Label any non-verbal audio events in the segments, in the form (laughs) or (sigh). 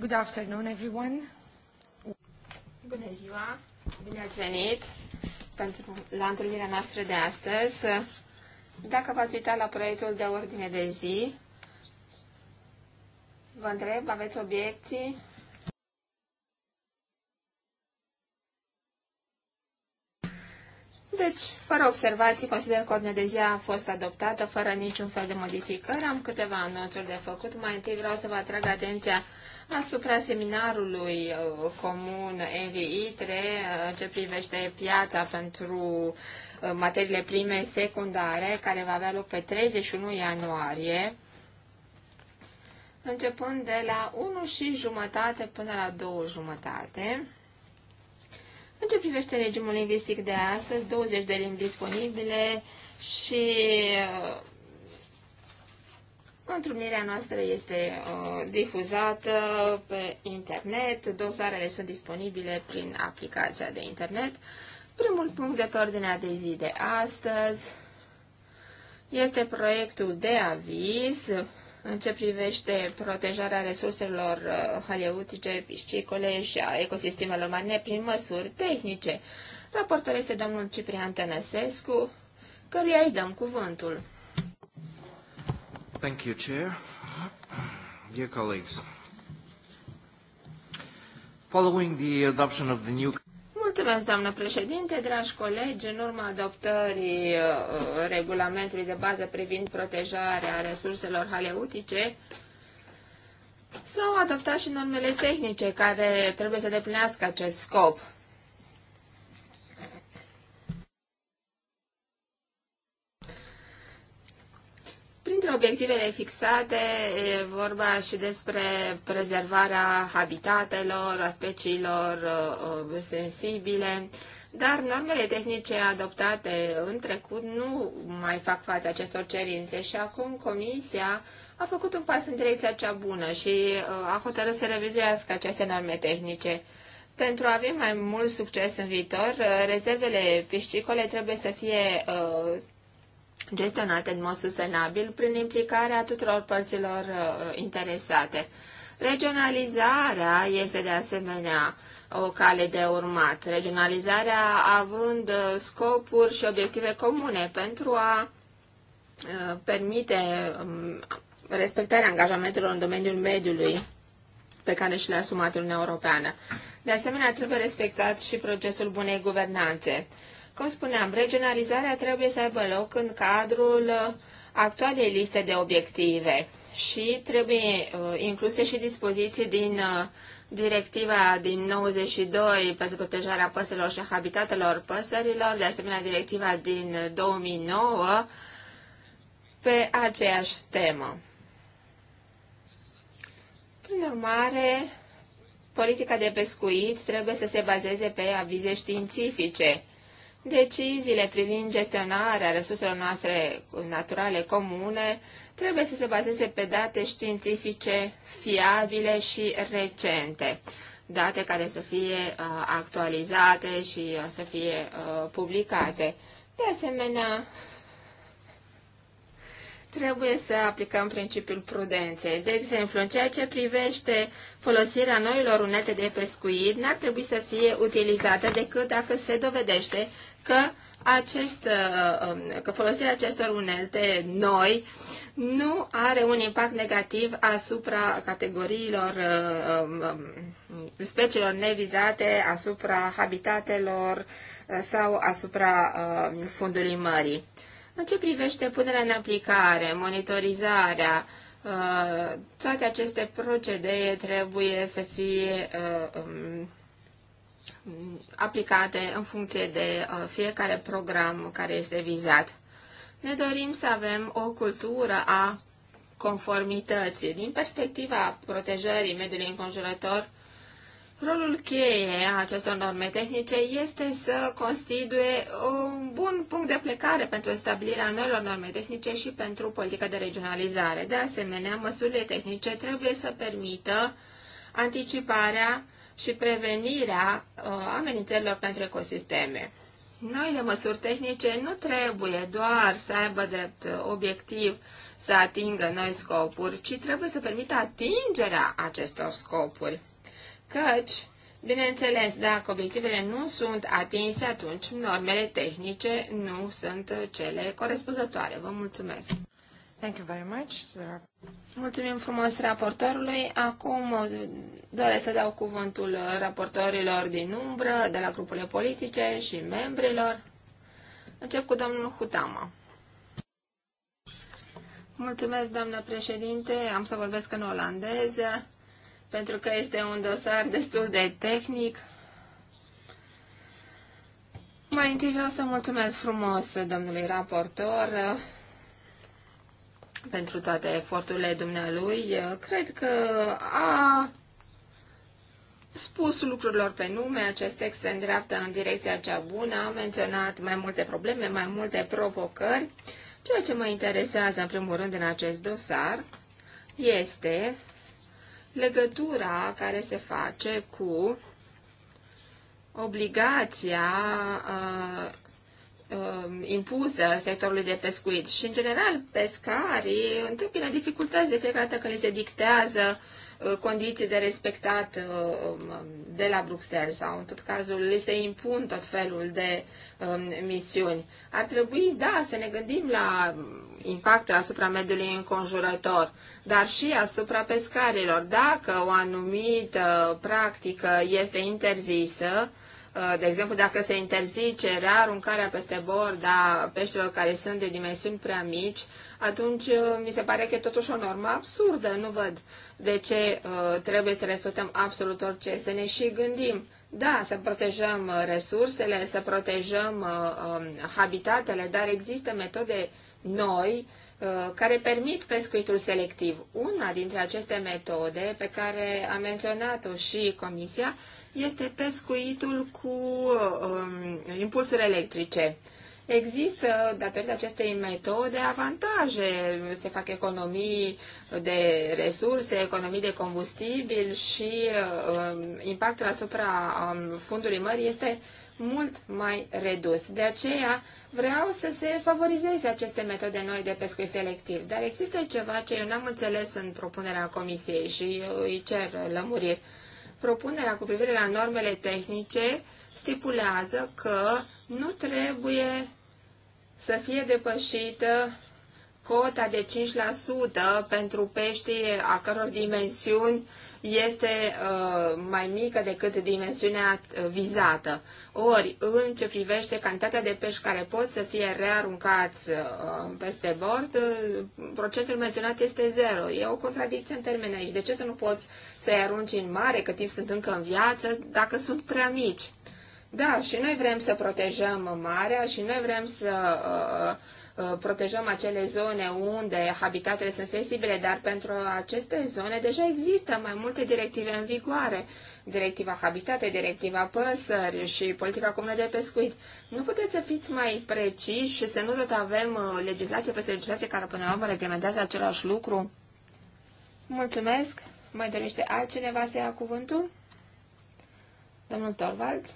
Good afternoon, everyone. Bună ziua, bine ați venit pentru, la întâlnirea noastră de astăzi. Dacă v-ați uitat la proiectul de ordine de zi, vă întreb, aveți obiecții? Fără observații, consider că ordinea de zi a fost adoptată fără niciun fel de modificări. Am câteva anunțuri de făcut. Mai întâi vreau să vă atrag atenția asupra seminarului uh, comun NVI3 uh, ce privește piața pentru uh, materiile prime secundare, care va avea loc pe 31 ianuarie, începând de la 1 și jumătate până la 2 jumătate. În ce privește regimul lingvistic de astăzi, 20 de limbi disponibile și uh, Întrunirea noastră este uh, difuzată pe internet, dosarele sunt disponibile prin aplicația de internet. Primul punct de pe ordinea de zi de astăzi este proiectul de aviz în ce privește protejarea resurselor uh, haleutice, piscicole și a ecosistemelor marine prin măsuri tehnice. Raportul este domnul Ciprian Tănăsescu, căruia îi dăm cuvântul. Thank you, Chair. Dear colleagues, following the adoption of the new Mulțumesc, doamnă președinte, dragi colegi. În urma adoptării uh, regulamentului de bază privind protejarea resurselor haleutice, s-au adoptat și normele tehnice care trebuie să deplinească acest scop. Printre obiectivele fixate e vorba și despre prezervarea habitatelor, a speciilor uh, uh, sensibile, dar normele tehnice adoptate în trecut nu mai fac față acestor cerințe și acum Comisia a făcut un pas în direcția cea bună și uh, a hotărât să revizuiască aceste norme tehnice. Pentru a avea mai mult succes în viitor, uh, rezervele piscicole trebuie să fie uh, gestionate în mod sustenabil prin implicarea tuturor părților uh, interesate. Regionalizarea este de asemenea o cale de urmat, regionalizarea având uh, scopuri și obiective comune pentru a uh, permite um, respectarea angajamentelor în domeniul mediului pe care și le-a asumat Uniunea Europeană. De asemenea, trebuie respectat și procesul bunei guvernanțe. Cum spuneam, regionalizarea trebuie să aibă loc în cadrul uh, actualei liste de obiective și trebuie uh, incluse și dispoziții din uh, directiva din 92 pentru protejarea păsărilor și habitatelor păsărilor, de asemenea directiva din 2009 pe aceeași temă. Prin urmare, politica de pescuit trebuie să se bazeze pe avize științifice deciziile privind gestionarea resurselor noastre naturale comune trebuie să se bazeze pe date științifice fiabile și recente, date care să fie uh, actualizate și uh, să fie uh, publicate. De asemenea, trebuie să aplicăm principiul prudenței. De exemplu, în ceea ce privește folosirea noilor unete de pescuit, n-ar trebui să fie utilizată decât dacă se dovedește că acest, uh, um, că folosirea acestor unelte noi nu are un impact negativ asupra categoriilor uh, um, um, speciilor nevizate, asupra habitatelor uh, sau asupra fundului mării. În ce privește punerea în aplicare, monitorizarea, toate aceste procedee trebuie să fie aplicate în funcție de uh, fiecare program care este vizat. Ne dorim să avem o cultură a conformității. Din perspectiva protejării mediului înconjurător, rolul cheie a acestor norme tehnice este să constituie un bun punct de plecare pentru stabilirea noilor norme tehnice și pentru politica de regionalizare. De asemenea, măsurile tehnice trebuie să permită anticiparea și prevenirea uh, amenințărilor pentru ecosisteme. Noile măsuri tehnice nu trebuie doar să aibă drept uh, obiectiv să atingă noi scopuri, ci trebuie să permită atingerea acestor scopuri. Căci, bineînțeles, dacă obiectivele nu sunt atinse, atunci normele tehnice nu sunt cele corespunzătoare. Vă mulțumesc! Thank you very much. Mulțumim frumos raportorului. Acum uh, doresc să dau cuvântul uh, raportorilor din umbră, de la grupurile politice și membrilor. Încep cu domnul Hutama. Mulțumesc, doamnă președinte. Am să vorbesc în olandeză, pentru că este un dosar destul de tehnic. Mai întâi vreau să mulțumesc frumos domnului raportor pentru toate eforturile dumnealui. Cred că a spus lucrurilor pe nume, acest text se îndreaptă în direcția cea bună, a menționat mai multe probleme, mai multe provocări. Ceea ce mă interesează, în primul rând, în acest dosar este legătura care se face cu obligația uh, Um, impusă sectorului de pescuit. Și, în general, pescarii întâmpină dificultăți de fiecare dată când li se dictează uh, condiții de respectat uh, um, de la Bruxelles sau, în tot cazul, li se impun tot felul de um, misiuni. Ar trebui, da, să ne gândim la impactul asupra mediului înconjurător, dar și asupra pescarilor. Dacă o anumită practică este interzisă, Uh, de exemplu, dacă se interzice rearuncarea peste bord a peștilor care sunt de dimensiuni prea mici, atunci uh, mi se pare că e totuși o normă absurdă. Nu văd de ce uh, trebuie să respectăm absolut orice, să ne și gândim. Da, să protejăm resursele, să protejăm um, habitatele, dar există metode noi care permit pescuitul selectiv. Una dintre aceste metode pe care a menționat-o și Comisia este pescuitul cu um, impulsuri electrice. Există, datorită acestei metode, avantaje. Se fac economii de resurse, economii de combustibil și um, impactul asupra um, fundului mării este mult mai redus. De aceea vreau să se favorizeze aceste metode noi de pescuit selectiv. Dar există ceva ce eu n-am înțeles în propunerea comisiei și îi cer lămuriri propunerea cu privire la normele tehnice stipulează că nu trebuie să fie depășită cota de 5% pentru peștii a căror dimensiuni este uh, mai mică decât dimensiunea uh, vizată. Ori, în ce privește cantitatea de pești care pot să fie rearuncați uh, peste bord, uh, procentul menționat este zero. E o contradicție în termeni aici. De ce să nu poți să-i arunci în mare cât timp sunt încă în viață dacă sunt prea mici? Da, și noi vrem să protejăm marea și noi vrem să uh, Uh, protejăm acele zone unde habitatele sunt sensibile, dar pentru aceste zone deja există mai multe directive în vigoare. Directiva Habitate, Directiva Păsări și Politica Comună de Pescuit. Nu puteți să fiți mai preciși și să nu tot avem uh, legislație peste legislație care până la urmă reglementează același lucru? Mulțumesc! Mai dorește altcineva să ia cuvântul? Domnul Torvalds?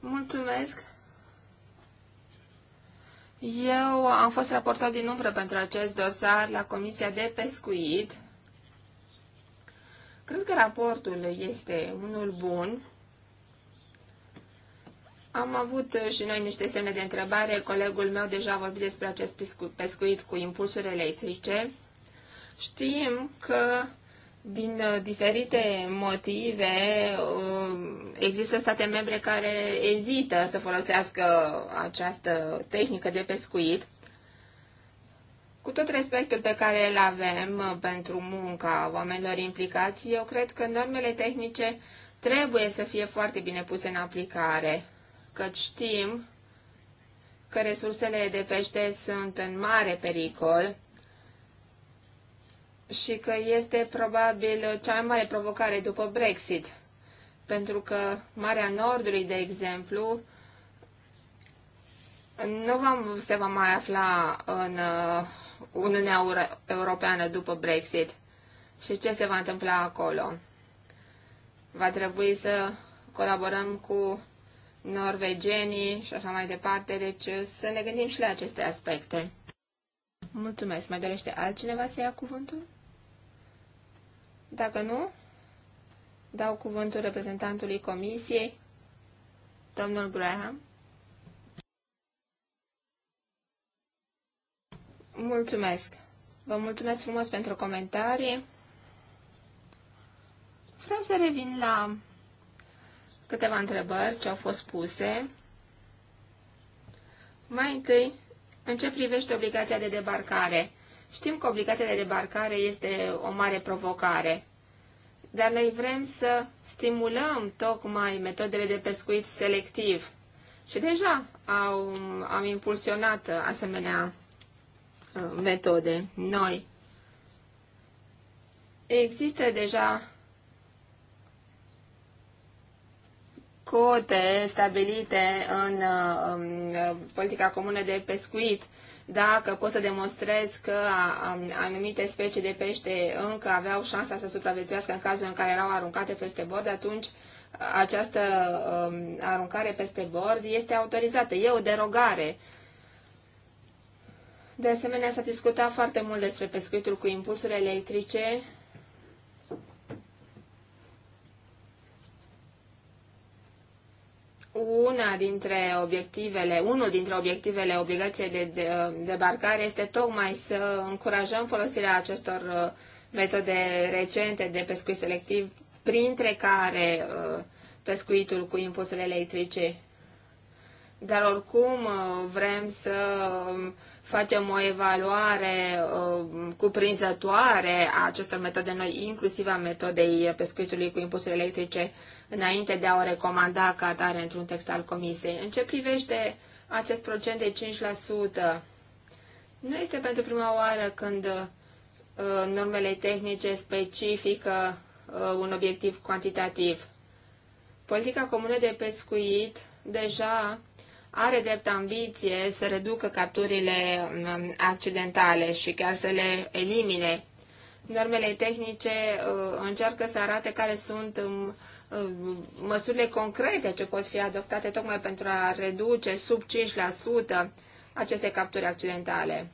Mulțumesc! Eu am fost raportat din umbră pentru acest dosar la Comisia de Pescuit. Cred că raportul este unul bun. Am avut și noi niște semne de întrebare. Colegul meu deja a vorbit despre acest pescuit cu impulsuri electrice. Știm că din uh, diferite motive, uh, există state membre care ezită să folosească această tehnică de pescuit. Cu tot respectul pe care îl avem uh, pentru munca oamenilor implicați, eu cred că normele tehnice trebuie să fie foarte bine puse în aplicare, căci știm că resursele de pește sunt în mare pericol și că este probabil cea mai mare provocare după Brexit, pentru că Marea Nordului, de exemplu, nu vom, se va mai afla în uh, Uniunea Europeană după Brexit. Și ce se va întâmpla acolo? Va trebui să colaborăm cu norvegenii și așa mai departe, deci uh, să ne gândim și la aceste aspecte. Mulțumesc. Mai dorește altcineva să ia cuvântul? Dacă nu, dau cuvântul reprezentantului comisiei, domnul Graham. Mulțumesc! Vă mulțumesc frumos pentru comentarii. Vreau să revin la câteva întrebări ce au fost puse. Mai întâi, în ce privește obligația de debarcare? Știm că obligația de debarcare este o mare provocare, dar noi vrem să stimulăm tocmai metodele de pescuit selectiv. Și deja au, am impulsionat asemenea uh, metode noi. Există deja cote stabilite în, uh, în uh, politica comună de pescuit dacă pot să demonstrez că anumite specii de pește încă aveau șansa să supraviețuiască în cazul în care erau aruncate peste bord, atunci această um, aruncare peste bord este autorizată. E o derogare. De asemenea, s-a discutat foarte mult despre pescuitul cu impulsuri electrice una dintre obiectivele, unul dintre obiectivele obligației de, de debarcare este tocmai să încurajăm folosirea acestor uh, metode recente de pescuit selectiv, printre care uh, pescuitul cu impulsuri electrice. Dar oricum uh, vrem să um, facem o evaluare um, cuprinzătoare a acestor metode noi, inclusiv a metodei pescuitului cu impulsuri electrice înainte de a o recomanda ca atare într-un text al comisiei. În ce privește acest procent de 5%, nu este pentru prima oară când uh, normele tehnice specifică uh, un obiectiv cuantitativ. Politica comună de pescuit deja are drept ambiție să reducă capturile um, accidentale și chiar să le elimine. Normele tehnice uh, încearcă să arate care sunt um, Uh, măsurile concrete ce pot fi adoptate tocmai pentru a reduce sub 5% aceste capturi accidentale.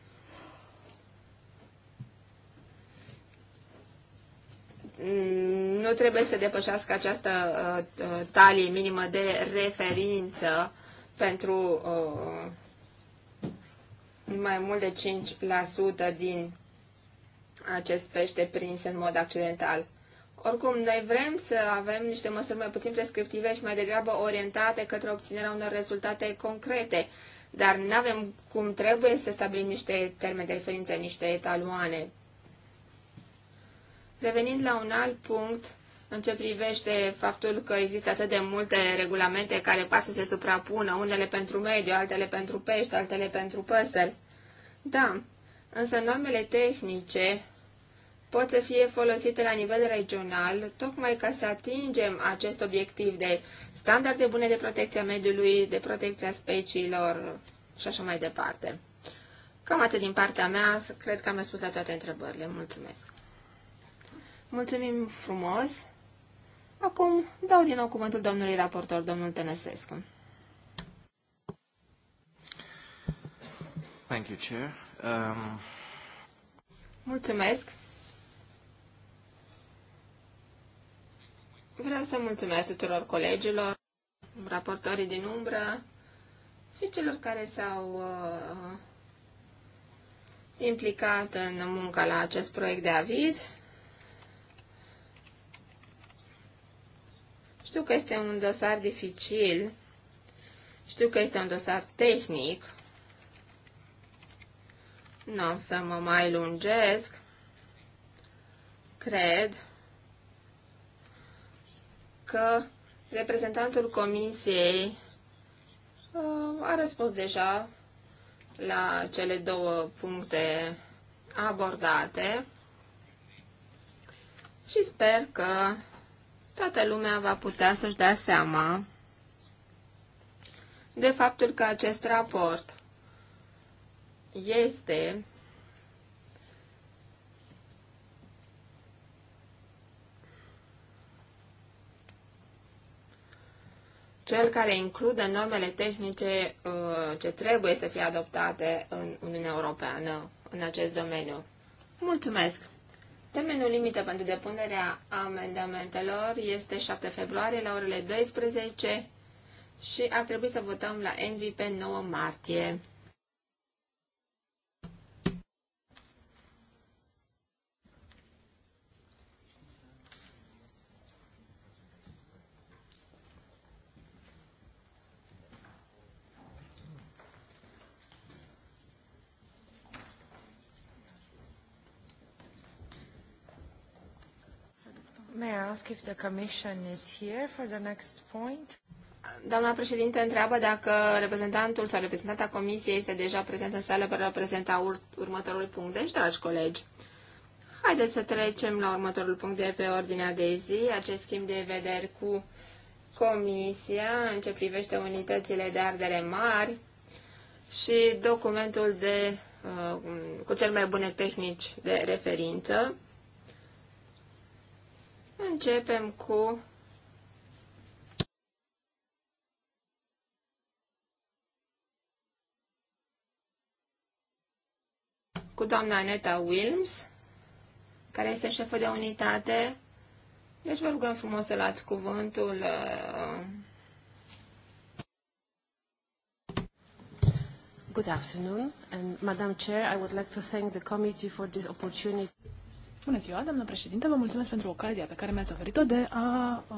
Nu trebuie să depășească această uh, uh, talie minimă de referință pentru mai mult de 5% din acest pește prins în mod accidental. Oricum, noi vrem să avem niște măsuri mai puțin prescriptive și mai degrabă orientate către obținerea unor rezultate concrete, dar nu avem cum trebuie să stabilim niște termeni de referință, niște etaloane. Revenind la un alt punct, în ce privește faptul că există atât de multe regulamente care pasă să se suprapună, unele pentru mediu, altele pentru pești, altele pentru păsări. Da, însă normele tehnice pot să fie folosite la nivel regional, tocmai ca să atingem acest obiectiv de standarde bune de protecție a mediului, de protecția speciilor și așa mai departe. Cam atât din partea mea, cred că am răspuns la toate întrebările. Mulțumesc! Mulțumim frumos! Acum dau din nou cuvântul domnului raportor, domnul Tănăsescu. Thank you, Chair. Um... Mulțumesc! Vreau să mulțumesc tuturor colegilor, raportorii din umbră și celor care s-au uh, implicat în munca la acest proiect de aviz. Știu că este un dosar dificil, știu că este un dosar tehnic, nu am să mă mai lungesc, cred că reprezentantul comisiei uh, a răspuns deja la cele două puncte abordate și sper că toată lumea va putea să-și dea seama de faptul că acest raport este cel care include normele tehnice uh, ce trebuie să fie adoptate în Uniunea Europeană în acest domeniu. Mulțumesc! Termenul limită pentru depunerea amendamentelor este 7 februarie la orele 12 și ar trebui să votăm la NVP pe 9 martie. May I ask if the commission is here for the next point? Doamna președinte întreabă dacă reprezentantul sau reprezentanta comisiei este deja prezent în sală pentru a prezenta ur- următorul punct. Deci, dragi colegi, haideți să trecem la următorul punct de pe ordinea de zi, acest schimb de vederi cu comisia în ce privește unitățile de ardere mari și documentul de, uh, cu cel mai bune tehnici de referință. Începem cu cu doamna Aneta Wilms, care este șefă de unitate. Deci vă rugăm frumos să luați cuvântul. Uh. Good afternoon, and Madam Chair, I would like to thank the committee for this opportunity. Bună ziua, doamnă președinte, vă mulțumesc pentru ocazia pe care mi-ați oferit-o de a uh,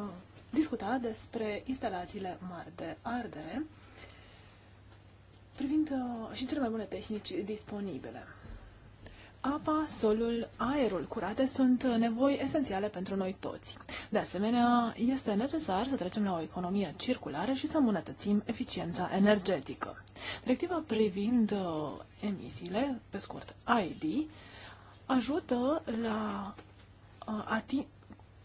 discuta despre instalațiile mari de ardere privind uh, și cele mai bune tehnici disponibile. Apa, solul, aerul curate sunt nevoi esențiale pentru noi toți. De asemenea, este necesar să trecem la o economie circulară și să îmbunătățim eficiența energetică. Directiva privind uh, emisiile, pe scurt ID, ajută la uh, ati-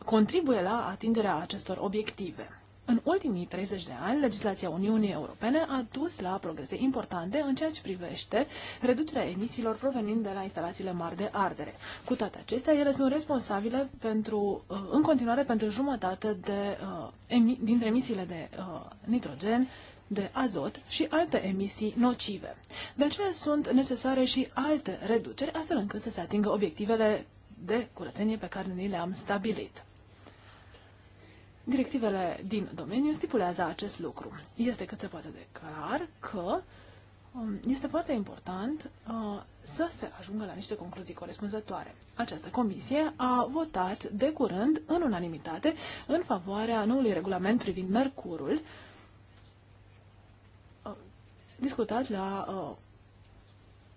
contribuie la atingerea acestor obiective. În ultimii 30 de ani, legislația Uniunii Europene a dus la progrese importante în ceea ce privește reducerea emisiilor provenind de la instalațiile mari de ardere. Cu toate acestea, ele sunt responsabile pentru, uh, în continuare pentru jumătate de, uh, dintre emisiile de nitrogen de azot și alte emisii nocive. De aceea sunt necesare și alte reduceri, astfel încât să se atingă obiectivele de curățenie pe care ni le-am stabilit. Directivele din domeniu stipulează acest lucru. Este cât se poate de clar că um, este foarte important uh, să se ajungă la niște concluzii corespunzătoare. Această comisie a votat de curând, în unanimitate, în favoarea noului regulament privind mercurul, discutat la uh,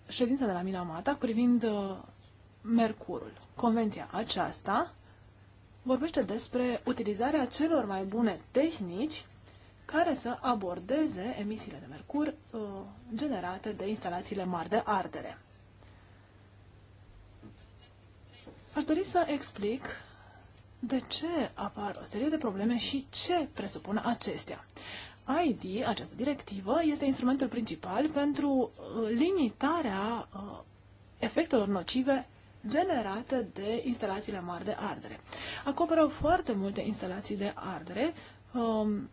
ședința de la Minamata privind uh, Mercurul. Convenția aceasta vorbește despre utilizarea celor mai bune tehnici care să abordeze emisiile de mercur uh, generate de instalațiile mari de ardere. Aș dori să explic de ce apar o serie de probleme și ce presupune acestea. ID, această directivă, este instrumentul principal pentru uh, limitarea uh, efectelor nocive generate de instalațiile mari de ardere. Acoperă foarte multe instalații de ardere um,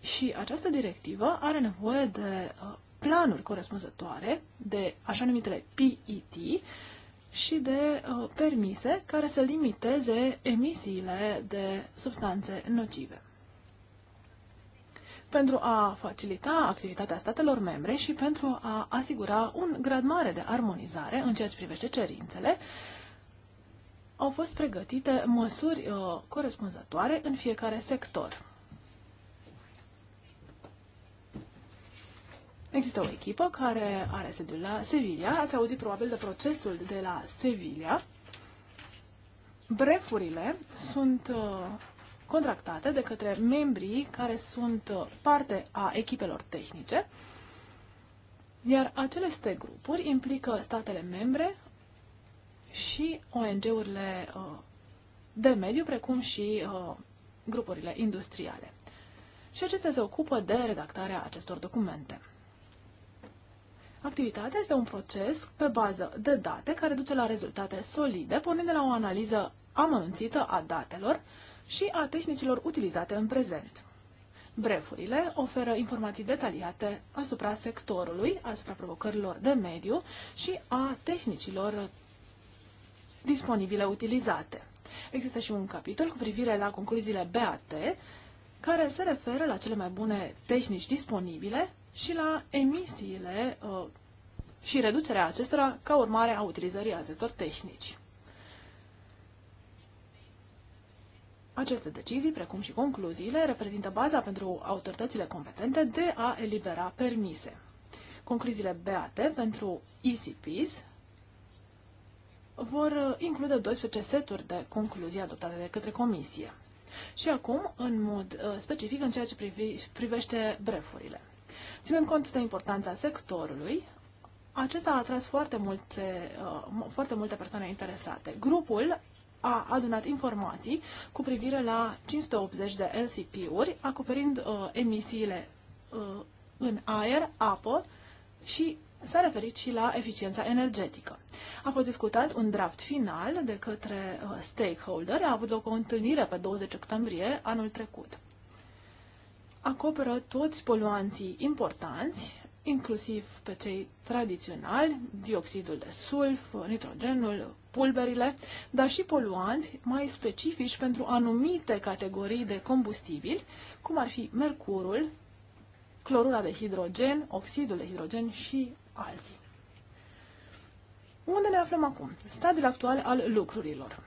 și această directivă are nevoie de uh, planuri corespunzătoare, de așa numitele PET și de uh, permise care să limiteze emisiile de substanțe nocive pentru a facilita activitatea statelor membre și pentru a asigura un grad mare de armonizare în ceea ce privește cerințele, au fost pregătite măsuri uh, corespunzătoare în fiecare sector. Există o echipă care are sediul la Sevilla. Ați auzit probabil de procesul de la Sevilla. Brefurile sunt uh, contractate de către membrii care sunt uh, parte a echipelor tehnice, iar aceste grupuri implică statele membre și ONG-urile uh, de mediu, precum și uh, grupurile industriale. Și acestea se ocupă de redactarea acestor documente. Activitatea este un proces pe bază de date care duce la rezultate solide, pornind de la o analiză amănunțită a datelor, și a tehnicilor utilizate în prezent. Brefurile oferă informații detaliate asupra sectorului, asupra provocărilor de mediu și a tehnicilor disponibile utilizate. Există și un capitol cu privire la concluziile BAT, care se referă la cele mai bune tehnici disponibile și la emisiile uh, și reducerea acestora ca urmare a utilizării acestor tehnici. Aceste decizii, precum și concluziile, reprezintă baza pentru autoritățile competente de a elibera permise. Concluziile BAT pentru ECPs vor uh, include 12 seturi de concluzii adoptate de către Comisie. Și acum, în mod uh, specific, în ceea ce privește brefurile. Ținând cont de importanța sectorului, acesta a atras foarte multe, uh, foarte multe persoane interesate. Grupul a adunat informații cu privire la 580 de LCP-uri, acoperind uh, emisiile uh, în aer, apă și s-a referit și la eficiența energetică. A fost discutat un draft final de către uh, stakeholder, a avut loc o întâlnire pe 20 octombrie anul trecut. Acoperă toți poluanții importanți, inclusiv pe cei tradiționali, dioxidul de sulf, nitrogenul, pulberile, dar și poluanți mai specifici pentru anumite categorii de combustibili, cum ar fi mercurul, clorura de hidrogen, oxidul de hidrogen și alții. Unde ne aflăm acum? Stadiul actual al lucrurilor.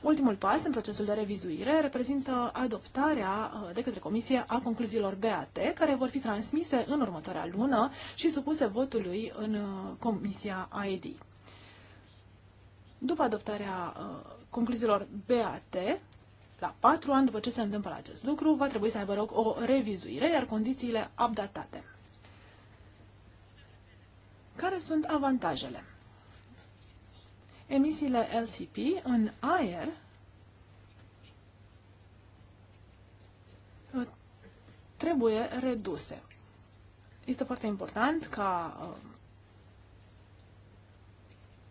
Ultimul pas în procesul de revizuire reprezintă adoptarea uh, de către Comisie a concluziilor BAT, care vor fi transmise în următoarea lună și supuse votului în uh, Comisia ID. După adoptarea uh, concluziilor BAT, la patru ani după ce se întâmplă acest lucru, va trebui să aibă loc o revizuire, iar condițiile updatate. Care sunt avantajele? emisiile LCP în aer uh, trebuie reduse. Este foarte important ca uh,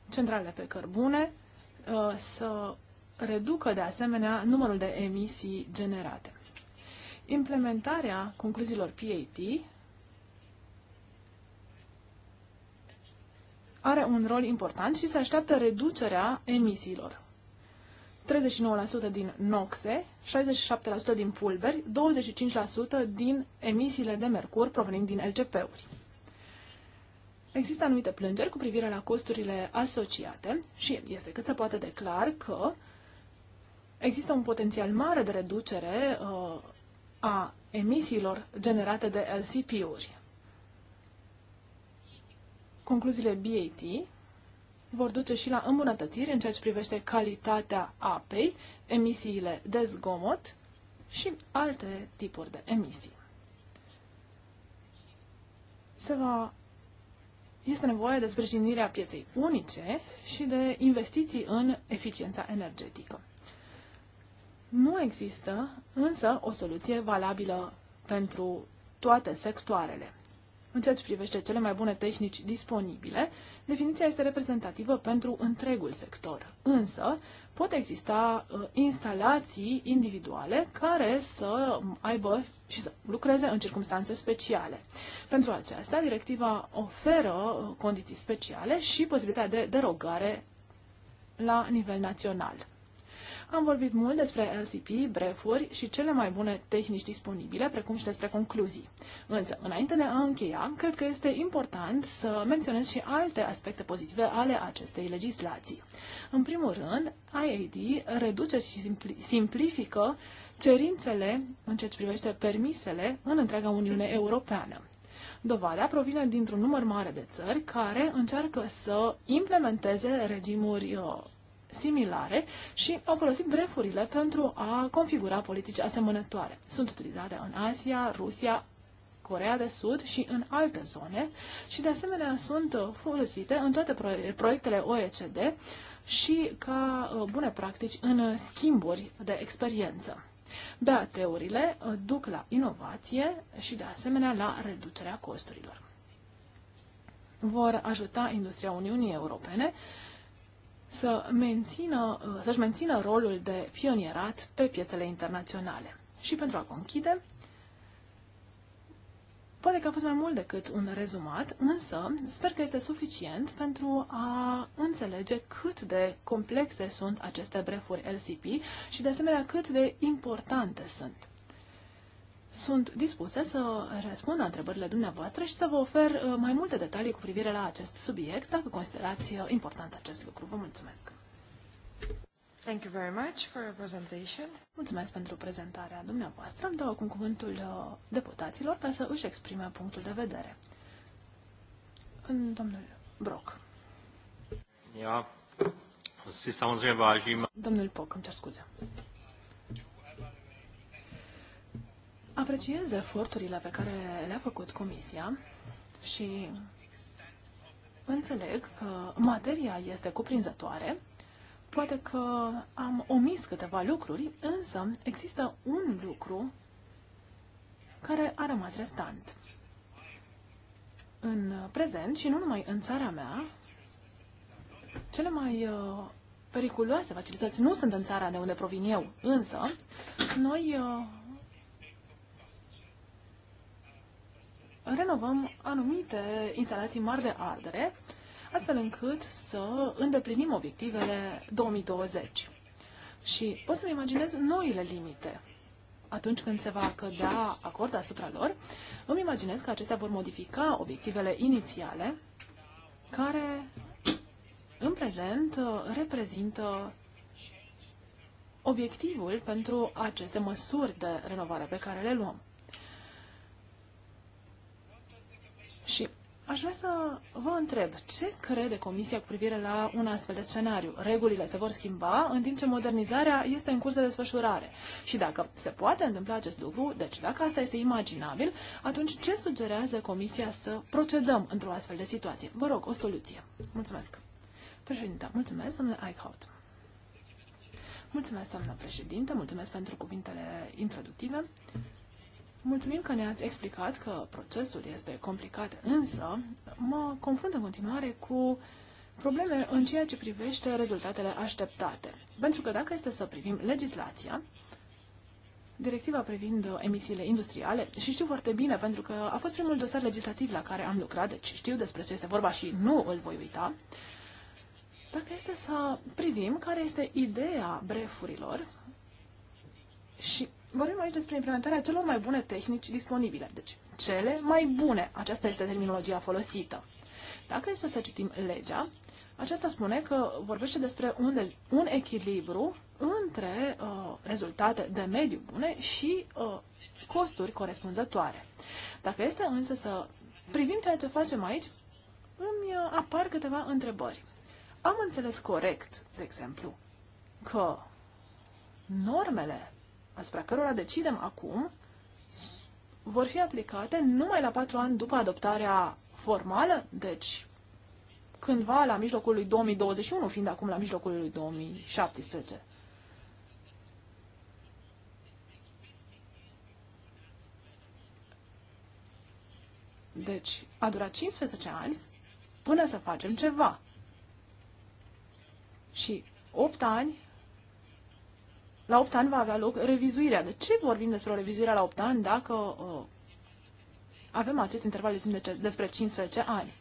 centralele pe cărbune uh, să reducă de asemenea numărul de emisii generate. Implementarea concluziilor PAT are un rol important și se așteaptă reducerea emisiilor. 39% din noxe, 67% din pulberi, 25% din emisiile de mercur provenind din LCP-uri. Există anumite plângeri cu privire la costurile asociate și este cât se poate declar că există un potențial mare de reducere uh, a emisiilor generate de LCP-uri concluziile BAT vor duce și la îmbunătățiri în ceea ce privește calitatea apei, emisiile de zgomot și alte tipuri de emisii. Se va... Este nevoie de sprijinirea pieței unice și de investiții în eficiența energetică. Nu există însă o soluție valabilă pentru toate sectoarele. În ceea ce privește cele mai bune tehnici disponibile, definiția este reprezentativă pentru întregul sector. Însă, pot exista uh, instalații individuale care să aibă și să lucreze în circunstanțe speciale. Pentru aceasta, directiva oferă uh, condiții speciale și posibilitatea de derogare la nivel național. Am vorbit mult despre LCP, brefuri și cele mai bune tehnici disponibile, precum și despre concluzii. Însă, înainte de a încheia, cred că este important să menționez și alte aspecte pozitive ale acestei legislații. În primul rând, IAD reduce și simplifică cerințele în ceea ce privește permisele în întreaga Uniune Europeană. Dovada provine dintr-un număr mare de țări care încearcă să implementeze regimuri uh, similare și au folosit brefurile pentru a configura politici asemănătoare. Sunt utilizate în Asia, Rusia, Corea de Sud și în alte zone și de asemenea sunt uh, folosite în toate proiectele OECD și ca uh, bune practici în schimburi de experiență. BAT-urile uh, duc la inovație și de asemenea la reducerea costurilor. Vor ajuta industria Uniunii Europene să mențină, să-și mențină rolul de pionierat pe piețele internaționale. Și pentru a conchide, poate că a fost mai mult decât un rezumat, însă sper că este suficient pentru a înțelege cât de complexe sunt aceste brefuri LCP și de asemenea cât de importante sunt sunt dispusă să răspund la întrebările dumneavoastră și să vă ofer uh, mai multe detalii cu privire la acest subiect, dacă considerați uh, important acest lucru. Vă mulțumesc! Thank you very much for your presentation. Mulțumesc pentru prezentarea dumneavoastră. Îmi dau acum cuvântul uh, deputaților ca să își exprime punctul de vedere. Domnul Brock. Yeah. si samozřejmě vážím. Domnul Poc, îmi cer scuze. Apreciez eforturile pe care le-a făcut Comisia și înțeleg că materia este cuprinzătoare. Poate că am omis câteva lucruri, însă există un lucru care a rămas restant. În prezent și nu numai în țara mea, cele mai uh, periculoase facilități nu sunt în țara de unde provin eu, însă noi uh, renovăm anumite instalații mari de ardere, astfel încât să îndeplinim obiectivele 2020. Și pot să-mi imaginez noile limite. Atunci când se va cădea acord asupra lor, îmi imaginez că acestea vor modifica obiectivele inițiale, care în prezent reprezintă obiectivul pentru aceste măsuri de renovare pe care le luăm. Și aș vrea să vă întreb, ce crede Comisia cu privire la un astfel de scenariu? Regulile se vor schimba în timp ce modernizarea este în curs de desfășurare. Și dacă se poate întâmpla acest lucru, deci dacă asta este imaginabil, atunci ce sugerează Comisia să procedăm într-o astfel de situație? Vă rog, o soluție. Mulțumesc. Președinte, mulțumesc, domnule Eichhout. Mulțumesc, doamnă președinte, mulțumesc pentru cuvintele introductive. Mulțumim că ne-ați explicat că procesul este complicat, însă mă confrunt în continuare cu probleme în ceea ce privește rezultatele așteptate. Pentru că dacă este să privim legislația, directiva privind emisiile industriale și știu foarte bine, pentru că a fost primul dosar legislativ la care am lucrat, deci știu despre ce este vorba și nu îl voi uita. Dacă este să privim care este ideea brefurilor și vorbim aici despre implementarea celor mai bune tehnici disponibile. Deci, cele mai bune. Aceasta este terminologia folosită. Dacă este să citim legea, aceasta spune că vorbește despre un, de, un echilibru între uh, rezultate de mediu bune și uh, costuri corespunzătoare. Dacă este însă să privim ceea ce facem aici, îmi uh, apar câteva întrebări. Am înțeles corect, de exemplu, că normele asupra cărora decidem acum, vor fi aplicate numai la patru ani după adoptarea formală, deci cândva la mijlocul lui 2021, fiind acum la mijlocul lui 2017. Deci, a durat 15 ani până să facem ceva. Și 8 ani la 8 ani va avea loc revizuirea. De ce vorbim despre o revizuire la 8 ani dacă uh, avem acest interval de timp de despre 15 ani?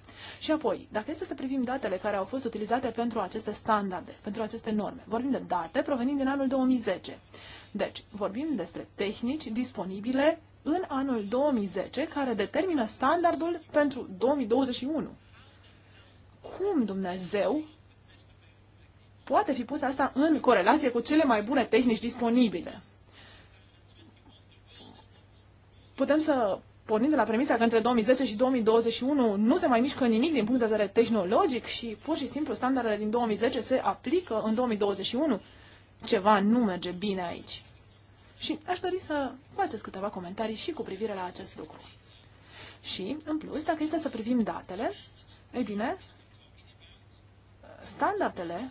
Și apoi, dacă este să privim datele care au fost utilizate pentru aceste standarde, pentru aceste norme, vorbim de date provenind din anul 2010. Deci, vorbim despre tehnici disponibile în anul 2010 care determină standardul pentru 2021. Cum Dumnezeu poate fi pus asta în corelație cu cele mai bune tehnici disponibile. Putem să pornim de la premisa că între 2010 și 2021 nu se mai mișcă nimic din punct de vedere tehnologic și pur și simplu standardele din 2010 se aplică în 2021, ceva nu merge bine aici. Și aș dori să faceți câteva comentarii și cu privire la acest lucru. Și, în plus, dacă este să privim datele, ei bine, standardele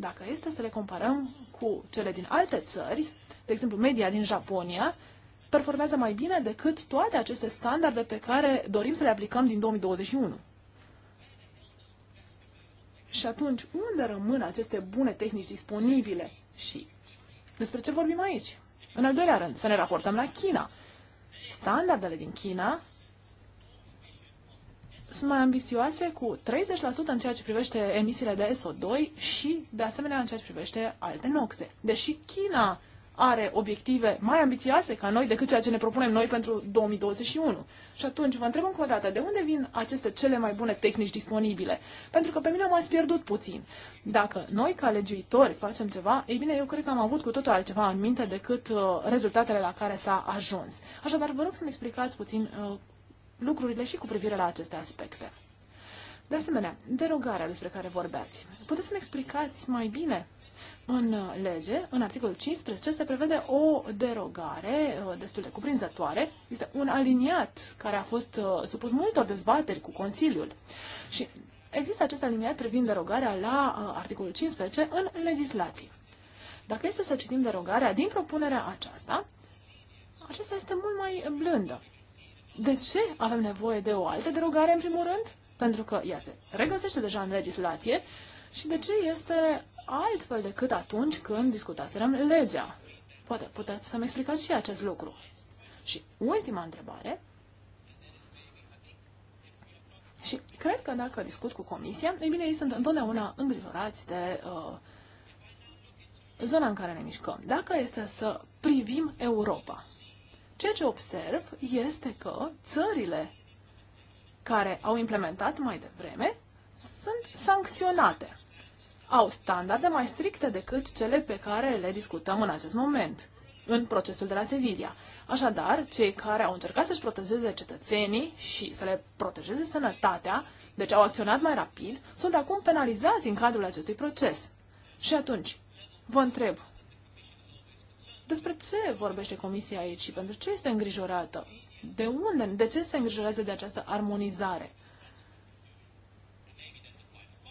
dacă este să le comparăm cu cele din alte țări, de exemplu media din Japonia, performează mai bine decât toate aceste standarde pe care dorim să le aplicăm din 2021. Și atunci, unde rămân aceste bune tehnici disponibile? Și despre ce vorbim aici? În al doilea rând, să ne raportăm la China. Standardele din China sunt mai ambițioase cu 30% în ceea ce privește emisiile de SO2 și, de asemenea, în ceea ce privește alte noxe. Deși China are obiective mai ambițioase ca noi decât ceea ce ne propunem noi pentru 2021. Și atunci vă întreb încă o dată, de unde vin aceste cele mai bune tehnici disponibile? Pentru că pe mine m-ați pierdut puțin. Dacă noi, ca legiuitori, facem ceva, ei bine, eu cred că am avut cu totul altceva în minte decât uh, rezultatele la care s-a ajuns. Așadar, vă rog să-mi explicați puțin uh, lucrurile și cu privire la aceste aspecte. De asemenea, derogarea despre care vorbeați. Puteți să-mi explicați mai bine? În uh, lege, în articolul 15, se prevede o derogare uh, destul de cuprinzătoare. Este un aliniat care a fost uh, supus multor dezbateri cu Consiliul. Și există acest aliniat privind derogarea la articolul 15 în legislație. Dacă este să citim derogarea din propunerea aceasta, aceasta este mult mai blândă. De ce avem nevoie de o altă derogare, în primul rând? Pentru că ea se regăsește deja în legislație și de ce este altfel decât atunci când discutaserăm legea? Poate puteți să-mi explicați și acest lucru. Și ultima întrebare. Și cred că dacă discut cu comisia, ei bine, ei sunt întotdeauna îngrijorați de uh, zona în care ne mișcăm. Dacă este să privim Europa, Ceea ce observ este că țările care au implementat mai devreme sunt sancționate. Au standarde mai stricte decât cele pe care le discutăm în acest moment, în procesul de la Sevilla. Așadar, cei care au încercat să-și protejeze cetățenii și să le protejeze sănătatea, deci au acționat mai rapid, sunt acum penalizați în cadrul acestui proces. Și atunci, vă întreb, despre ce vorbește Comisia aici și pentru ce este îngrijorată? De unde? De ce se îngrijorează de această armonizare?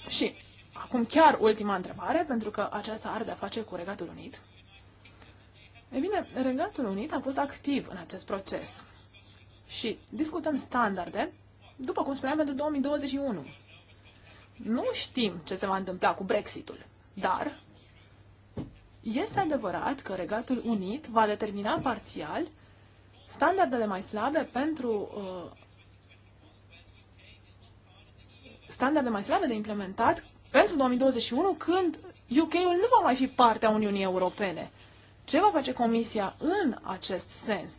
Și acum chiar ultima întrebare, pentru că aceasta are de-a face cu Regatul Unit. E bine, Regatul Unit a fost activ în acest proces și discutăm standarde, după cum spuneam, pentru 2021. Nu știm ce se va întâmpla cu Brexitul, dar este adevărat că Regatul Unit va determina parțial standardele mai slabe pentru uh, standarde mai slabe de implementat pentru 2021 când UK-ul nu va mai fi parte a Uniunii Europene. Ce va face Comisia în acest sens?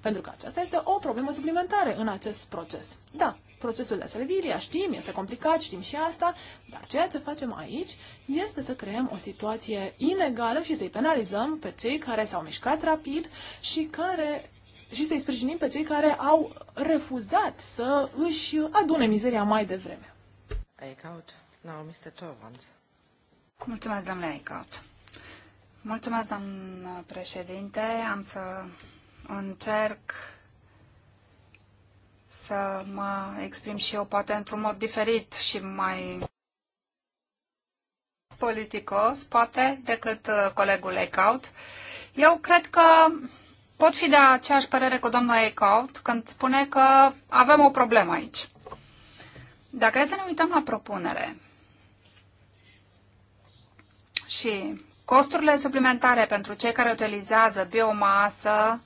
Pentru că aceasta este o problemă suplimentară în acest proces. Da, procesul de servilia, știm, este complicat, știm și asta, dar ceea ce facem aici este să creăm o situație inegală și să-i penalizăm pe cei care s-au mișcat rapid și care și să-i sprijinim pe cei care au refuzat să își adune mizeria mai devreme. Eichhout, now Mr. Torvans. Mulțumesc, domnule Eichhout. Mulțumesc, doamnă președinte. Am să încerc să mă exprim și eu poate într-un mod diferit și mai politicos, poate, decât uh, colegul Eckhout. Eu cred că pot fi de aceeași părere cu domnul Eckhout când spune că avem o problemă aici. Dacă e să ne uităm la propunere și costurile suplimentare pentru cei care utilizează biomasă,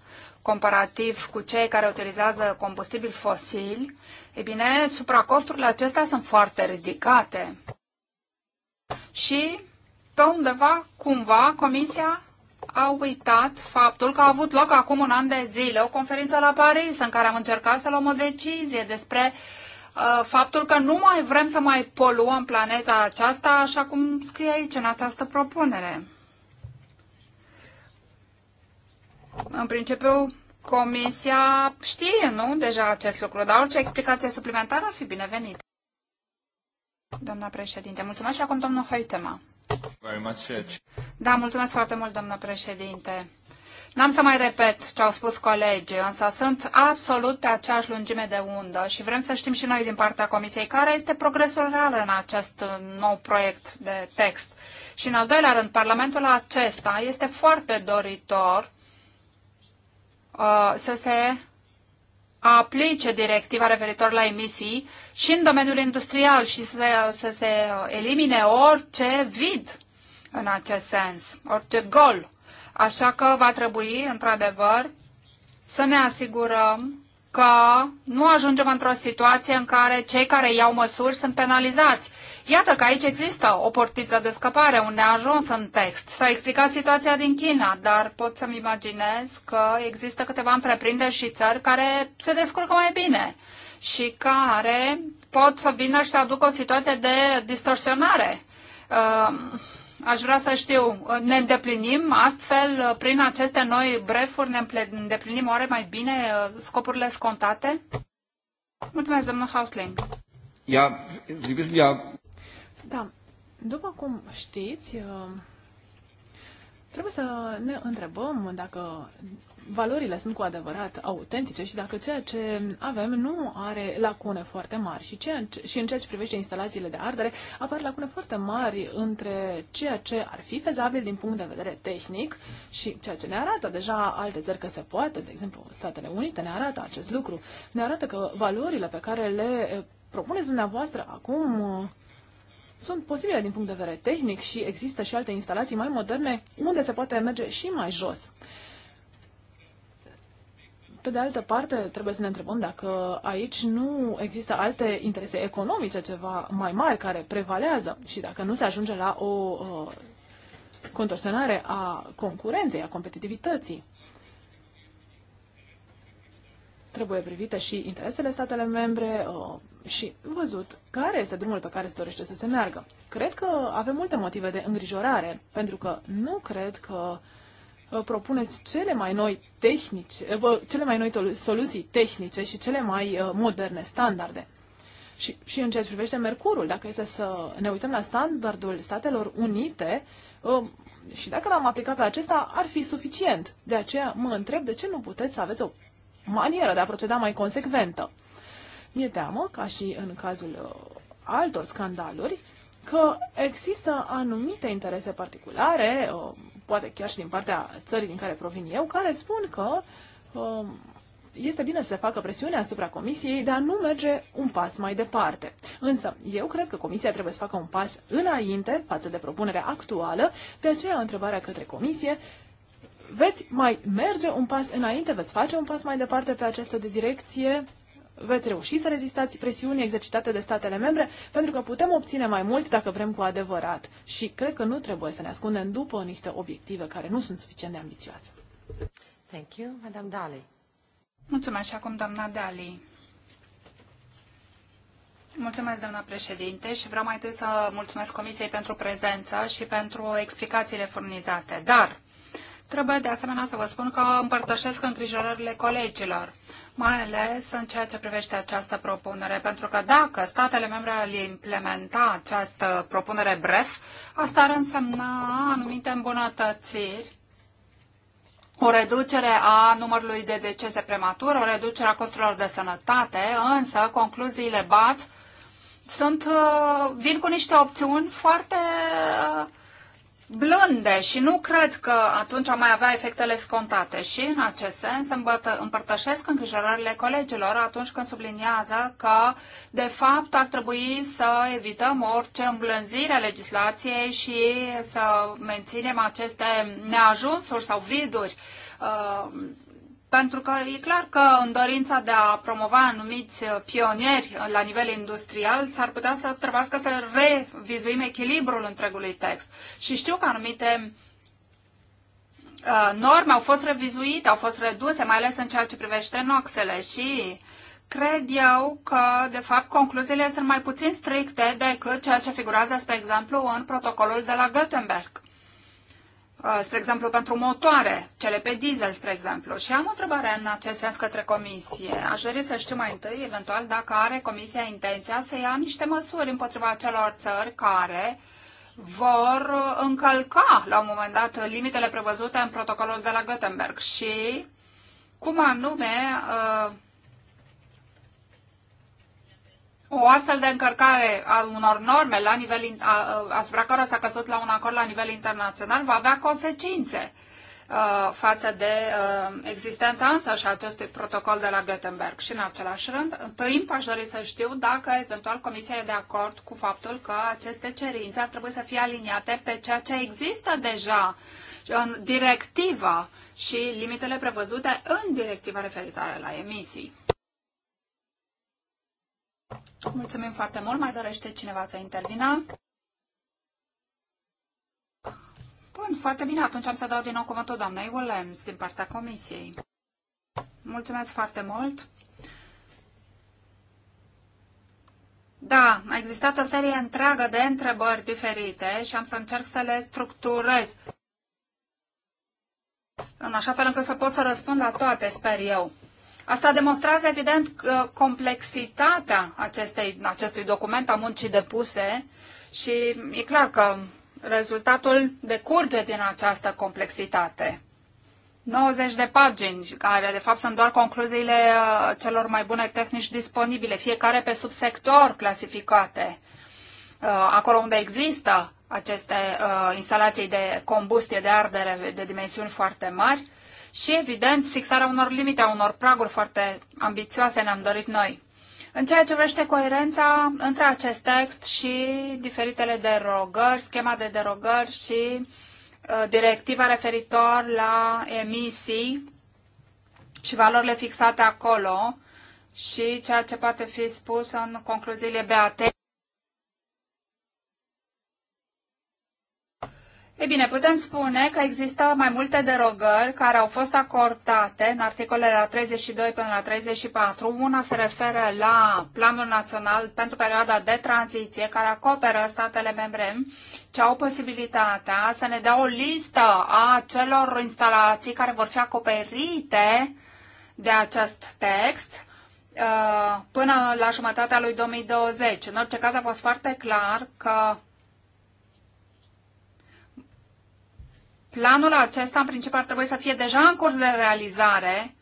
comparativ cu cei care utilizează combustibil fosil, e bine, supracosturile acestea sunt foarte ridicate. Și pe undeva, cumva, Comisia a uitat faptul că a avut loc acum un an de zile o conferință la Paris în care am încercat să luăm o decizie despre uh, faptul că nu mai vrem să mai poluăm planeta aceasta așa cum scrie aici în această propunere. În principiu, Comisia știe, nu, deja acest lucru, dar orice explicație suplimentară ar fi binevenită. Doamna președinte, mulțumesc și acum domnul Hoitema. Da, mulțumesc foarte mult, domnul președinte. N-am să mai repet ce au spus colegii, însă sunt absolut pe aceeași lungime de undă și vrem să știm și noi din partea Comisiei care este progresul real în acest nou proiect de text. Și în al doilea rând, Parlamentul acesta este foarte doritor Uh, să se aplice directiva referitor la emisii și în domeniul industrial și să, uh, să se uh, elimine orice vid în acest sens, orice gol. Așa că va trebui, într-adevăr, să ne asigurăm că nu ajungem într-o situație în care cei care iau măsuri sunt penalizați Iată că aici există o portiță de scăpare unde a ajuns în text. S-a explicat situația din China, dar pot să-mi imaginez că există câteva întreprinderi și țări care se descurcă mai bine și care pot să vină și să aducă o situație de distorsionare. Ehm, aș vrea să știu, ne îndeplinim astfel, prin aceste noi brefuri, ne îndeplinim oare mai bine uh, scopurile scontate? Mulțumesc, domnul Hausling. Ja, Sie wissen ja... Da, după cum știți, uh, trebuie să ne întrebăm dacă valorile sunt cu adevărat autentice și dacă ceea ce avem nu are lacune foarte mari. Și, ceea ce, și în ceea ce privește instalațiile de ardere, apar lacune foarte mari între ceea ce ar fi fezabil din punct de vedere tehnic și ceea ce ne arată deja alte țări că se poate, de exemplu Statele Unite ne arată acest lucru. Ne arată că valorile pe care le eh, propuneți dumneavoastră acum sunt posibile din punct de vedere tehnic și există și alte instalații mai moderne unde se poate merge și mai jos. Pe de altă parte, trebuie să ne întrebăm dacă aici nu există alte interese economice ceva mai mari care prevalează și dacă nu se ajunge la o uh, contorsionare a concurenței, a competitivității. Trebuie privite și interesele statele membre uh, și văzut care este drumul pe care se dorește să se meargă. Cred că avem multe motive de îngrijorare, pentru că nu cred că uh, propuneți cele mai noi tehnici, uh, cele mai noi soluții tehnice și cele mai moderne standarde. Și, și în ceea ce privește Mercurul, dacă este să ne uităm la standardul Statelor Unite, și dacă l-am aplicat pe acesta, ar fi suficient. De aceea mă întreb de ce nu puteți să aveți o manieră de a proceda mai consecventă. Mi-e teamă, ca și în cazul uh, altor scandaluri, că există anumite interese particulare, uh, poate chiar și din partea țării din care provin eu, care spun că um, este bine să se facă presiune asupra Comisiei de a nu merge un pas mai departe. Însă, eu cred că Comisia trebuie să facă un pas înainte față de propunerea actuală, de aceea întrebarea către Comisie veți mai merge un pas înainte, veți face un pas mai departe pe această de direcție, veți reuși să rezistați presiunii exercitate de statele membre, pentru că putem obține mai mult dacă vrem cu adevărat. Și cred că nu trebuie să ne ascundem după niște obiective care nu sunt suficient de ambițioase. Thank you, Madame Daly. Mulțumesc și acum, doamna Daly. Mulțumesc, doamna președinte, și vreau mai întâi să mulțumesc Comisiei pentru prezență și pentru explicațiile furnizate. Dar Trebuie de asemenea să vă spun că împărtășesc îngrijorările colegilor, mai ales în ceea ce privește această propunere, pentru că dacă statele membre ar implementa această propunere bref, asta ar însemna anumite îmbunătățiri o reducere a numărului de decese premature, o reducere a costurilor de sănătate, însă concluziile BAT sunt, uh, vin cu niște opțiuni foarte uh, blânde și nu cred că atunci am mai avea efectele scontate. Și în acest sens împărtășesc îngrijorările colegilor atunci când subliniază că, de fapt, ar trebui să evităm orice îmblânzire a legislației și să menținem aceste neajunsuri sau viduri uh, pentru că e clar că în dorința de a promova anumiți pionieri la nivel industrial, s-ar putea să trebuiască să revizuim echilibrul întregului text. Și știu că anumite uh, norme au fost revizuite, au fost reduse, mai ales în ceea ce privește noxele și cred eu că, de fapt, concluziile sunt mai puțin stricte decât ceea ce figurează, spre exemplu, în protocolul de la Göteborg. Uh, spre exemplu, pentru motoare, cele pe diesel, spre exemplu. Și am o întrebare în acest sens către comisie. Aș dori să știu mai întâi, eventual, dacă are comisia intenția să ia niște măsuri împotriva celor țări care vor încălca, la un moment dat, limitele prevăzute în protocolul de la Göteborg și cum anume uh, o astfel de încărcare a unor norme la nivel, asupra care s-a căzut la un acord la nivel internațional va avea consecințe uh, față de uh, existența însă și acestui protocol de la Göteborg. Și în același rând, în timp aș dori să știu dacă eventual Comisia e de acord cu faptul că aceste cerințe ar trebui să fie aliniate pe ceea ce există deja în directiva și limitele prevăzute în directiva referitoare la emisii. Mulțumim foarte mult. Mai dorește cineva să intervină? Bun, foarte bine. Atunci am să dau din nou cuvântul doamnei Williams din partea comisiei. Mulțumesc foarte mult. Da, a existat o serie întreagă de întrebări diferite și am să încerc să le structurez. În așa fel încât să pot să răspund la toate, sper eu. Asta demonstrează, evident, complexitatea acestei, acestui document a muncii depuse și e clar că rezultatul decurge din această complexitate. 90 de pagini, care de fapt sunt doar concluziile uh, celor mai bune tehnici disponibile, fiecare pe subsector clasificate. Uh, acolo unde există aceste uh, instalații de combustie de ardere de dimensiuni foarte mari, și, evident, fixarea unor limite, a unor praguri foarte ambițioase ne-am dorit noi. În ceea ce vrește coerența între acest text și diferitele derogări, schema de derogări și uh, directiva referitor la emisii și valorile fixate acolo și ceea ce poate fi spus în concluziile BAT. Ei bine, putem spune că există mai multe derogări care au fost acordate în articolele la 32 până la 34. Una se referă la Planul Național pentru perioada de tranziție care acoperă statele membre ce au posibilitatea să ne dea o listă a celor instalații care vor fi acoperite de acest text uh, până la jumătatea lui 2020. În orice caz a fost foarte clar că Planul acesta, în principiu, ar trebui să fie deja în curs de realizare,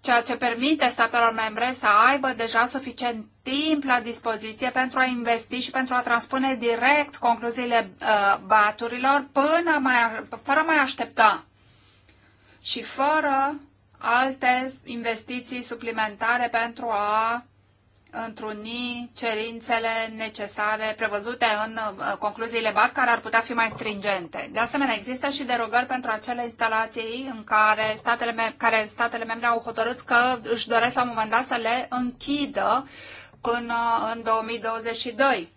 ceea ce permite statelor membre să aibă deja suficient timp la dispoziție pentru a investi și pentru a transpune direct concluziile uh, baturilor până mai, fără mai aștepta și fără alte investiții suplimentare pentru a întruni cerințele necesare prevăzute în uh, concluziile BAT, care ar putea fi mai stringente. De asemenea, există și derogări pentru acele instalații în care statele, mem- care statele membre au hotărât că își doresc la un moment dat să le închidă până în 2022.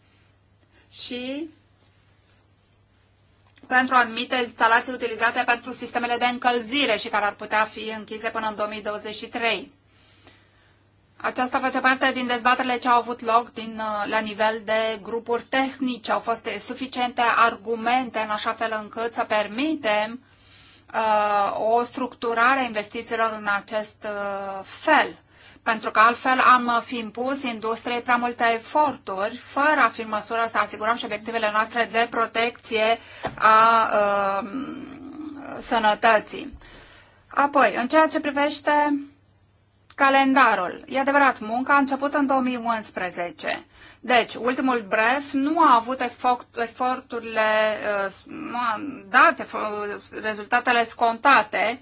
Și pentru anumite instalații utilizate pentru sistemele de încălzire și care ar putea fi închise până în 2023. Aceasta face parte din dezbaterile ce au avut loc din, uh, la nivel de grupuri tehnice. Au fost suficiente argumente în așa fel încât să permitem uh, o structurare a investițiilor în acest uh, fel. Pentru că altfel am fi impus industriei prea multe eforturi fără a fi în măsură să asigurăm și obiectivele noastre de protecție a uh, sănătății. Apoi, în ceea ce privește Calendarul. E adevărat, munca a început în 2011. Deci, ultimul bref nu a avut efort, eforturile uh, date, rezultatele scontate,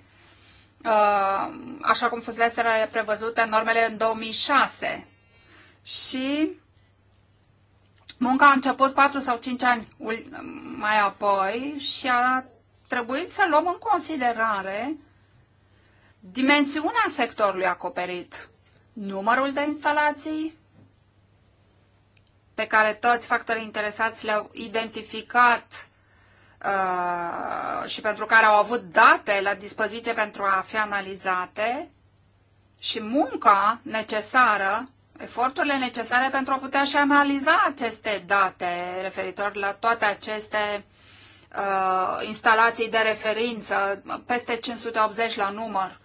uh, așa cum fusese prevăzute normele în 2006. Și munca a început 4 sau 5 ani mai apoi și a trebuit să luăm în considerare uh, dimensiunea sectorului acoperit, numărul de instalații pe care toți factorii interesați le-au identificat uh, și pentru care au avut date la dispoziție pentru a fi analizate și munca necesară, eforturile necesare pentru a putea și analiza aceste date referitor la toate aceste uh, instalații de referință, peste 580 la număr,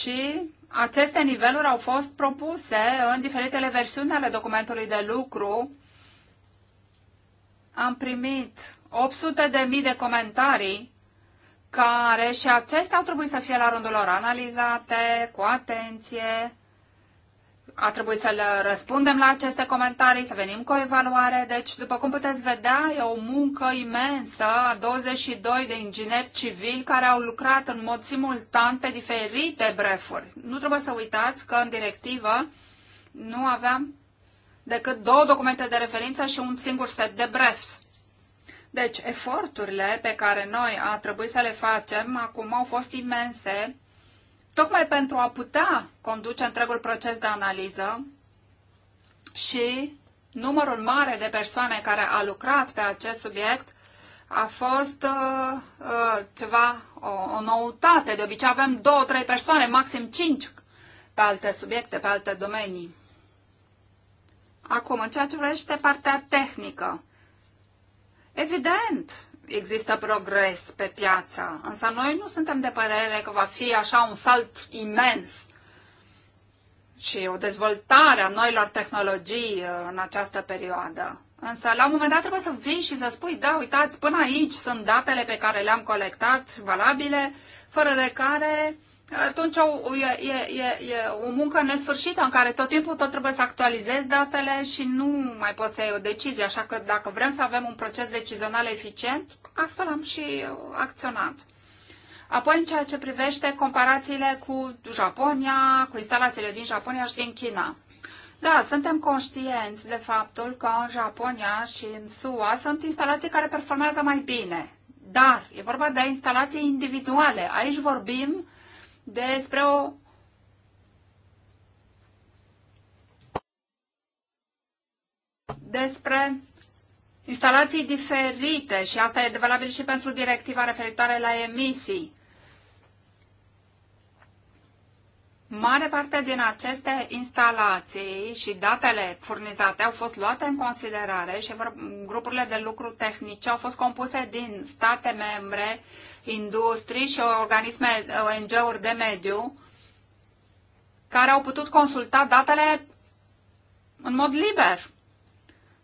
și aceste niveluri au fost propuse în diferitele versiuni ale documentului de lucru. Am primit 800 de mii de comentarii care și acestea au trebuit să fie la rândul lor analizate cu atenție a trebuit să le răspundem la aceste comentarii, să venim cu o evaluare. Deci, după cum puteți vedea, e o muncă imensă a 22 de ingineri civili care au lucrat în mod simultan pe diferite brefuri. Nu trebuie să uitați că în directivă nu aveam decât două documente de referință și un singur set de brefs. Deci, eforturile pe care noi a trebuit să le facem acum au fost imense tocmai pentru a putea conduce întregul proces de analiză și numărul mare de persoane care a lucrat pe acest subiect a fost uh, uh, ceva, o, o noutate. De obicei avem două, trei persoane, maxim cinci pe alte subiecte, pe alte domenii. Acum, în ceea ce vrește partea tehnică, evident, există progres pe piață, însă noi nu suntem de părere că va fi așa un salt imens și o dezvoltare a noilor tehnologii uh, în această perioadă. Însă, la un moment dat, trebuie să vii și să spui, da, uitați, până aici sunt datele pe care le-am colectat, valabile, fără de care uh, atunci o, e, e, e, e o muncă nesfârșită în care tot timpul tot trebuie să actualizezi datele și nu mai poți să iei o decizie. Așa că dacă vrem să avem un proces decizional eficient, astfel am și acționat. Apoi, în ceea ce privește comparațiile cu Japonia, cu instalațiile din Japonia și din China. Da, suntem conștienți de faptul că în Japonia și în SUA sunt instalații care performează mai bine. Dar e vorba de instalații individuale. Aici vorbim uh, despre o despre instalații diferite și asta e valabil și pentru directiva referitoare la emisii. Mare parte din aceste instalații și datele furnizate au fost luate în considerare și grupurile de lucru tehnice au fost compuse din state membre industrii și organisme ONG-uri de mediu care au putut consulta datele în mod liber.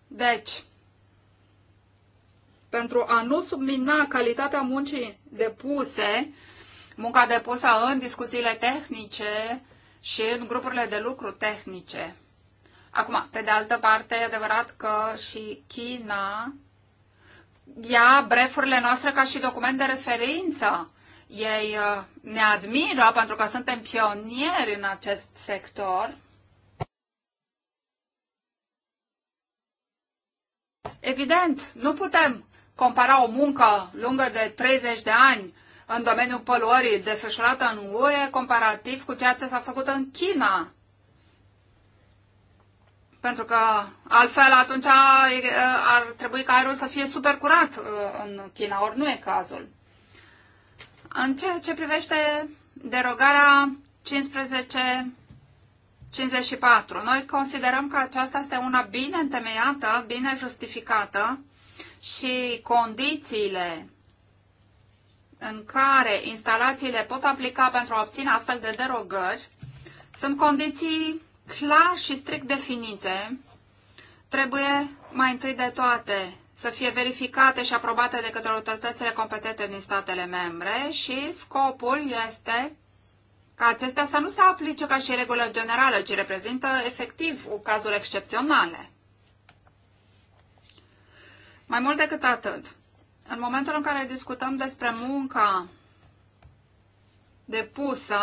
Deci, pentru a nu submina calitatea muncii depuse, munca depusă în discuțiile tehnice și în grupurile de lucru tehnice. Acum, pe de altă parte, e adevărat că și China ia brefurile noastre ca și document de referință. Ei uh, ne admiră pentru că suntem pionieri în acest sector. Evident, nu putem compara o muncă lungă de 30 de ani în domeniul poluării desfășurată în UE comparativ cu ceea ce s-a făcut în China pentru că altfel atunci ar trebui ca aerul să fie super curat uh, în China, ori nu e cazul. În ceea ce privește derogarea 15 54. Noi considerăm că aceasta este una bine întemeiată, bine justificată și condițiile în care instalațiile pot aplica pentru a obține astfel de derogări sunt condiții clar și strict definite, trebuie mai întâi de toate să fie verificate și aprobate de către autoritățile competente din statele membre și scopul este ca acestea să nu se aplice ca și regulă generală, ci reprezintă efectiv cazuri excepționale. Mai mult decât atât, în momentul în care discutăm despre munca depusă,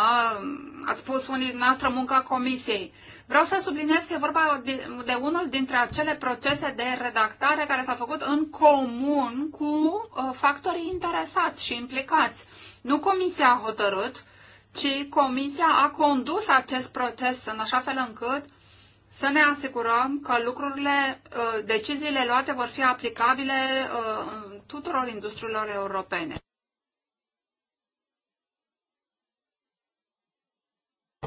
ați spus unii noastră munca comisiei. Vreau să subliniez că e vorba de unul dintre acele procese de redactare care s-a făcut în comun cu uh, factorii interesați și implicați. Nu comisia a hotărât, ci comisia a condus acest proces în așa fel încât să ne asigurăm că lucrurile, uh, deciziile luate vor fi aplicabile uh, tuturor industriilor europene.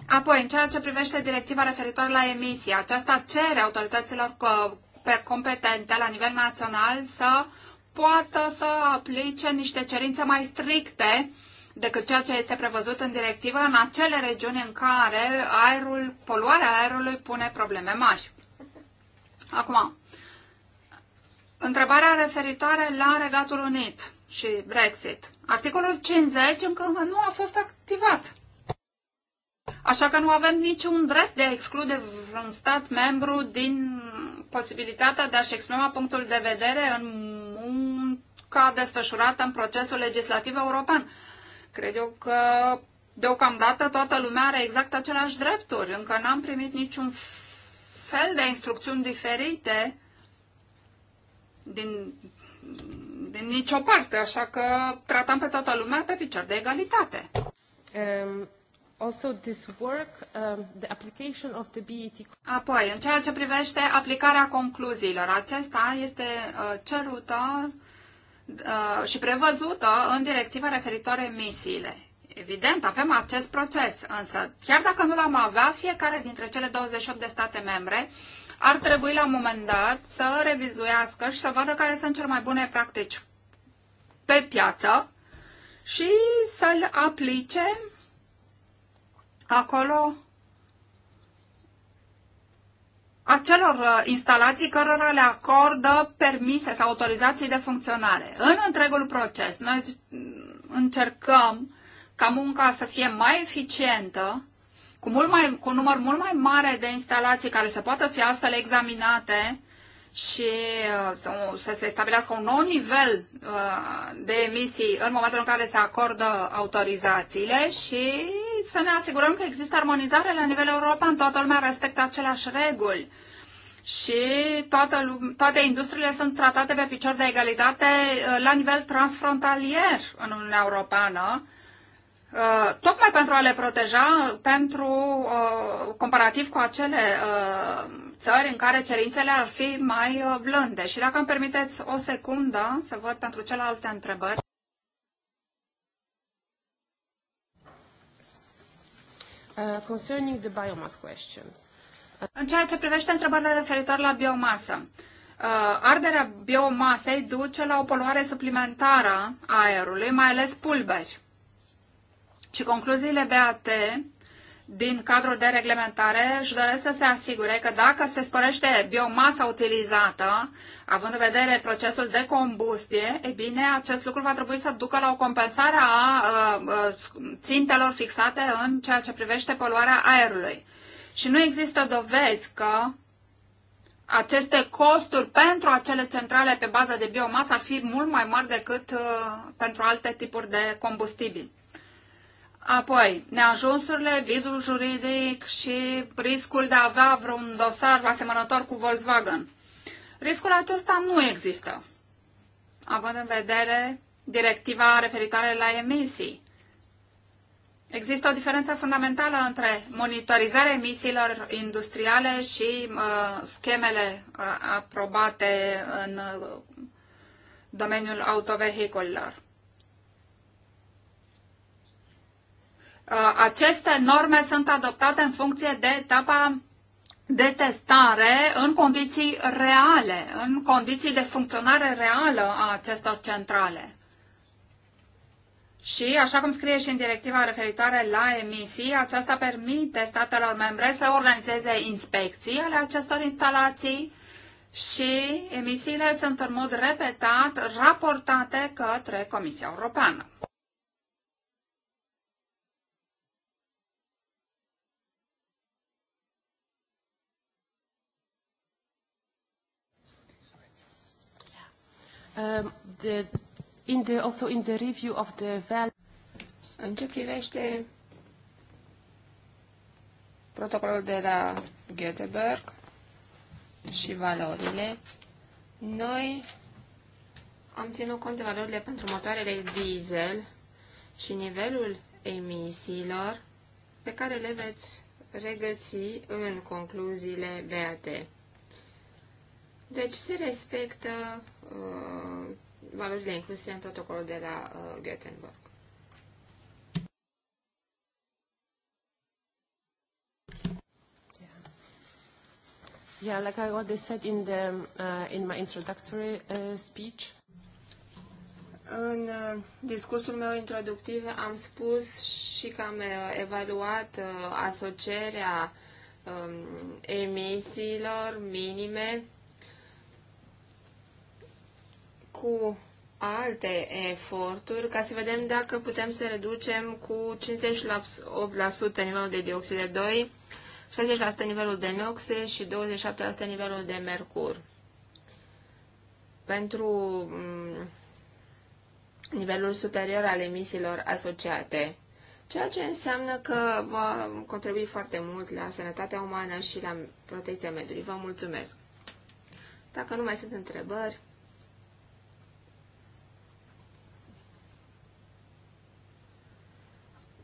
Apoi, în ceea ce privește directiva referitoare la emisie, aceasta cere autorităților competente la nivel național să poată să aplice niște cerințe mai stricte decât ceea ce este prevăzut în directivă în acele regiuni în care aerul, poluarea aerului pune probleme mari. Acum, întrebarea referitoare la Regatul Unit și Brexit. Articolul 50 încă nu a fost activat. Așa că nu avem niciun drept de a exclude vreun stat membru din posibilitatea de a-și exprima punctul de vedere în munca desfășurată în procesul legislativ european. Cred eu că deocamdată toată lumea are exact aceleași drepturi. Încă n-am primit niciun fel de instrucțiuni diferite din, din nicio parte, așa că tratăm pe toată lumea pe picior de egalitate. Um... Um, Apoi, în ceea ce privește aplicarea concluziilor, acesta este uh, cerută uh, și prevăzută în directiva referitoare misiile. Evident, avem acest proces, însă chiar dacă nu l-am avea, fiecare dintre cele 28 de state membre ar trebui la un moment dat să revizuiască și să vadă care sunt cele mai bune practici pe piață și să-l aplice acolo acelor uh, instalații cărora le acordă permise sau autorizații de funcționare. În întregul proces, noi încercăm ca munca să fie mai eficientă, cu, mult mai, cu un număr mult mai mare de instalații care să poată fi astfel examinate și uh, să se stabilească un nou nivel uh, de emisii în momentul în care se acordă autorizațiile și să ne asigurăm că există armonizare la nivel european, toată lumea respectă aceleași reguli și toată, toate industriile sunt tratate pe picior de egalitate uh, la nivel transfrontalier în Uniunea Europeană, tocmai pentru a le proteja pentru comparativ cu acele țări în care cerințele ar fi mai uh, blânde. Și dacă îmi permiteți o secundă să văd pentru celelalte întrebări. Uh, concerning the biomass question. În ceea ce privește întrebările referitoare la biomasă, uh, arderea biomasei duce la o poluare suplimentară a aerului, mai ales pulberi. Și concluziile BAT din cadrul de reglementare își doresc să se asigure că dacă se sporește biomasa utilizată, având în vedere procesul de combustie, e bine, acest lucru va trebui să ducă la o compensare a, a, a țintelor fixate în ceea ce privește poluarea aerului. Și nu există dovezi că aceste costuri pentru acele centrale pe bază de biomasă ar fi mult mai mari decât uh, pentru alte tipuri de combustibili. Apoi, neajunsurile, vidul juridic și riscul de a avea vreun dosar asemănător cu Volkswagen. Riscul acesta nu există, având în vedere directiva referitoare la emisii. Există o diferență fundamentală între monitorizarea emisiilor industriale și uh, schemele uh, aprobate în uh, domeniul autovehiculelor. Uh, aceste norme sunt adoptate în funcție de etapa de testare în condiții reale, în condiții de funcționare reală a acestor centrale. Și, așa cum scrie și în directiva referitoare la emisii, aceasta permite statelor membre să organizeze inspecții ale acestor instalații și emisiile sunt în mod repetat raportate către Comisia Europeană. Um, the, in the, also in the review of the value. În ce privește protocolul de la Göteborg și valorile, noi am ținut cont de valorile pentru motoarele diesel și nivelul emisiilor pe care le veți regăsi în concluziile BAT. Deci se respectă uh, valorile incluse în protocolul de la uh, Göteborg. Yeah, like I already said in the uh, in my introductory uh, speech. În uh, discursul meu introductiv am spus și că am uh, evaluat uh, asocierea um, emisiilor minime cu alte eforturi ca să vedem dacă putem să reducem cu 58% nivelul de dioxid de 2, 60% nivelul de noxe și 27% nivelul de mercur. Pentru mm, nivelul superior al emisiilor asociate, ceea ce înseamnă că va contribui foarte mult la sănătatea umană și la protecția mediului. Vă mulțumesc! Dacă nu mai sunt întrebări,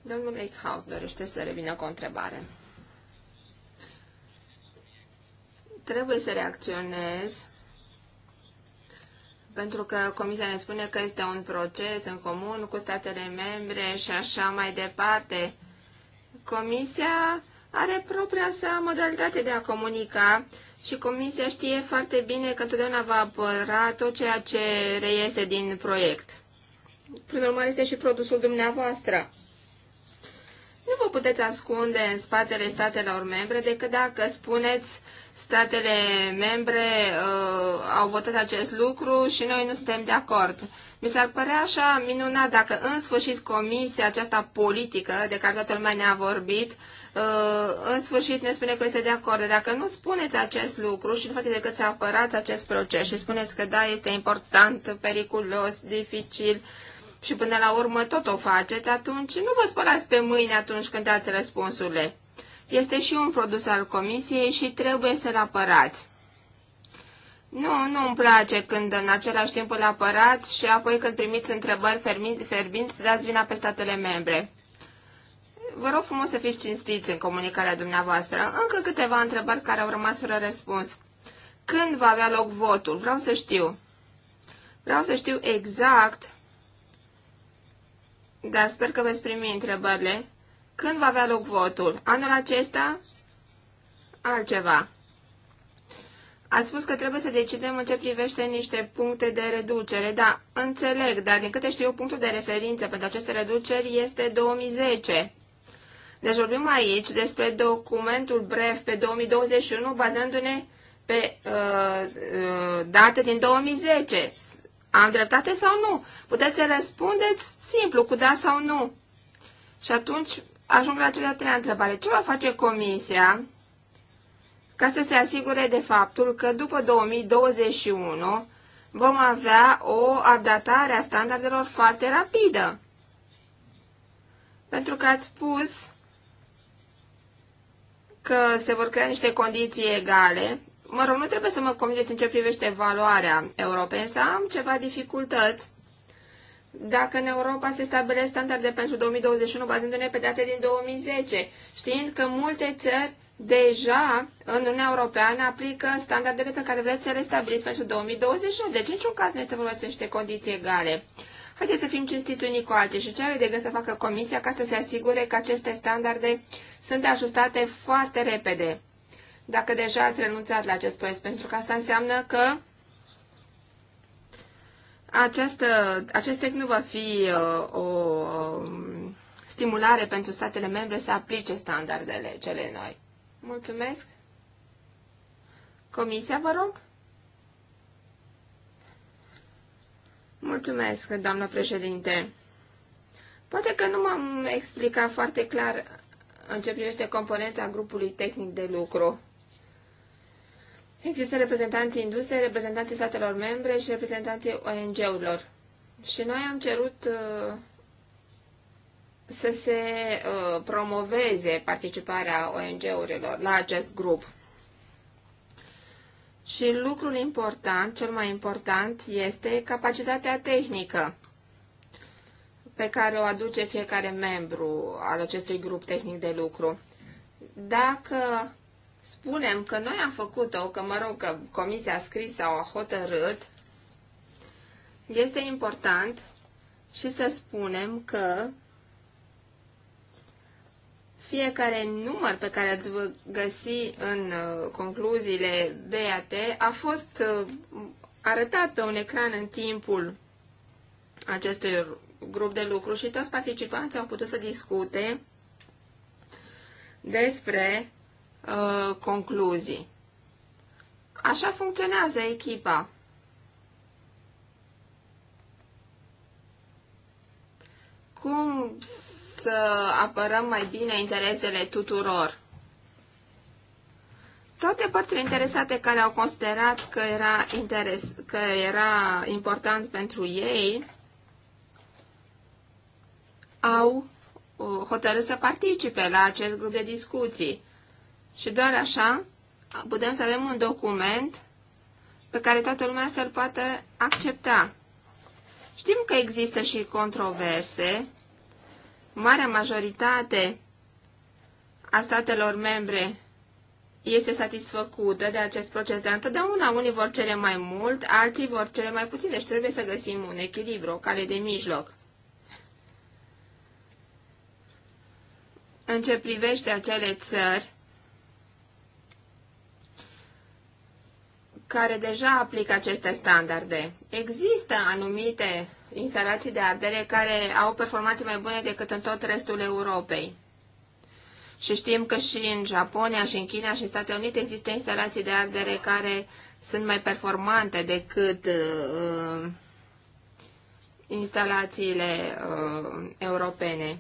Domnul Eichhaut dorește să revină cu o întrebare. Trebuie să reacționez pentru că Comisia ne spune că este un proces în comun cu statele membre și așa mai departe. Comisia are propria sa modalitate de a comunica și Comisia știe foarte bine că întotdeauna va apăra tot ceea ce reiese din proiect. Prin urmare, este și produsul dumneavoastră. Nu vă puteți ascunde în spatele statelor membre decât dacă spuneți statele membre uh, au votat acest lucru și noi nu suntem de acord. Mi s-ar părea așa minunat dacă în sfârșit comisia aceasta politică de care toată lumea ne-a vorbit, uh, în sfârșit ne spune că este de acord. Dacă nu spuneți acest lucru și nu faceți decât să apărați acest proces și spuneți că da, este important, periculos, dificil, și până la urmă tot o faceți, atunci nu vă spălați pe mâini atunci când dați răspunsurile. Este și un produs al comisiei și trebuie să-l apărați. Nu, nu îmi place când în același timp îl apărați și apoi când primiți întrebări ferbinți, dați vina pe statele membre. Vă rog frumos să fiți cinstiți în comunicarea dumneavoastră. Încă câteva întrebări care au rămas fără răspuns. Când va avea loc votul? Vreau să știu. Vreau să știu exact da, sper că veți primi întrebările. Când va avea loc votul? Anul acesta? Altceva. A spus că trebuie să decidem în ce privește niște puncte de reducere. Da, înțeleg, dar din câte știu punctul de referință pentru aceste reduceri este 2010. Deci vorbim aici despre documentul brev pe 2021, bazându-ne pe uh, uh, date din 2010. Am dreptate sau nu? Puteți să răspundeți simplu, cu da sau nu. Și atunci ajung la cea trei treia întrebare. Ce va face comisia ca să se asigure de faptul că după 2021 vom avea o adaptare a standardelor foarte rapidă? Pentru că ați spus că se vor crea niște condiții egale Mă rog, nu trebuie să mă convingeți în ce privește valoarea Europei, însă am ceva dificultăți dacă în Europa se stabilesc standarde pentru 2021 bazându-ne pe date din 2010, știind că multe țări deja în Uniunea Europeană aplică standardele pe care vreți să le stabiliți pentru 2021. Deci, în niciun caz nu este vorba despre niște condiții egale. Haideți să fim cinstiți unii cu alții și ce are de gând să facă Comisia ca să se asigure că aceste standarde sunt ajustate foarte repede dacă deja ați renunțat la acest proiect, pentru că asta înseamnă că această, acest text nu va fi uh, o um, stimulare pentru statele membre să aplice standardele cele noi. Mulțumesc. Comisia, vă rog. Mulțumesc, doamnă președinte. Poate că nu m-am explicat foarte clar în ce privește componența grupului tehnic de lucru. Există reprezentanții industriei, reprezentanții statelor membre și reprezentanții ONG-urilor. Și noi am cerut uh, să se uh, promoveze participarea ONG-urilor la acest grup. Și lucrul important, cel mai important, este capacitatea tehnică pe care o aduce fiecare membru al acestui grup tehnic de lucru. Dacă spunem că noi am făcut-o, că mă rog, că comisia a scris sau a hotărât, este important și să spunem că fiecare număr pe care ați găsi în uh, concluziile BAT a fost uh, arătat pe un ecran în timpul acestui grup de lucru și toți participanții au putut să discute despre Uh, concluzii. Așa funcționează echipa. Cum să apărăm mai bine interesele tuturor? Toate părțile interesate care au considerat că era, interes, că era important pentru ei au uh, hotărât să participe la acest grup de discuții și doar așa putem să avem un document pe care toată lumea să-l poată accepta. Știm că există și controverse. Marea majoritate a statelor membre este satisfăcută de acest proces, dar întotdeauna unii vor cere mai mult, alții vor cere mai puțin, deci trebuie să găsim un echilibru, o cale de mijloc. În ce privește acele țări care deja aplică aceste standarde. Există anumite instalații de ardere care au performanțe mai bune decât în tot restul Europei. Și știm că și în Japonia, și în China, și în Statele Unite există instalații de ardere care sunt mai performante decât uh, uh instalațiile uh, europene.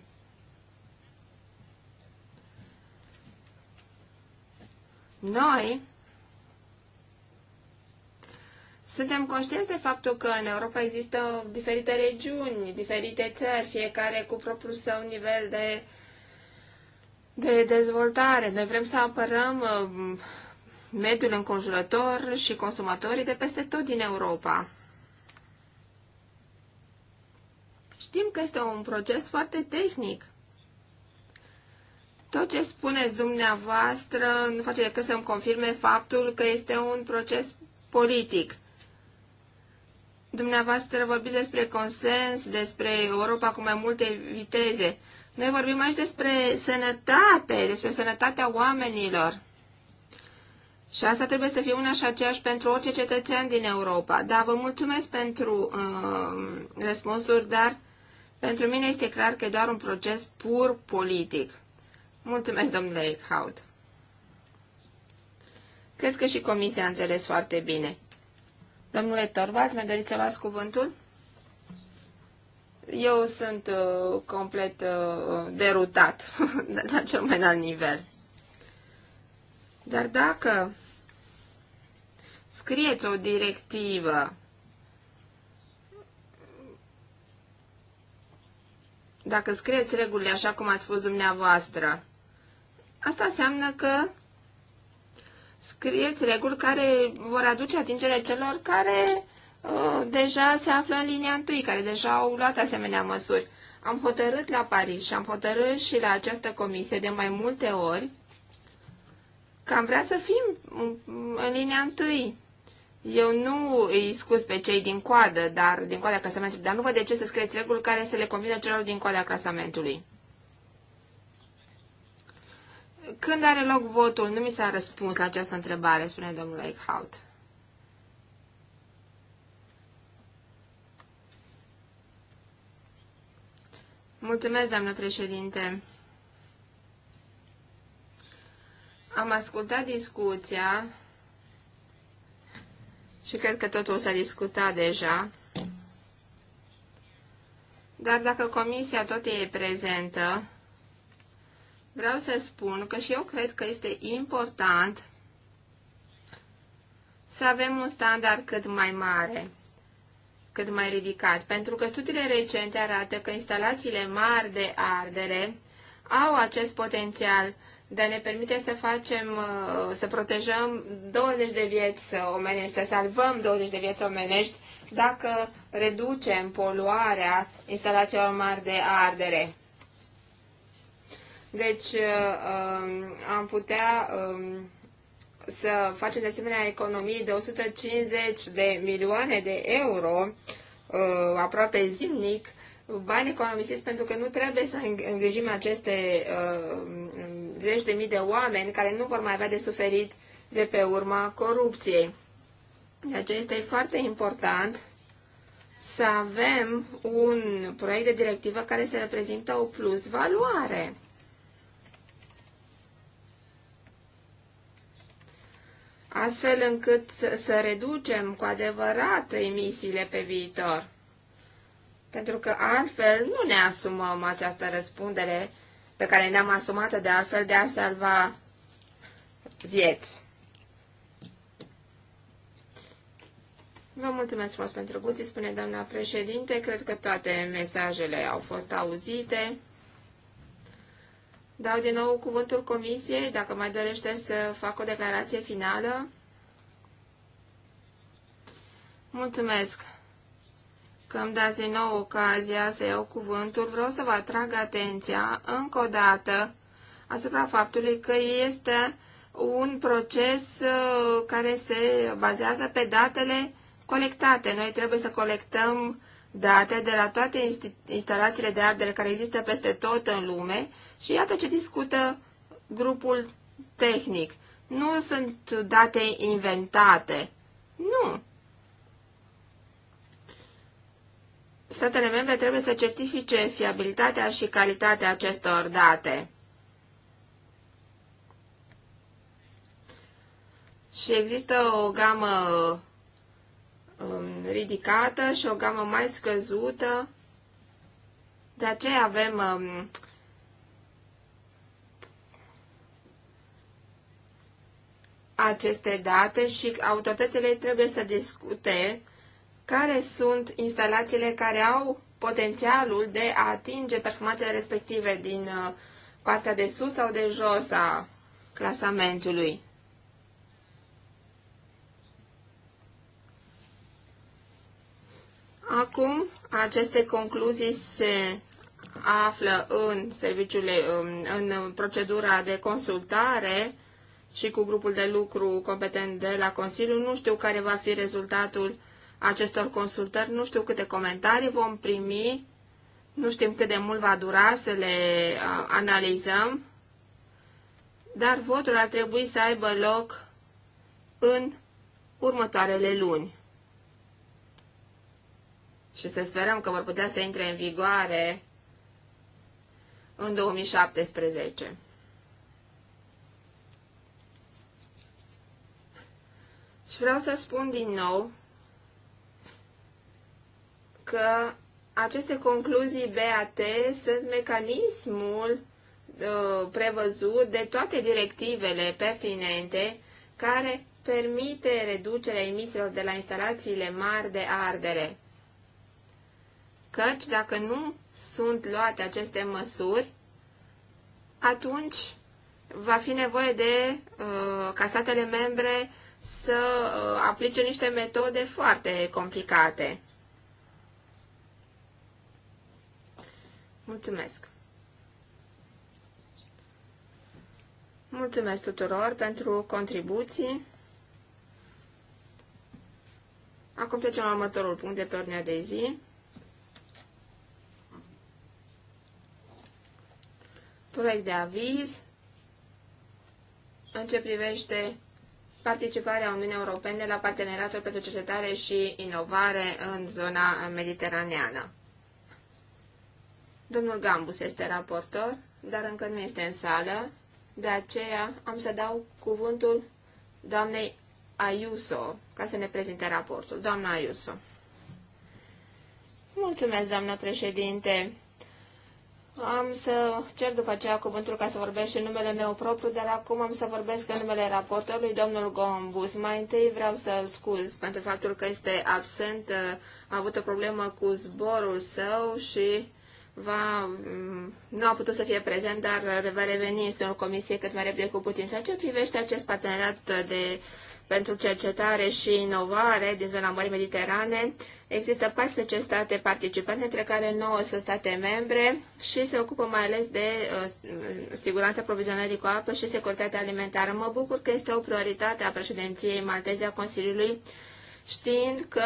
Noi suntem conștienți de faptul că în Europa există diferite regiuni, diferite țări, fiecare cu propriul său nivel de, de dezvoltare. Noi vrem să apărăm uh, mediul înconjurător și consumatorii de peste tot din Europa. Știm că este un proces foarte tehnic. Tot ce spuneți dumneavoastră nu face decât să-mi confirme faptul că este un proces politic. Dumneavoastră vorbiți despre consens, despre Europa cu mai multe viteze. Noi vorbim aici despre sănătate, despre sănătatea oamenilor. Și asta trebuie să fie una și aceeași pentru orice cetățean din Europa. Da, vă mulțumesc pentru uh, răspunsuri, dar pentru mine este clar că e doar un proces pur politic. Mulțumesc, domnule Eichhaut. Cred că și comisia a înțeles foarte bine. Domnule Torvați, mi-a dorit să luați cuvântul? Eu sunt uh, complet uh, derutat de (laughs) la cel mai înalt nivel. Dar dacă scrieți o directivă dacă scrieți regulile așa cum ați spus dumneavoastră, asta înseamnă că scrieți reguli care vor aduce atingere celor care uh, deja se află în linia întâi, care deja au luat asemenea măsuri. Am hotărât la Paris și am hotărât și la această comisie de mai multe ori că am vrea să fim în linia întâi. Eu nu îi scuz pe cei din coadă, dar din coada clasamentului, dar nu văd de ce să scrieți reguli care să le convină celor din coada clasamentului. Când are loc votul? Nu mi s-a răspuns la această întrebare, spune domnul Eichhout. Mulțumesc, doamnă președinte. Am ascultat discuția și cred că totul s-a discutat deja. Dar dacă comisia tot e prezentă, vreau să spun că și eu cred că este important să avem un standard cât mai mare, cât mai ridicat, pentru că studiile recente arată că instalațiile mari de ardere au acest potențial de a ne permite să facem, uh, să protejăm 20 de vieți omenești, să salvăm 20 de vieți omenești dacă reducem poluarea instalațiilor mari de ardere. Deci uh, um, am putea um, să facem de asemenea economii de 150 de milioane de euro uh, aproape zilnic bani economisiți pentru că nu trebuie să îngrijim aceste uh, zeci de mii de oameni care nu vor mai avea de suferit de pe urma corupției. De aceea este foarte important să avem un proiect de directivă care să reprezintă o plus valoare astfel încât să reducem cu adevărat emisiile pe viitor. Pentru că altfel nu ne asumăm această răspundere pe care ne-am asumat-o de altfel de a salva vieți. Vă mulțumesc frumos pentru guții, spune doamna președinte. Cred că toate mesajele au fost auzite. Dau din nou cuvântul comisiei, dacă mai dorește să facă o declarație finală. Mulțumesc că îmi dați din nou ocazia să iau cuvântul. Vreau să vă atrag atenția încă o dată asupra faptului că este un proces uh, care se bazează pe datele colectate. Noi trebuie să colectăm date de la toate instalațiile de ardere care există peste tot în lume și iată ce discută grupul tehnic. Nu sunt date inventate. Nu. Statele membre trebuie să certifice fiabilitatea și calitatea acestor date. Și există o gamă um, ridicată și o gamă mai scăzută. De aceea avem um, aceste date și autoritățile trebuie să discute care sunt instalațiile care au potențialul de a atinge performanțele respective din uh, partea de sus sau de jos a clasamentului. Acum, aceste concluzii se află în serviciul, um, în procedura de consultare și cu grupul de lucru competent de la Consiliu. Nu știu care va fi rezultatul acestor consultări, nu știu câte comentarii vom primi, nu știm cât de mult va dura să le analizăm, dar votul ar trebui să aibă loc în următoarele luni. Și să sperăm că vor putea să intre în vigoare în 2017. Și vreau să spun din nou că aceste concluzii BAT sunt mecanismul uh, prevăzut de toate directivele pertinente care permite reducerea emisiilor de la instalațiile mari de ardere. Căci dacă nu sunt luate aceste măsuri, atunci va fi nevoie de uh, ca statele membre să uh, aplice niște metode foarte complicate. Mulțumesc! Mulțumesc tuturor pentru contribuții. Acum trecem la următorul punct de pe ordinea de zi. Proiect de aviz în ce privește participarea Uniunii Europene la Parteneriatul pentru Cercetare și Inovare în zona mediteraneană. Domnul Gambus este raportor, dar încă nu este în sală, de aceea am să dau cuvântul doamnei Ayuso ca să ne prezinte raportul. Doamna Ayuso. Mulțumesc, doamnă președinte. Am să cer după aceea cuvântul ca să vorbesc și în numele meu propriu, dar acum am să vorbesc în numele raportorului, domnul Gombus. Mai întâi vreau să-l scuz pentru faptul că este absent, a avut o problemă cu zborul său și va, nu a putut să fie prezent, dar va reveni în comisie cât mai repede cu putință. Ce privește acest parteneriat de pentru cercetare și inovare din zona Mării Mediterane. Există 14 state participante, între care 9 sunt state membre și se ocupă mai ales de uh, siguranța provizionării cu apă și securitatea alimentară. Mă bucur că este o prioritate a președinției malteze a Consiliului, știind că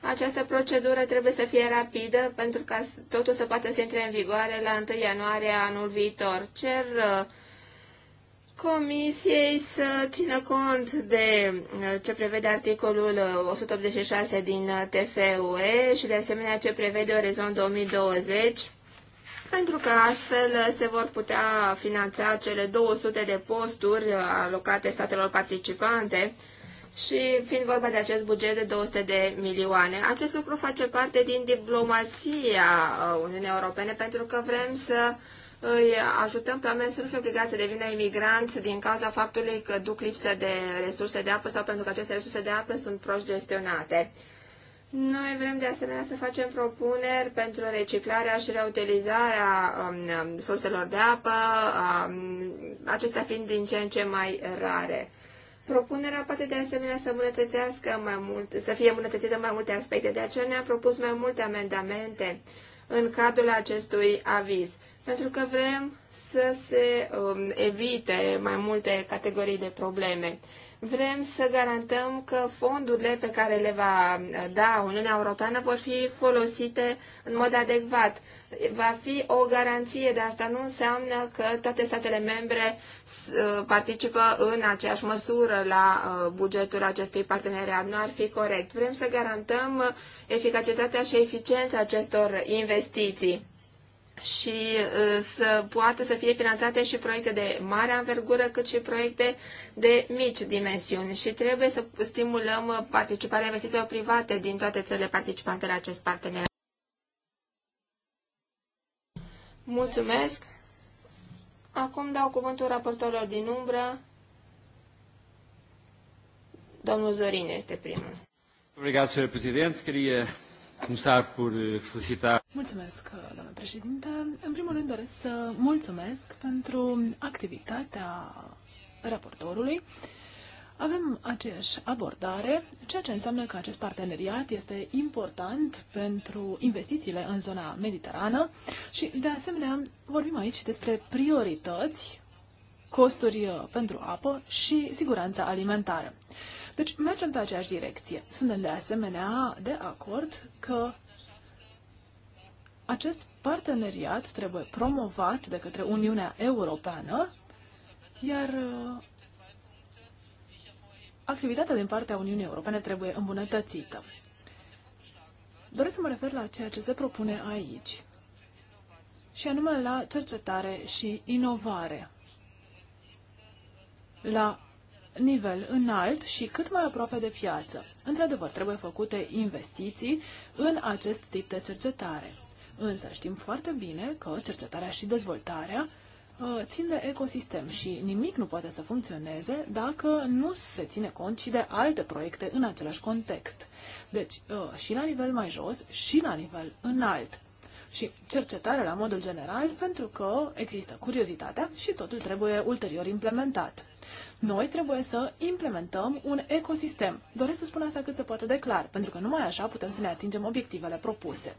această procedură trebuie să fie rapidă pentru ca totul să poată să intre în vigoare la 1 ianuarie anul viitor. Cer uh, Comisiei să țină cont de uh, ce prevede articolul 186 uh, din uh, TFUE și de asemenea ce prevede Orizon 2020, pentru că astfel se vor putea finanța cele 200 de posturi alocate statelor participante și fiind vorba de acest buget de 200 de milioane. Acest lucru face parte din diplomația Uniunii Europene pentru că vrem să uh, îi ajutăm pe oameni să nu fie obligați să devină imigranți din cauza faptului că duc lipsă de resurse de apă sau pentru că aceste resurse de apă sunt proști gestionate. Noi vrem de asemenea să facem propuneri pentru reciclarea și reutilizarea um, surselor de apă, um, acestea fiind din ce în ce mai rare. Propunerea poate de asemenea să mai mult, să fie îmbunătățită mai multe aspecte, de aceea ne-am propus mai multe amendamente în cadrul acestui aviz pentru că vrem să se um, evite mai multe categorii de probleme. Vrem să garantăm că fondurile pe care le va uh, da Uniunea Europeană vor fi folosite în mod adecvat. Va fi o garanție, de asta nu înseamnă că toate statele membre uh, participă în aceeași măsură la uh, bugetul acestui parteneriat. Nu ar fi corect. Vrem să garantăm eficacitatea și eficiența acestor investiții și uh, să poată să fie finanțate și proiecte de mare anvergură, cât și proiecte de mici dimensiuni. Și trebuie să stimulăm participarea investițiilor private din toate țările participante la acest parteneriat. Mulțumesc! Acum dau cuvântul raportorilor din umbră. Domnul Zorin este primul. Obrigado, Sr. Presidente. Queria Comisar, pur felicita. Mulțumesc, doamnă președinte. În primul rând doresc să mulțumesc pentru activitatea raportorului. Avem aceeași abordare, ceea ce înseamnă că acest parteneriat este important pentru investițiile în zona mediterană și, de asemenea, vorbim aici despre priorități, costuri uh, pentru apă și siguranța alimentară. Deci mergem pe aceeași direcție. Suntem de asemenea de acord că acest parteneriat trebuie promovat de către Uniunea Europeană, iar uh, activitatea din partea Uniunii Europene trebuie îmbunătățită. Doresc să mă refer la ceea ce se propune aici, și anume la cercetare și inovare, la nivel înalt și cât mai aproape de piață. Într-adevăr, trebuie făcute investiții în acest tip de cercetare. Însă știm foarte bine că cercetarea și dezvoltarea uh, țin de ecosistem și nimic nu poate să funcționeze dacă nu se ține cont și de alte proiecte în același context. Deci, uh, și la nivel mai jos, și la nivel înalt și cercetare la modul general, pentru că există curiozitatea și totul trebuie ulterior implementat. Noi trebuie să implementăm un ecosistem. Doresc să spun asta cât se poate de clar, pentru că numai așa putem să ne atingem obiectivele propuse.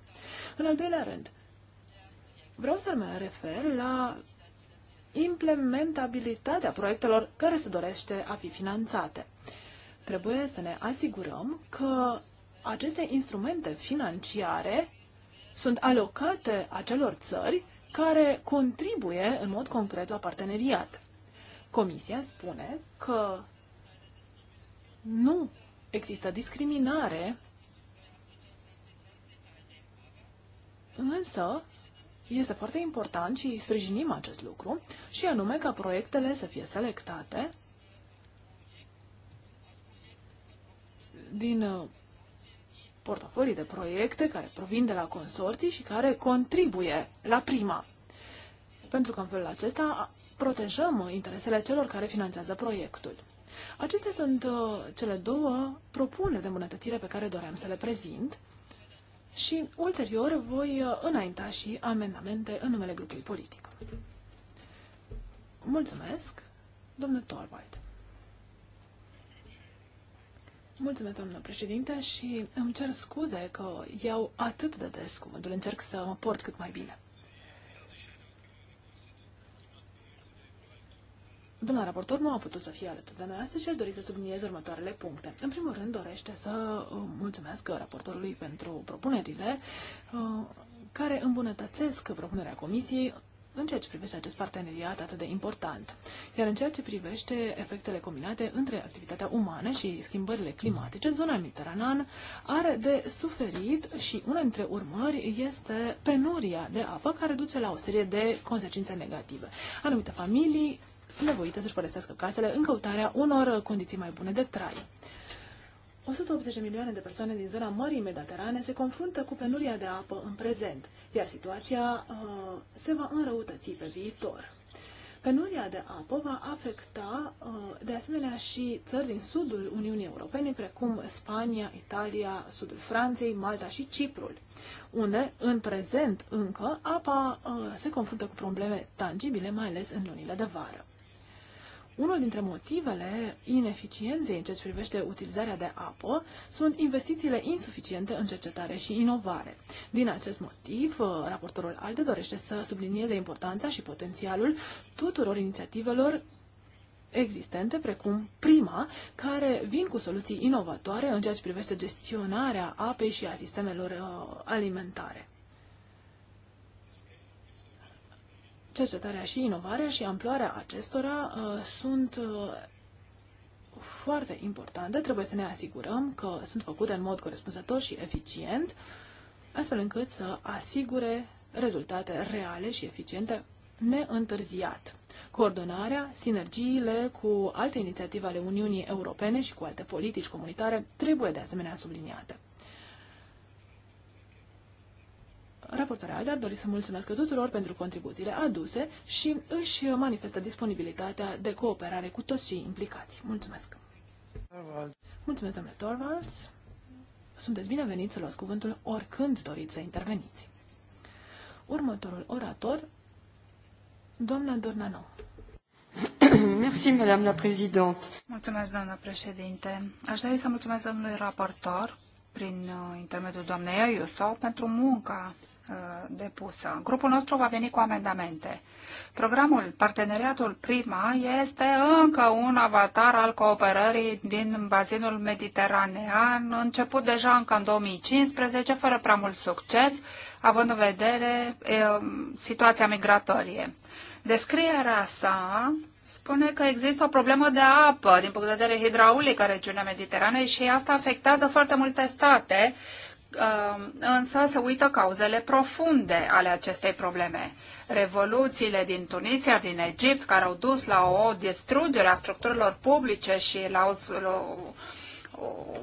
În al doilea rând, vreau să mă refer la implementabilitatea proiectelor care se dorește a fi finanțate. Trebuie să ne asigurăm că aceste instrumente financiare sunt alocate acelor țări care contribuie în mod concret la parteneriat. Comisia spune că nu există discriminare, însă este foarte important și sprijinim acest lucru, și anume ca proiectele să fie selectate din uh, portofolii de proiecte care provin de la consorții și care contribuie la prima. Pentru că în felul acesta protejăm interesele celor care finanțează proiectul. Acestea sunt uh, cele două propuneri de îmbunătățire pe care doream să le prezint și ulterior voi uh, înainta și amendamente în numele grupului politic. Mulțumesc, domnul Torvald. Mulțumesc, domnule președinte, și îmi cer scuze că iau atât de des cuvântul. Încerc să mă port cât mai bine. Doamna raportor nu a putut să fie alături de noi astăzi și aș dori să subliniez următoarele puncte. În primul rând, dorește să uh, mulțumesc raportorului pentru propunerile uh, care îmbunătățesc propunerea comisiei în ceea ce privește acest parteneriat atât de important. Iar în ceea ce privește efectele combinate între activitatea umană și schimbările climatice, zona mediteraneană are de suferit și una dintre urmări este penuria de apă care duce la o serie de consecințe negative. Anumite familii sunt nevoite să-și părăsească casele în căutarea unor condiții mai bune de trai. 180 milioane de persoane din zona Mării Mediterane se confruntă cu penuria de apă în prezent, iar situația uh, se va înrăutăți pe viitor. Penuria de apă va afecta uh, de asemenea și țări din sudul Uniunii Europene, precum Spania, Italia, sudul Franței, Malta și Ciprul, unde în prezent încă apa uh, se confruntă cu probleme tangibile, mai ales în lunile de vară unul dintre motivele ineficienței în ceea ce privește utilizarea de apă sunt investițiile insuficiente în cercetare și inovare. Din acest motiv, uh, raportorul ALDE dorește să sublinieze importanța și potențialul tuturor inițiativelor existente, precum prima, care vin cu soluții inovatoare în ceea ce privește gestionarea apei și a sistemelor uh, alimentare. cercetarea și inovarea și amploarea acestora uh, sunt uh, foarte importante. Trebuie să ne asigurăm că sunt făcute în mod corespunzător și eficient, astfel încât să asigure rezultate reale și eficiente neîntârziat. Coordonarea, sinergiile cu alte inițiative ale Uniunii Europene și cu alte politici comunitare trebuie de asemenea subliniate. Raportoarea Alda dori să mulțumesc tuturor pentru contribuțiile aduse și își manifestă disponibilitatea de cooperare cu toți cei implicați. Mulțumesc! Mulțumesc, domnule Torvalds! Sunteți bineveniți să luați cuvântul oricând doriți să interveniți. Următorul orator, doamna Dornano. (coughs) Mulțumesc, doamna președinte. Aș dori să mulțumesc domnului raportor prin uh, intermediul doamnei Ayuso pentru munca Uh, depusă. Grupul nostru va veni cu amendamente. Programul Parteneriatul Prima este încă un avatar al cooperării din bazinul mediteranean, început deja încă în 2015, fără prea mult succes, având în vedere e, uh, situația migratorie. Descrierea sa spune că există o problemă de apă din punct de vedere hidraulic în regiunea Mediteranei și asta afectează foarte multe state Um, însă se uită cauzele profunde ale acestei probleme. Revoluțiile din Tunisia, din Egipt, care au dus la o distrugere a structurilor publice și la o,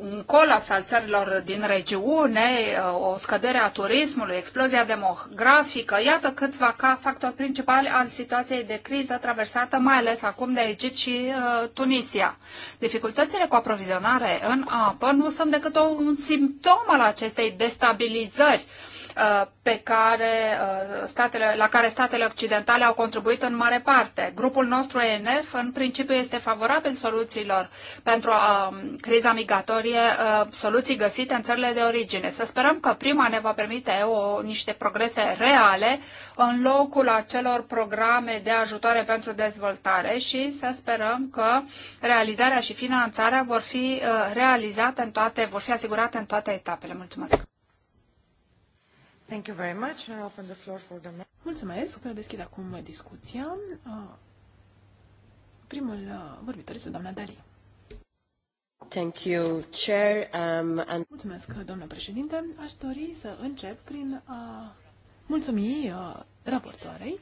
un colaps al țărilor din regiune, o scădere a turismului, explozia demografică, iată câțiva ca factori principali al situației de criză traversată mai ales acum de Egipt și uh, Tunisia. Dificultățile cu aprovizionare în apă nu sunt decât un simptom al acestei destabilizări Uh, pe care uh, statele, la care statele occidentale au contribuit în mare parte. Grupul nostru ENF în principiu este favorabil soluțiilor pentru a, um, criza migratorie, uh, soluții găsite în țările de origine. Să sperăm că prima ne va permite o, niște progrese reale în locul acelor programe de ajutoare pentru dezvoltare și să sperăm că realizarea și finanțarea vor fi realizate în toate, vor fi asigurate în toate etapele. Mulțumesc! Thank you very much. I open the floor for the... Mulțumesc. Deschid acum discuția. Primul vorbitor este doamna Dali. Thank you, Chair. Um, and... Mulțumesc, doamna președinte. Aș dori să încep prin a mulțumi uh, raportoarei.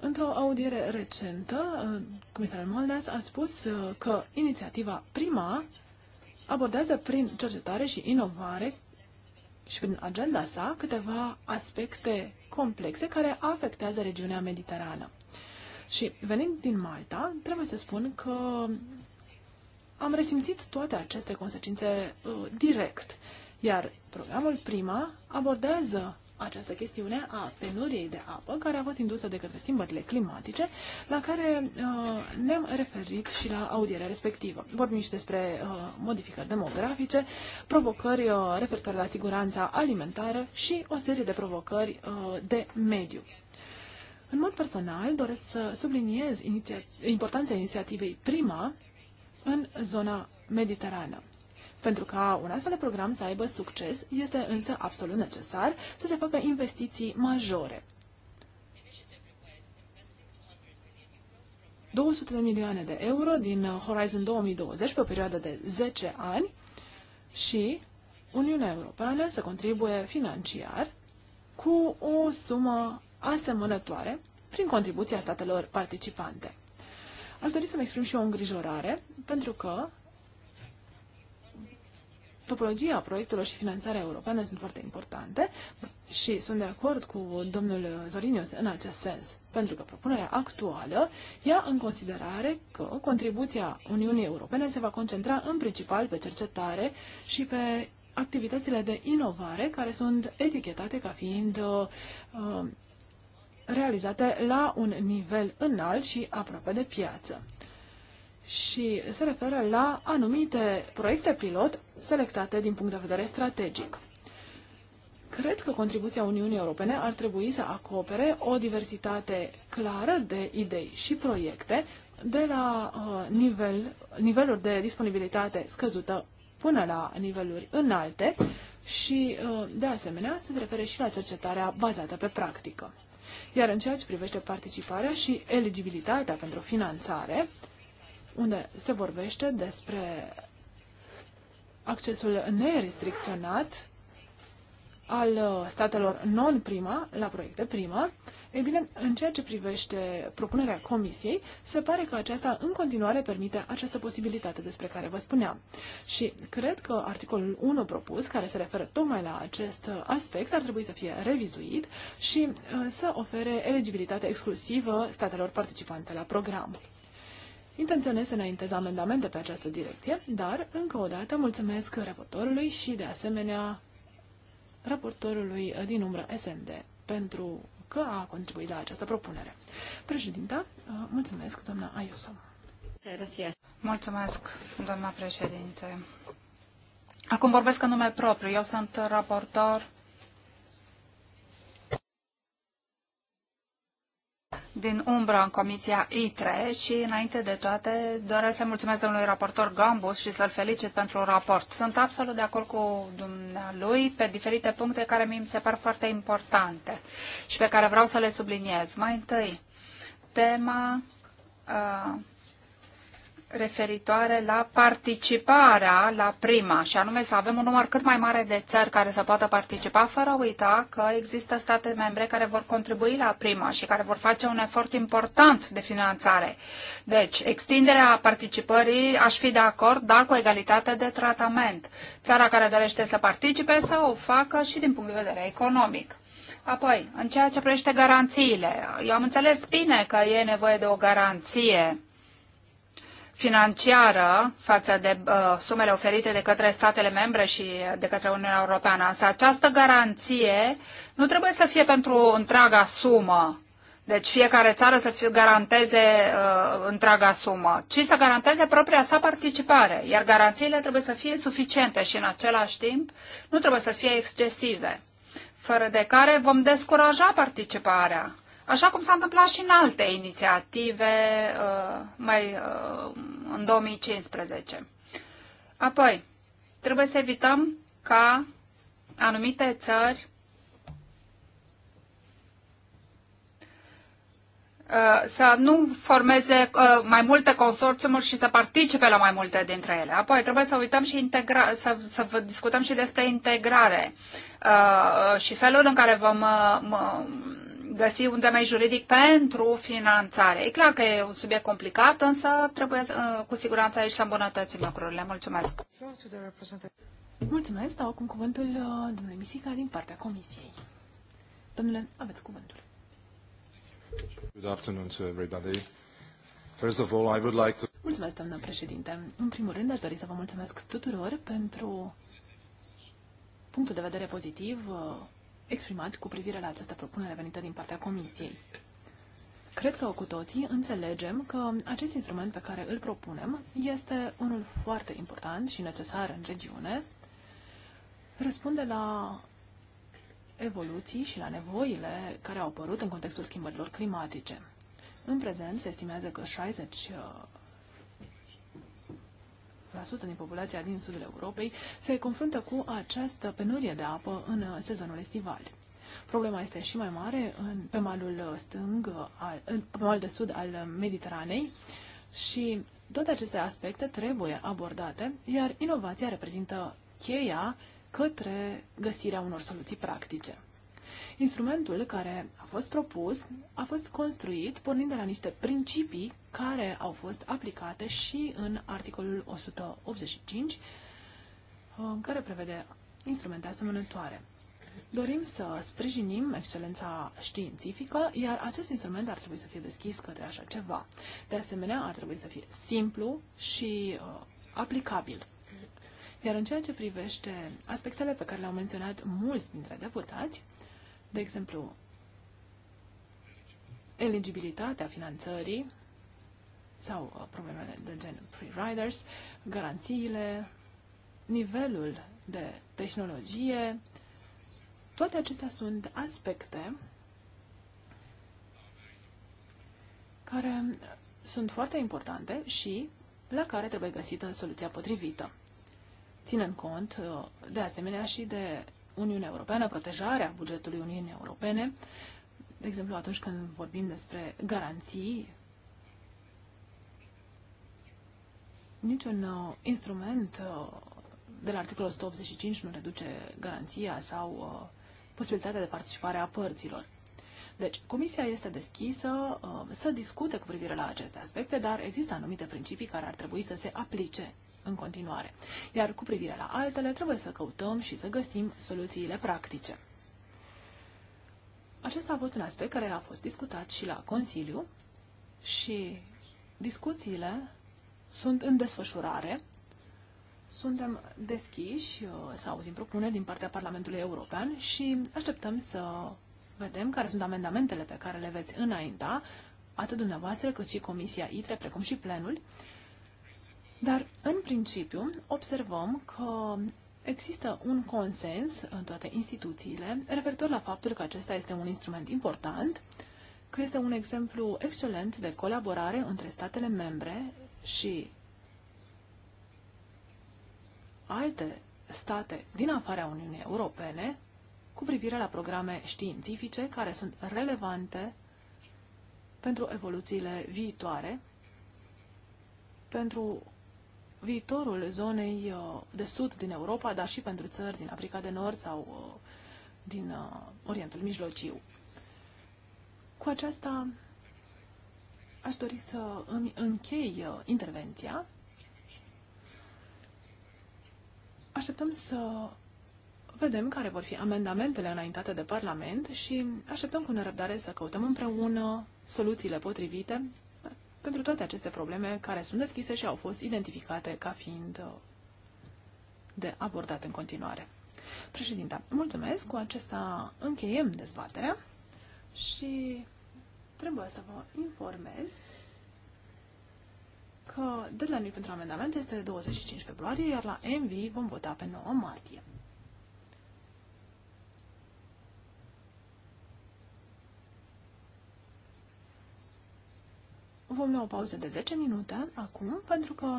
Într-o audiere recentă, comisarul Moldeas a spus că inițiativa Prima abordează prin cercetare și inovare și prin agenda sa câteva aspecte complexe care afectează regiunea mediterană. Și venind din Malta, trebuie să spun că am resimțit toate aceste consecințe uh, direct, iar programul Prima abordează această chestiune a penuriei de apă care a fost indusă de către schimbările climatice, la care uh, ne-am referit și la audierea respectivă. Vorbim și despre uh, modificări demografice, provocări uh, referitoare la siguranța alimentară și o serie de provocări uh, de mediu. În mod personal, doresc să subliniez iniția- importanța inițiativei Prima în zona mediterană. Pentru ca un astfel de program să aibă succes, este însă absolut necesar să se facă investiții majore. 200 de milioane de euro din uh, Horizon 2020 pe o perioadă de 10 ani și Uniunea Europeană să contribuie financiar cu o sumă asemănătoare prin contribuția statelor participante. Aș dori să-mi exprim și o îngrijorare, pentru că topologia proiectelor și finanțarea europeană sunt foarte importante și sunt de acord cu domnul Zorinius în acest sens, pentru că propunerea actuală ia în considerare că contribuția Uniunii Europene se va concentra în principal pe cercetare și pe activitățile de inovare care sunt etichetate ca fiind uh, uh realizate la un nivel înalt și aproape de piață și se referă la anumite proiecte pilot selectate din punct de vedere strategic. Cred că contribuția Uniunii Europene ar trebui să acopere o diversitate clară de idei și proiecte de la uh, nivel, niveluri de disponibilitate scăzută până la niveluri înalte și, uh, de asemenea, să se refere și la cercetarea bazată pe practică. Iar în ceea ce privește participarea și eligibilitatea pentru finanțare, unde se vorbește despre accesul nerestricționat al uh, statelor non-prima la proiecte prima, ei bine, în ceea ce privește propunerea Comisiei, se pare că aceasta în continuare permite această posibilitate despre care vă spuneam. Și cred că articolul 1 propus, care se referă tocmai la acest uh, aspect, ar trebui să fie revizuit și uh, să ofere eligibilitate exclusivă statelor participante la program. Intenționez să înaintez amendamente pe această direcție, dar, încă o dată, mulțumesc raportorului și, de asemenea, raportorului din umbră SND pentru că a contribuit la această propunere. Președinta, uh, mulțumesc, doamna Ayuso. Mulțumesc, doamna președinte. Acum vorbesc în nume propriu. Eu sunt raportor din umbra în Comisia ITRE și, înainte de toate, doresc să mulțumesc domnului raportor Gambus și să-l felicit pentru un raport. Sunt absolut de acord cu dumnealui pe diferite puncte care mi se par foarte importante și pe care vreau să le subliniez. Mai întâi, tema uh, referitoare la participarea la prima, și anume să avem un număr cât mai mare de țări care să poată participa, fără a uita că există state membre care vor contribui la prima și care vor face un efort important de finanțare. Deci, extinderea participării aș fi de acord, dar cu egalitate de tratament. Țara care dorește să participe să o facă și din punct de vedere economic. Apoi, în ceea ce privește garanțiile, eu am înțeles bine că e nevoie de o garanție financiară față de uh, sumele oferite de către statele membre și de către Uniunea Europeană. Însă această garanție nu trebuie să fie pentru întreaga sumă, deci fiecare țară să fie, garanteze uh, întreaga sumă, ci să garanteze propria sa participare, iar garanțiile trebuie să fie suficiente și în același timp nu trebuie să fie excesive, fără de care vom descuraja participarea Așa cum s-a întâmplat și în alte inițiative uh, mai uh, în 2015. Apoi, trebuie să evităm ca anumite țări uh, să nu formeze mai multe consorțiumuri și să participe la mai multe dintre ele. Apoi trebuie să uităm și integra- să, să discutăm și despre integrare uh, și felul în care vom uh, găsi un temei juridic pentru finanțare. E clar că e un subiect complicat, însă trebuie uh, cu siguranță aici să îmbunătățim lucrurile. Mulțumesc! Mulțumesc! Dau acum cuvântul uh, domnului Misica din partea Comisiei. Domnule, aveți cuvântul. Good afternoon to everybody. First of all, I would like to... Mulțumesc, doamnă președinte. În primul rând, aș dori să vă mulțumesc tuturor pentru punctul de vedere pozitiv uh, exprimat cu privire la această propunere venită din partea Comisiei. Cred că cu toții înțelegem că acest instrument pe care îl propunem este unul foarte important și necesar în regiune, răspunde la evoluții și la nevoile care au apărut în contextul schimbărilor climatice. În prezent se estimează că 60 din populația din sudul Europei se confruntă cu această penurie de apă în sezonul estival. Problema este și mai mare în, pe malul stâng, al, pe malul de sud al Mediteranei și toate aceste aspecte trebuie abordate, iar inovația reprezintă cheia către găsirea unor soluții practice. Instrumentul care a fost propus a fost construit pornind de la niște principii care au fost aplicate și în articolul 185, uh, care prevede instrumente asemănătoare. Dorim să sprijinim excelența științifică, iar acest instrument ar trebui să fie deschis către așa ceva. De asemenea, ar trebui să fie simplu și uh, aplicabil. Iar în ceea ce privește aspectele pe care le-au menționat mulți dintre deputați, de exemplu, eligibilitatea finanțării sau uh, problemele de gen free riders garanțiile, nivelul de tehnologie, toate acestea sunt aspecte care sunt foarte importante și la care trebuie găsită soluția potrivită. Ținând cont, uh, de asemenea, și de Uniunea Europeană, protejarea bugetului Uniunii Europene, de exemplu atunci când vorbim despre garanții, niciun uh, instrument uh, de la articolul 185 nu reduce garanția sau uh, posibilitatea de participare a părților. Deci, comisia este deschisă uh, să discute cu privire la aceste aspecte, dar există anumite principii care ar trebui să se aplice în continuare. Iar cu privire la altele, trebuie să căutăm și să găsim soluțiile practice. Acesta a fost un aspect care a fost discutat și la Consiliu și discuțiile sunt în desfășurare. Suntem deschiși uh, să auzim propuneri din partea Parlamentului European și așteptăm să vedem care sunt amendamentele pe care le veți înainta, atât dumneavoastră cât și Comisia ITRE, precum și plenul, dar, în principiu, observăm că există un consens în toate instituțiile referitor la faptul că acesta este un instrument important, că este un exemplu excelent de colaborare între statele membre și alte state din afara Uniunii Europene cu privire la programe științifice care sunt relevante pentru evoluțiile viitoare, pentru viitorul zonei uh, de sud din Europa, dar și pentru țări din Africa de Nord sau uh, din uh, Orientul Mijlociu. Cu aceasta aș dori să îmi închei intervenția. Așteptăm să vedem care vor fi amendamentele înaintate de Parlament și așteptăm cu nerăbdare să căutăm împreună soluțiile potrivite pentru toate aceste probleme care sunt deschise și au fost identificate ca fiind uh, de abordat în continuare. Președinta, mulțumesc. Cu acesta încheiem dezbaterea și trebuie să vă informez că deadline-ul pentru amendamente este 25 februarie, iar la MV vom vota pe 9 martie. Vom lua o pauză de 10 minute acum, pentru că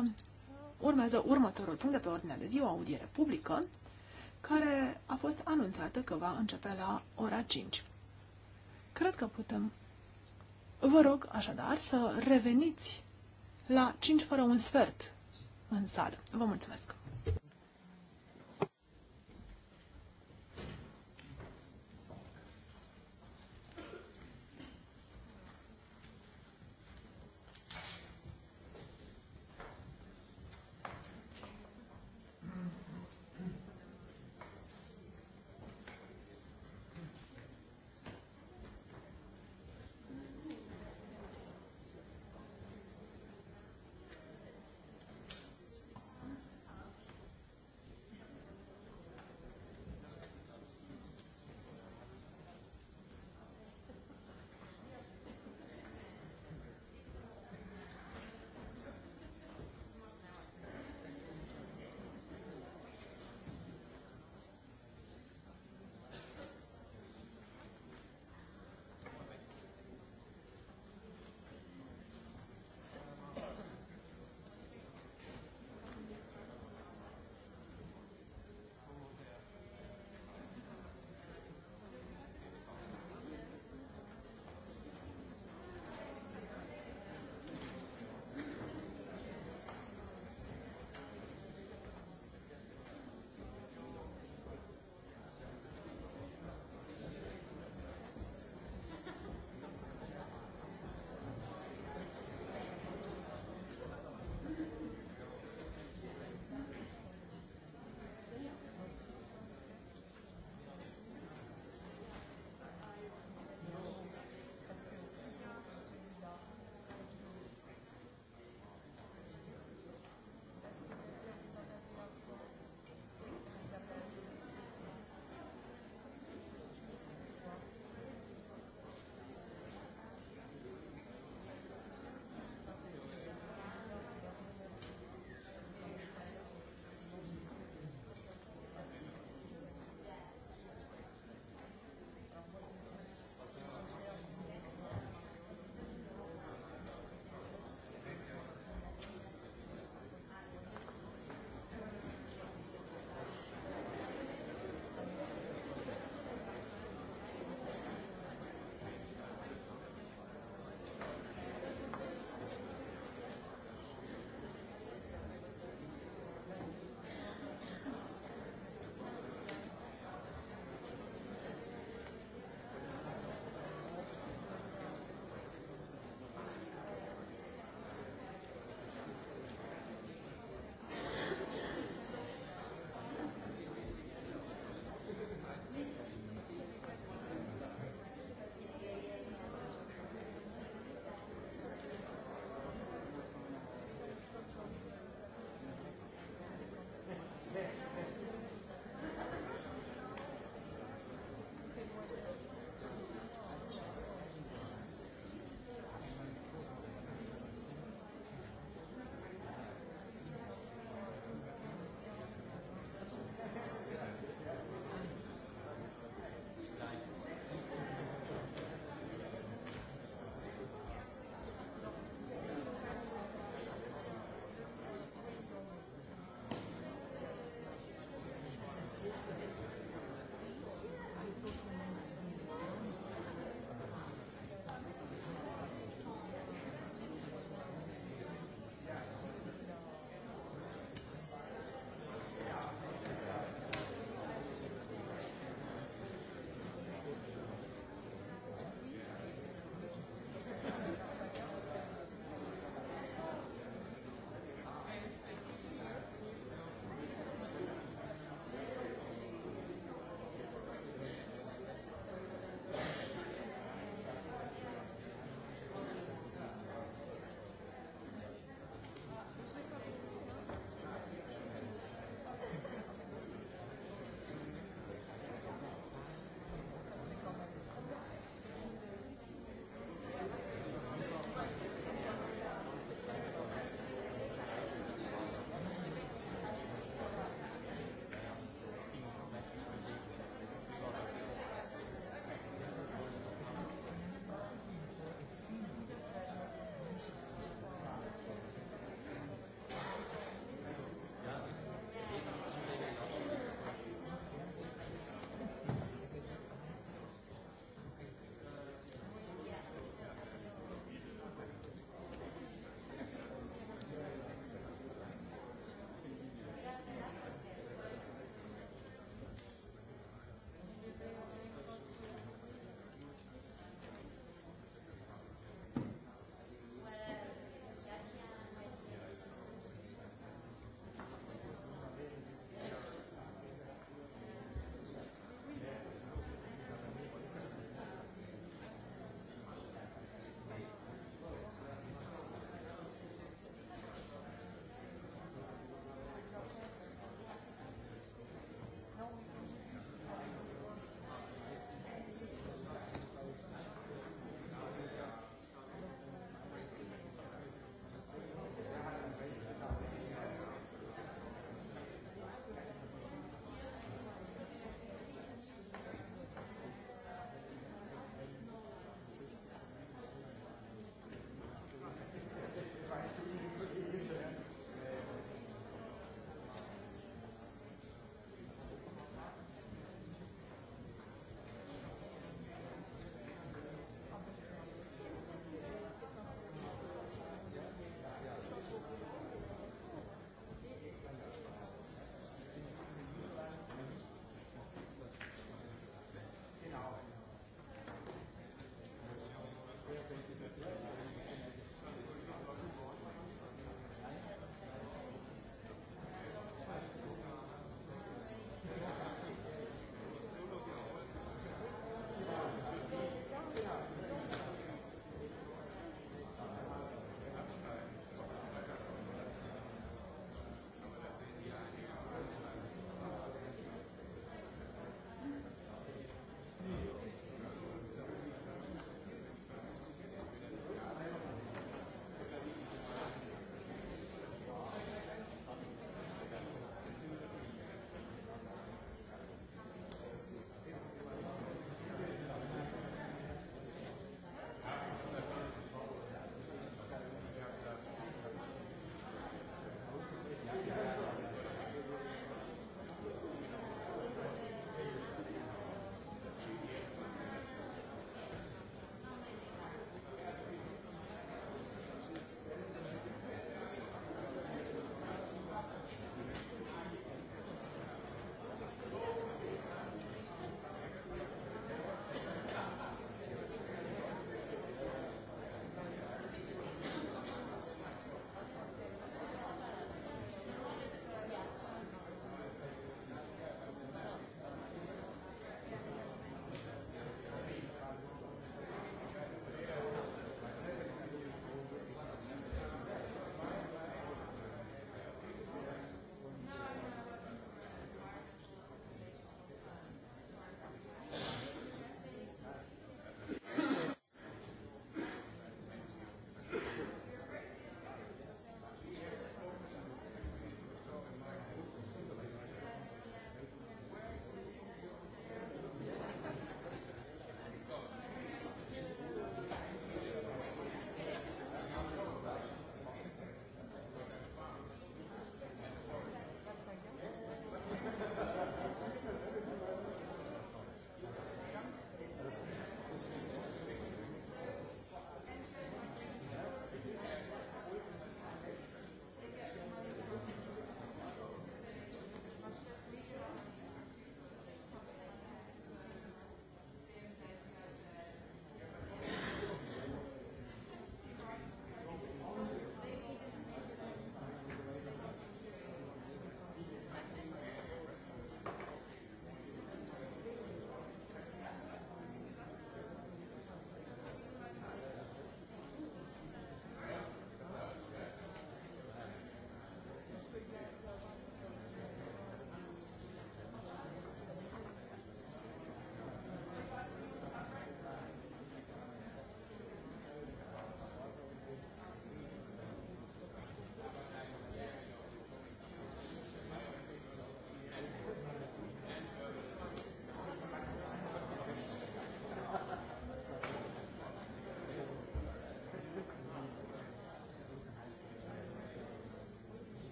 urmează următorul punct de pe ordinea de zi, o audiere publică, care a fost anunțată că va începe la ora 5. Cred că putem. Vă rog așadar să reveniți la 5 fără un sfert în sală. Vă mulțumesc!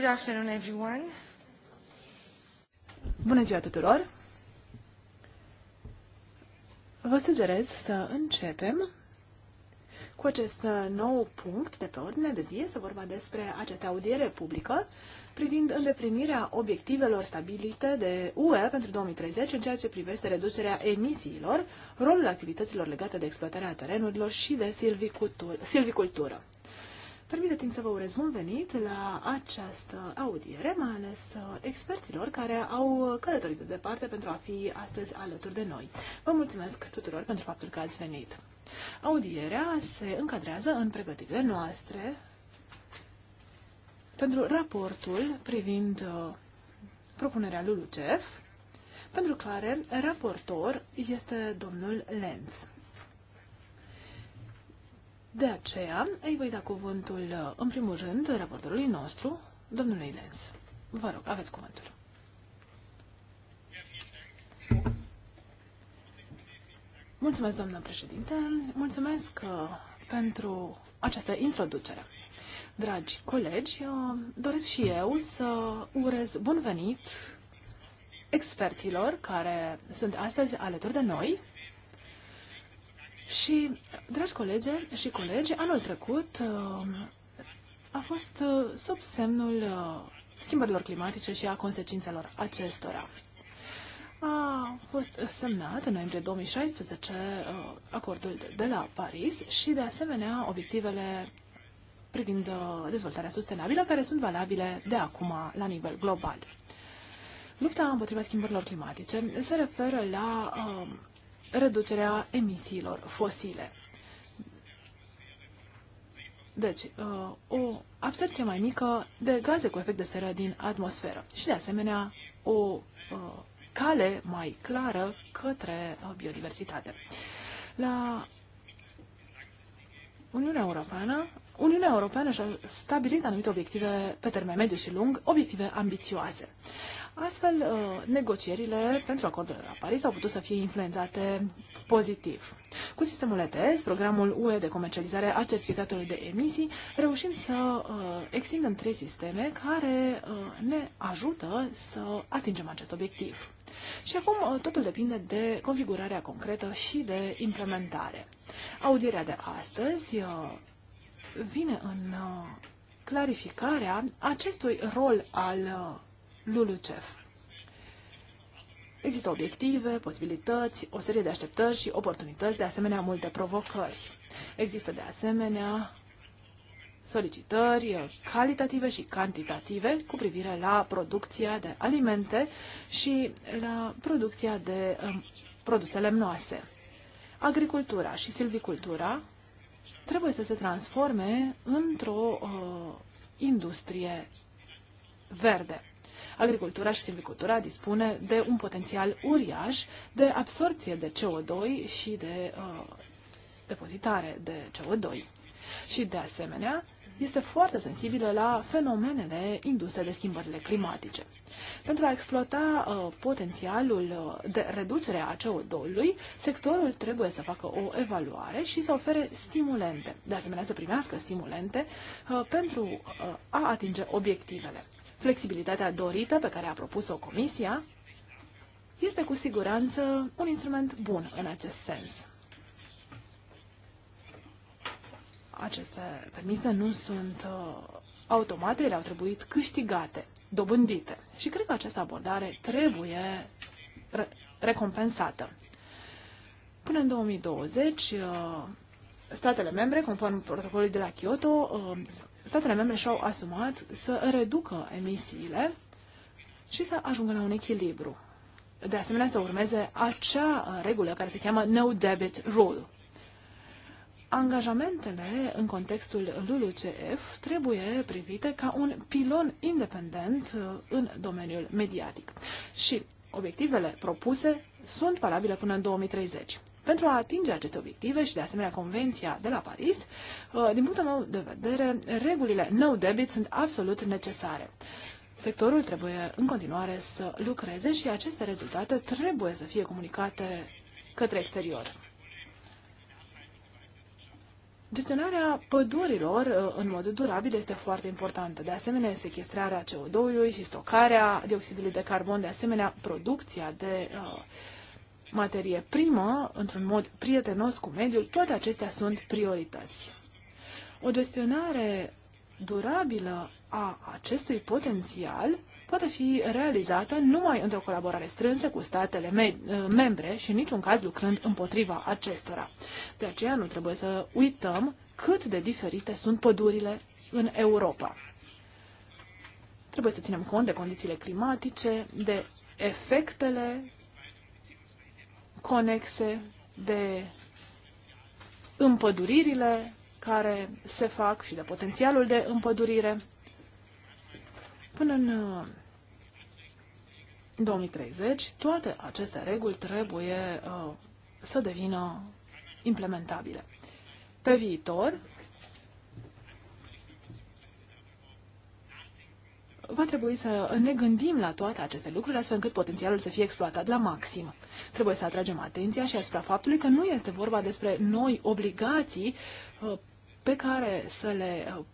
Good afternoon, everyone. Bună ziua tuturor! Vă sugerez să începem cu acest nou punct de pe ordine de zi. Este vorba despre această audiere publică privind îndeplinirea obiectivelor stabilite de UE pentru 2030 în ceea ce privește reducerea emisiilor, rolul activităților legate de exploatarea terenurilor și de silvicultură. Permiteți-mi să vă urez bun venit la această audiere, mai ales uh, experților care au călătorit de departe pentru a fi astăzi alături de noi. Vă mulțumesc tuturor pentru faptul că ați venit. Audierea se încadrează în pregătirile noastre pentru raportul privind uh, propunerea lui Lucef, pentru care raportor este domnul Lenz. De aceea, îi voi da cuvântul, uh, în primul rând, raportorului nostru, domnului Lenz. Vă rog, aveți cuvântul. Mulțumesc, domnule președinte. Mulțumesc uh, pentru această introducere. Dragi colegi, uh, doresc și eu să urez bun venit experților care sunt astăzi alături de noi și, dragi colege și colegi, anul trecut um, a fost uh, sub semnul uh, schimbărilor climatice și a consecințelor acestora. A fost semnat în noiembrie 2016 uh, acordul de la Paris și, de asemenea, obiectivele privind dezvoltarea sustenabilă, care sunt valabile de acum la nivel global. Lupta împotriva schimbărilor climatice se referă la uh, reducerea emisiilor fosile. Deci, uh, o absorpție mai mică de gaze cu efect de seră din atmosferă și, de asemenea, o uh, cale mai clară către uh, biodiversitate. La Uniunea Europeană, Uniunea Europeană și-a stabilit anumite obiective pe termen mediu și lung, obiective ambițioase. Astfel, uh, negocierile pentru acordul de la Paris au putut să fie influențate pozitiv. Cu sistemul ETS, programul UE de comercializare a certificatelor de emisii, reușim să uh, extindem trei sisteme care uh, ne ajută să atingem acest obiectiv. Și acum totul depinde de configurarea concretă și de implementare. Audierea de astăzi vine în clarificarea acestui rol al LULUCEF. Există obiective, posibilități, o serie de așteptări și oportunități, de asemenea multe provocări. Există de asemenea solicitări calitative și cantitative cu privire la producția de alimente și la producția de um, produse lemnoase. Agricultura și silvicultura trebuie să se transforme într-o uh, industrie verde. Agricultura și silvicultura dispune de un potențial uriaș de absorție de CO2 și de uh, depozitare de CO2. Și, de asemenea, este foarte sensibilă la fenomenele induse de schimbările climatice. Pentru a exploata uh, potențialul uh, de reducere a CO2-ului, sectorul trebuie să facă o evaluare și să ofere stimulente, de asemenea să primească stimulente uh, pentru uh, a atinge obiectivele. Flexibilitatea dorită pe care a propus-o Comisia este cu siguranță un instrument bun în acest sens. Aceste permise nu sunt uh, automate, ele au trebuit câștigate, dobândite. Și cred că această abordare trebuie re recompensată. Până în 2020, uh, statele membre, conform protocolului de la Kyoto, uh, statele membre și-au asumat să reducă emisiile și să ajungă la un echilibru. De asemenea, să urmeze acea regulă care se cheamă No Debit Rule. Angajamentele în contextul LULUCF trebuie privite ca un pilon independent uh, în domeniul mediatic și obiectivele propuse sunt valabile până în 2030. Pentru a atinge aceste obiective și, de asemenea, Convenția de la Paris, uh, din punctul meu de vedere, regulile no debit sunt absolut necesare. Sectorul trebuie în continuare să lucreze și aceste rezultate trebuie să fie comunicate către exterior. Gestionarea pădurilor uh, în mod durabil este foarte importantă. De asemenea, sequestrarea CO2-ului și stocarea dioxidului de carbon, de asemenea, producția de uh, materie primă, într-un mod prietenos cu mediul, toate acestea sunt priorități. O gestionare durabilă a acestui potențial poate fi realizată numai într-o colaborare strânsă cu statele me eh, membre și în niciun caz lucrând împotriva acestora. De aceea nu trebuie să uităm cât de diferite sunt pădurile în Europa. Trebuie să ținem cont de condițiile climatice, de efectele conexe, de împăduririle care se fac și de potențialul de împădurire. Până în 2030, uh, toate aceste reguli trebuie uh, să devină implementabile. Pe viitor, va trebui să ne gândim la toate aceste lucruri, astfel încât potențialul să fie exploatat la maxim. Trebuie să atragem atenția și asupra faptului că nu este vorba despre noi obligații uh, pe care să le uh,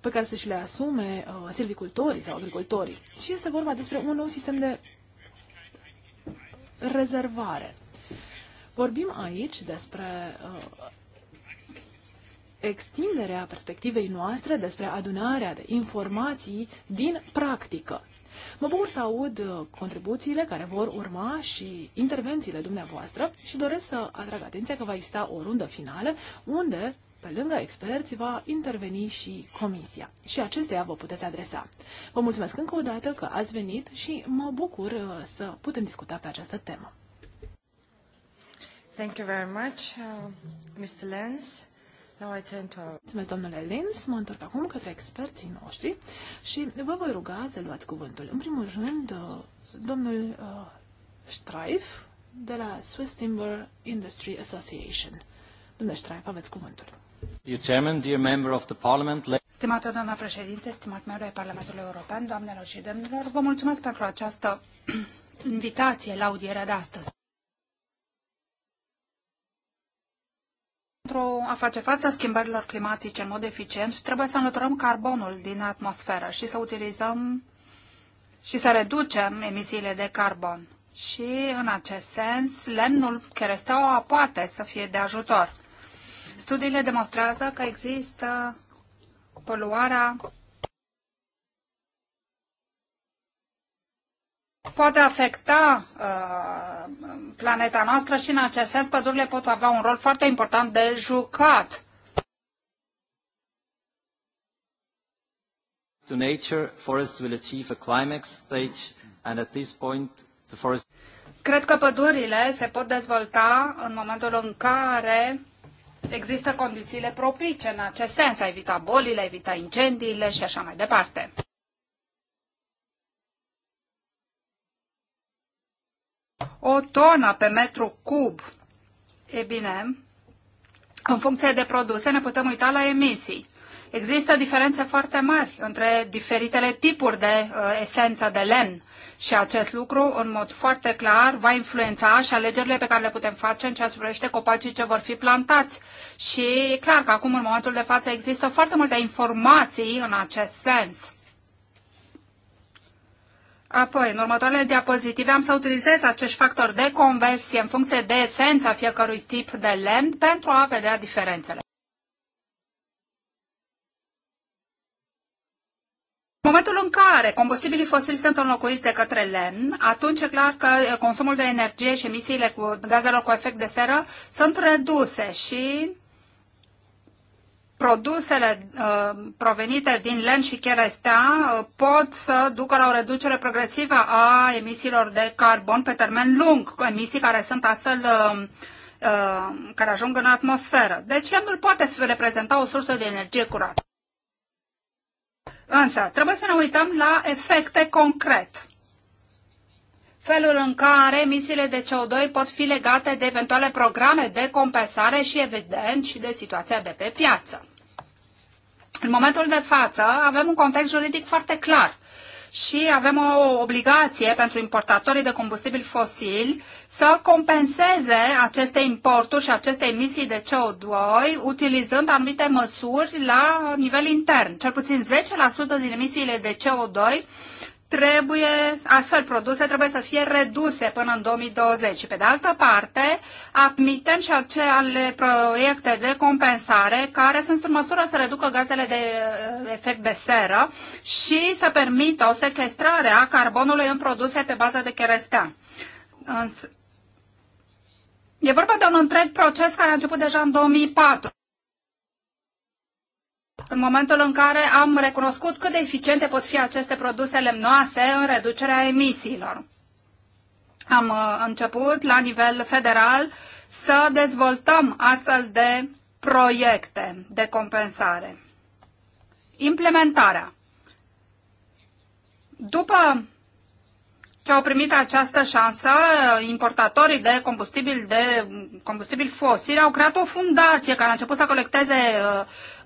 pe care să și le asume uh, silvicultorii sau agricultorii. Și este vorba despre un nou sistem de rezervare. Vorbim aici despre uh, extinderea perspectivei noastre despre adunarea de informații din practică. Mă bucur să aud uh, contribuțiile care vor urma și intervențiile dumneavoastră și doresc să atrag atenția că va exista o rundă finală unde pe lângă experți va interveni și comisia și acesteia vă puteți adresa. Vă mulțumesc încă o dată că ați venit și mă bucur uh, să putem discuta pe această temă. Thank you very much, uh, Mr. Lenz. Mulțumesc, domnule Lins. Mă întorc acum către experții noștri și vă voi ruga să luați cuvântul. În primul rând, uh, domnul uh, Streif de la Swiss Timber Industry Association. Domnule Streif, aveți cuvântul. Stimată doamna președinte, stimat membru ai Parlamentului European, doamnelor și domnilor, vă mulțumesc pentru această (clears throat) invitație la audierea de astăzi. Pentru a face față schimbărilor climatice în mod eficient, trebuie să înlăturăm carbonul din atmosferă și să utilizăm și să reducem emisiile de carbon. Și, în acest sens, lemnul cheresteaua poate să fie de ajutor. Studiile demonstrează că există poluarea poate afecta uh, planeta noastră și în acest sens pădurile pot avea un rol foarte important de jucat. To nature, forests will achieve a climax stage and at this point the forest Cred că pădurile se pot dezvolta în momentul în care există condițiile propice în acest sens, a evita bolile, a evita incendiile și așa mai departe. o tonă pe metru cub. E bine, în funcție de produse ne putem uita la emisii. Există diferențe foarte mari între diferitele tipuri de uh, esență de lemn și acest lucru, în mod foarte clar, va influența și alegerile pe care le putem face în ceea ce privește copacii ce vor fi plantați. Și e clar că acum, în momentul de față, există foarte multe informații în acest sens. Apoi, în următoarele diapozitive am să utilizez acești factori de conversie în funcție de esența fiecărui tip de lemn pentru a vedea diferențele. În momentul în care combustibilii fosili sunt înlocuiți de către lemn, atunci e clar că consumul de energie și emisiile cu gazelor cu efect de seră sunt reduse și produsele uh, provenite din lemn și cherestea uh, pot să ducă la o reducere progresivă a emisiilor de carbon pe termen lung, emisii care sunt astfel uh, uh, care ajung în atmosferă. Deci lemnul poate reprezenta o sursă de energie curată. Însă, trebuie să ne uităm la efecte concrete felul în care emisiile de CO2 pot fi legate de eventuale programe de compensare și, evident, și de situația de pe piață. În momentul de față avem un context juridic foarte clar și avem o obligație pentru importatorii de combustibili fosili să compenseze aceste importuri și aceste emisii de CO2 utilizând anumite măsuri la nivel intern. Cel puțin 10% din emisiile de CO2 trebuie, astfel produse trebuie să fie reduse până în 2020. Și pe de altă parte, admitem și acele proiecte de compensare care sunt în măsură să reducă gazele de uh, efect de seră și să permită o sequestrare a carbonului în produse pe bază de cherestea. E vorba de un întreg proces care a început deja în 2004 în momentul în care am recunoscut cât de eficiente pot fi aceste produse lemnoase în reducerea emisiilor. Am uh, început la nivel federal să dezvoltăm astfel de proiecte de compensare. Implementarea. După ce au primit această șansă, importatorii de combustibil, de combustibil fosil, au creat o fundație care a început să colecteze uh,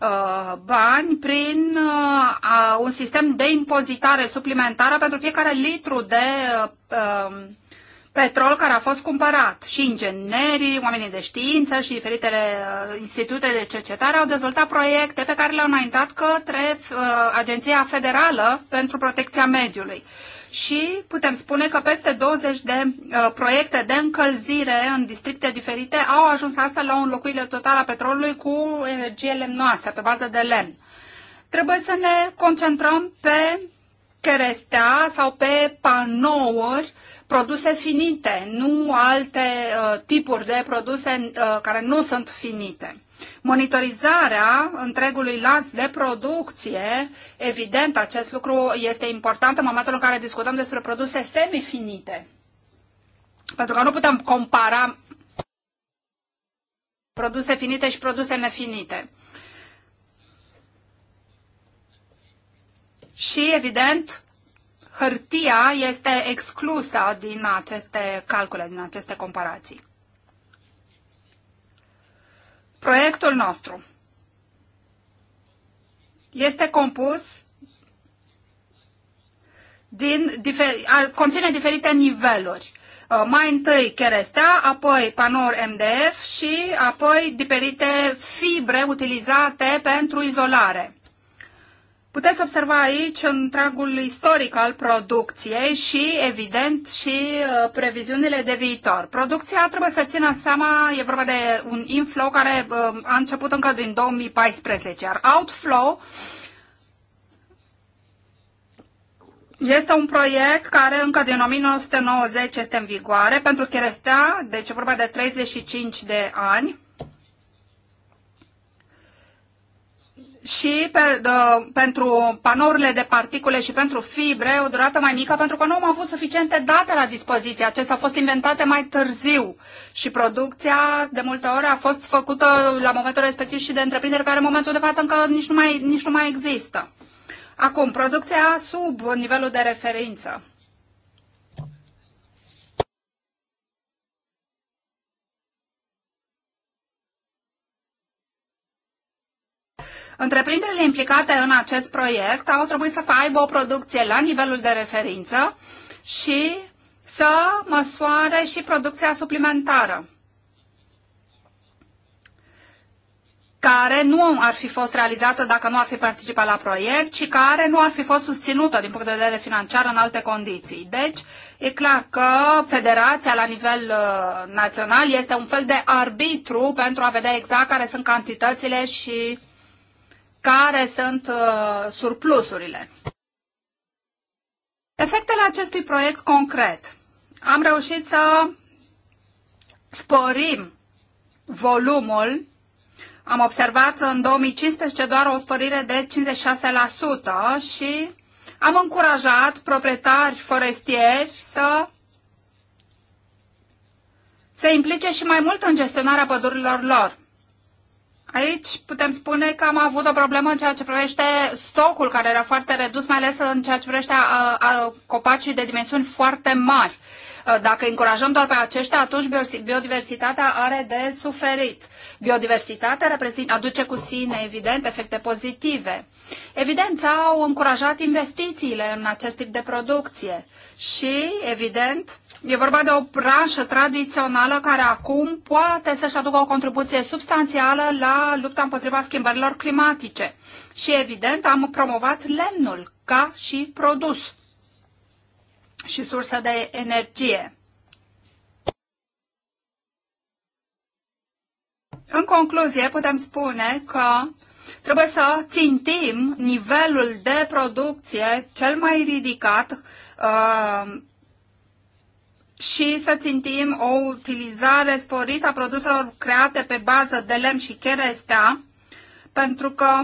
uh, bani prin uh, un sistem de impozitare suplimentară pentru fiecare litru de uh, um, petrol care a fost cumpărat. Și inginerii, oamenii de știință și diferitele uh, institute de cercetare au dezvoltat proiecte pe care le-au înaintat către uh, Agenția Federală pentru Protecția Mediului și putem spune că peste 20 de uh, proiecte de încălzire în districte diferite au ajuns astfel la o înlocuire totală a petrolului cu energie lemnoasă, pe bază de lemn. Trebuie să ne concentrăm pe cherestea sau pe panouri produse finite, nu alte uh, tipuri de produse uh, care nu sunt finite. Monitorizarea întregului lanț de producție, evident, acest lucru este important în momentul în care discutăm despre produse semifinite. Pentru că nu putem compara produse finite și produse nefinite. și, evident, hârtia este exclusă din aceste calcule, din aceste comparații. Proiectul nostru este compus din difer, conține diferite niveluri. Uh, mai întâi cherestea, apoi panouri MDF și apoi diferite fibre utilizate pentru izolare. Puteți observa aici întregul istoric al producției și, evident, și uh, previziunile de viitor. Producția trebuie să țină seama, e vorba de un inflow care uh, a început încă din 2014, iar outflow este un proiect care încă din 1990 este în vigoare pentru Cherestea, deci e vorba de 35 de ani și pe, de, pentru panourile de particule și pentru fibre o durată mai mică pentru că nu am avut suficiente date la dispoziție. Acestea au fost inventate mai târziu și producția de multe ori a fost făcută la momentul respectiv și de întreprinderi care în momentul de față încă nici nu mai, nici nu mai există. Acum, producția sub nivelul de referință. Întreprinderile implicate în acest proiect au trebuit să aibă o producție la nivelul de referință și să măsoare și producția suplimentară, care nu ar fi fost realizată dacă nu ar fi participat la proiect și care nu ar fi fost susținută din punct de vedere financiar în alte condiții. Deci, e clar că federația la nivel uh, național este un fel de arbitru pentru a vedea exact care sunt cantitățile și care sunt uh, surplusurile. Efectele acestui proiect concret. Am reușit să sporim volumul. Am observat în 2015 doar o sporire de 56% și am încurajat proprietari forestieri să se implice și mai mult în gestionarea pădurilor lor. Aici putem spune că am avut o problemă în ceea ce privește stocul, care era foarte redus, mai ales în ceea ce privește a, uh, a, uh, copacii de dimensiuni foarte mari. Uh, dacă încurajăm doar pe aceștia, atunci biodiversitatea are de suferit. Biodiversitatea aduce cu sine, evident, efecte pozitive. Evident, au încurajat investițiile în acest tip de producție și, evident, E vorba de o branșă tradițională care acum poate să-și aducă o contribuție substanțială la lupta împotriva schimbărilor climatice. Și evident am promovat lemnul ca și produs și sursă de energie. În concluzie, putem spune că trebuie să țintim nivelul de producție cel mai ridicat uh, și să țintim o utilizare sporită a produselor create pe bază de lemn și cherestea, pentru că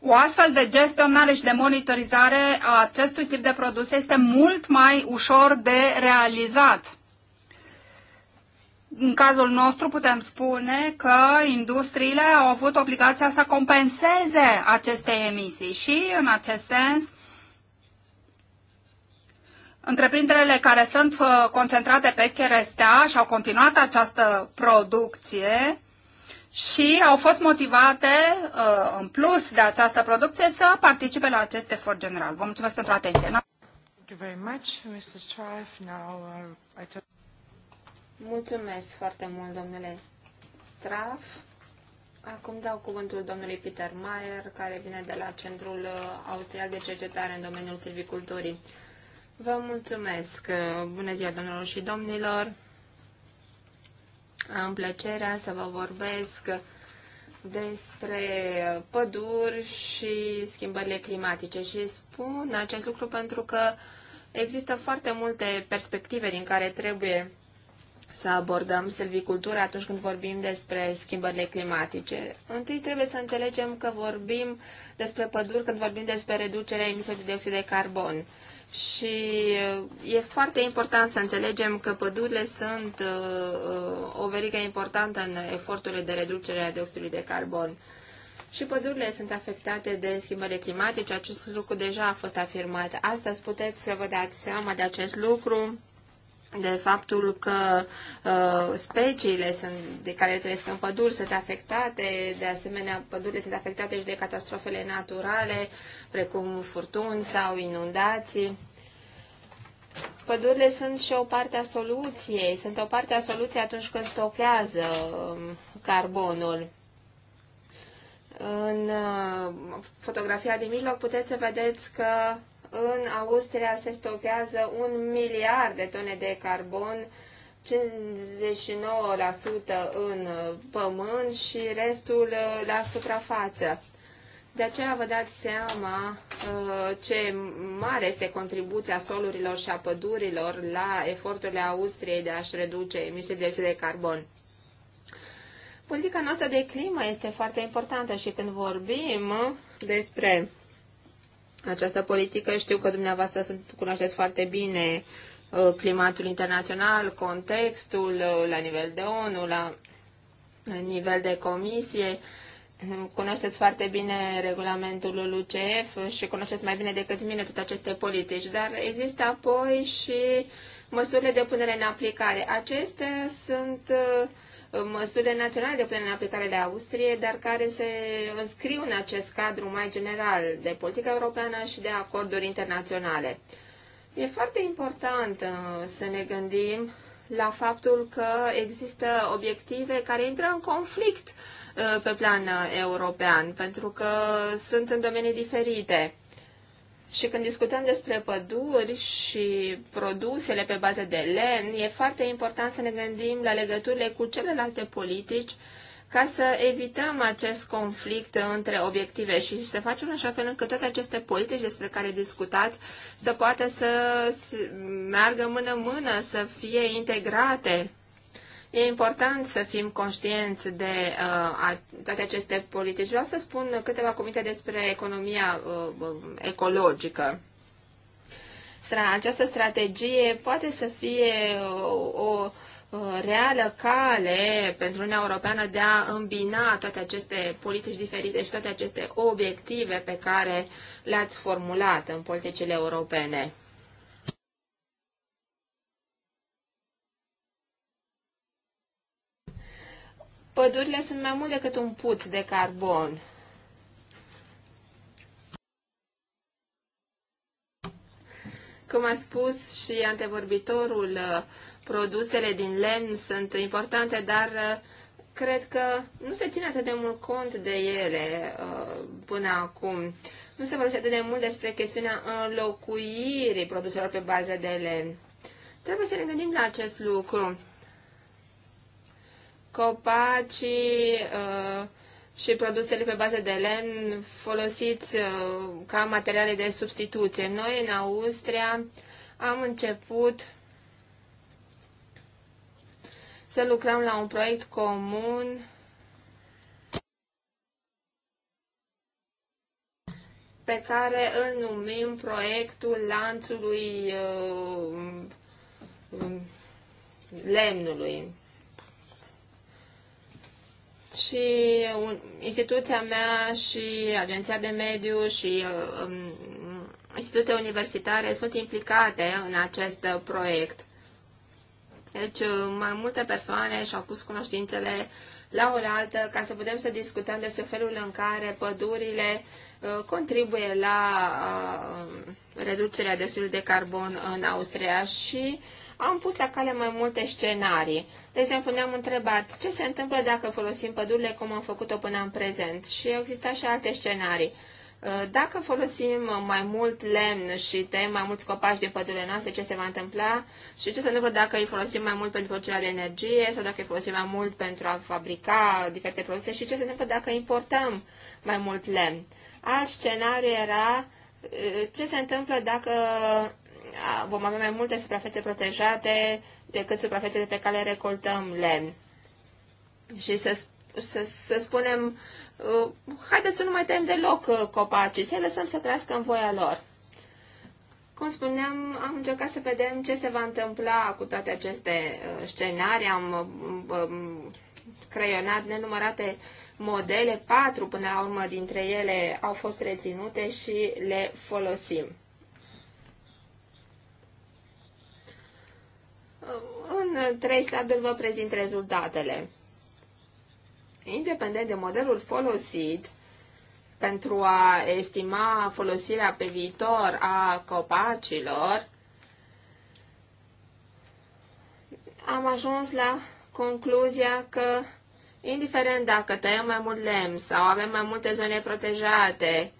o astfel de gestionare și de monitorizare a acestui tip de produse este mult mai ușor de realizat. În cazul nostru putem spune că industriile au avut obligația să compenseze aceste emisii și, în acest sens, Întreprinderile care sunt uh, concentrate pe cherestea și au continuat această producție și au fost motivate, uh, în plus de această producție, să participe la acest efort general. Vă mulțumesc pentru atenție. Uh, mulțumesc foarte mult, domnule Straf. Acum dau cuvântul domnului Peter Mayer, care vine de la Centrul Austrial de Cercetare în domeniul silviculturii. Vă mulțumesc. Bună ziua, domnilor și domnilor. Am plăcerea să vă vorbesc despre păduri și schimbările climatice și spun acest lucru pentru că există foarte multe perspective din care trebuie să abordăm silvicultura atunci când vorbim despre schimbările climatice. Întâi trebuie să înțelegem că vorbim despre păduri când vorbim despre reducerea emisiilor de dioxid de carbon și uh, e foarte important să înțelegem că pădurile sunt uh, uh, o verigă importantă în eforturile de reducere a dioxidului de carbon. Și pădurile sunt afectate de schimbările climatice, acest lucru deja a fost afirmat. Astăzi puteți să vă dați seama de acest lucru de faptul că uh, speciile sunt, de care trăiesc în păduri sunt afectate, de asemenea pădurile sunt afectate și de catastrofele naturale, precum furtuni sau inundații. Pădurile sunt și o parte a soluției, sunt o parte a soluției atunci când stochează um, carbonul. În uh, fotografia de mijloc puteți să vedeți că în Austria se stochează un miliard de tone de carbon, 59% în uh, pământ și restul uh, la suprafață. De aceea vă dați seama uh, ce mare este contribuția solurilor și a pădurilor la eforturile Austriei de a-și reduce emisiile de de carbon. Politica noastră de climă este foarte importantă și când vorbim despre această politică. Știu că dumneavoastră sunt, cunoașteți foarte bine uh, climatul internațional, contextul uh, la nivel de ONU, la nivel de comisie. Mm, cunoașteți foarte bine regulamentul UCF și cunoașteți mai bine decât mine toate aceste politici, dar există apoi și măsurile de punere în aplicare. Acestea sunt uh, Uh, măsurile naționale de plan în aplicare de Austrie, dar care se înscriu în acest cadru mai general de politică europeană și de acorduri internaționale. E foarte important uh, să ne gândim la faptul că există obiective care intră în conflict uh, pe plan european, pentru că sunt în domenii diferite. Și când discutăm despre păduri și produsele pe bază de lemn, e foarte important să ne gândim la legăturile cu celelalte politici ca să evităm acest conflict între obiective și să facem așa fel încât toate aceste politici despre care discutați să poată să meargă mână-mână, să fie integrate E important să fim conștienți de uh, a, toate aceste politici. Vreau să spun câteva cuvinte despre economia uh, uh ecologică. Stra- această strategie poate să fie uh, o, o uh, reală cale pentru Uniunea Europeană de a îmbina toate aceste politici diferite și toate aceste obiective pe care le-ați formulat în politicile europene. Pădurile sunt mai mult decât un puț de carbon. Cum a spus și antevorbitorul, uh, produsele din lemn sunt importante, dar uh, cred că nu se ține atât de mult cont de ele uh, până acum. Nu se vorbește atât de mult despre chestiunea înlocuirii produselor pe bază de lemn. Trebuie să ne gândim la acest lucru copacii uh, și produsele pe bază de lemn folosiți uh, ca materiale de substituție. Noi în Austria am început să lucrăm la un proiect comun pe care îl numim proiectul lanțului uh, um, lemnului și instituția mea și Agenția de Mediu și uh, um, institute universitare sunt implicate în acest uh, proiect. Deci uh, mai multe persoane și-au pus cunoștințele la oaltă ca să putem să discutăm despre felul în care pădurile contribuie la reducerea dioxidului de carbon în Austria și uh, am pus la cale mai multe scenarii. De exemplu, ne-am întrebat ce se întâmplă dacă folosim pădurile cum am făcut-o până în prezent și exista și alte scenarii. Uh, dacă folosim mai mult lemn și tăiem mai mulți copaci din pădurile noastre, ce se va întâmpla și ce se întâmplă dacă îi folosim mai mult pentru producerea de energie sau dacă îi folosim mai mult pentru a fabrica diferite produse și ce se întâmplă dacă importăm mai mult lemn. Alt scenariu era uh, ce se întâmplă dacă vom avea mai multe suprafețe protejate decât suprafețele pe care le recoltăm lemn. Și să, să, să spunem, uh, haideți să nu mai tăiem deloc uh, copacii, să lăsăm să crească în voia lor. Cum spuneam, am încercat să vedem ce se va întâmpla cu toate aceste uh, scenarii. Am um, creionat nenumărate modele, patru până la urmă dintre ele au fost reținute și le folosim. În trei slide-uri vă prezint rezultatele. Independent de modelul folosit pentru a estima folosirea pe viitor a copacilor, am ajuns la concluzia că, indiferent dacă tăiem mai mult lemn sau avem mai multe zone protejate,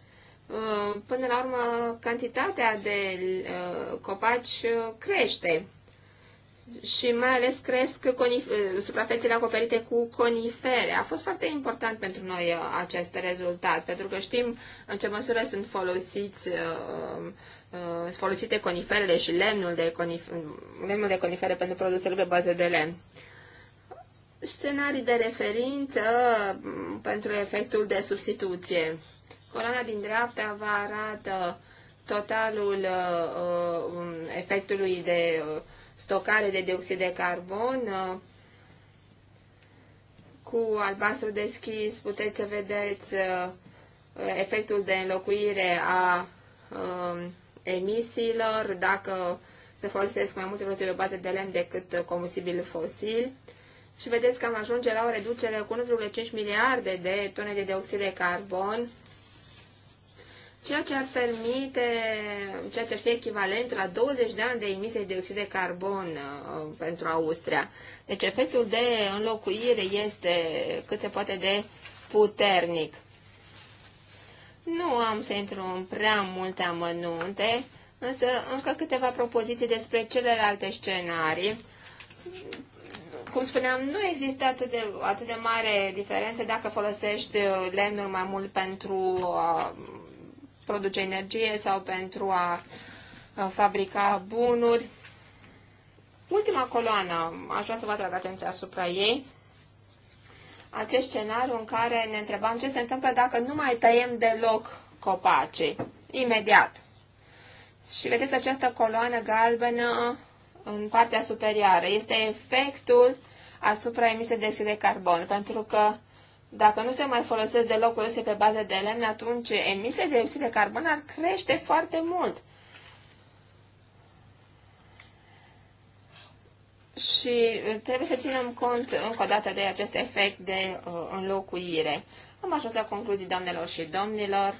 uh, până la urmă cantitatea de uh, copaci uh, crește și mai ales cresc conif- suprafețele acoperite cu conifere. A fost foarte important pentru noi uh, acest rezultat, pentru că știm în ce măsură sunt folosiți, uh, um, uh, folosite coniferele și lemnul de, conif- lemnul de conifere pentru produsele pe bază de lemn. Scenarii de referință mm, pentru efectul de substituție. Coloana din dreapta vă arată totalul uh, um, efectului de uh, stocare de dioxid de carbon. Uh, cu albastru deschis puteți să vedeți uh, efectul de înlocuire a um, emisiilor dacă se folosesc mai multe produse pe bază de lemn decât combustibil fosil. Și vedeți că am ajunge la o reducere cu 1,5 miliarde de tone de dioxid de carbon ceea ce ar permite, ceea ce ar fi echivalentul la 20 de ani de emisie de dioxid de carbon uh, pentru Austria. Deci efectul de înlocuire este cât se poate de puternic. Nu am să intru în prea multe amănunte, însă încă câteva propoziții despre celelalte scenarii. Cum spuneam, nu există atât de, atât de mare diferență dacă folosești lemnul mai mult pentru uh, produce energie sau pentru a fabrica bunuri. Ultima coloană, aș vrea să vă atrag atenția asupra ei, acest scenariu în care ne întrebam ce se întâmplă dacă nu mai tăiem deloc copacii, imediat. Și vedeți această coloană galbenă în partea superioară. Este efectul asupra emisiei de oxid de carbon, pentru că dacă nu se mai folosesc deloc produse pe bază de lemn, atunci emisia de dioxid de carbon ar crește foarte mult. Și trebuie să ținem cont încă o dată de acest efect de uh, înlocuire. Am ajuns la concluzii, doamnelor și domnilor.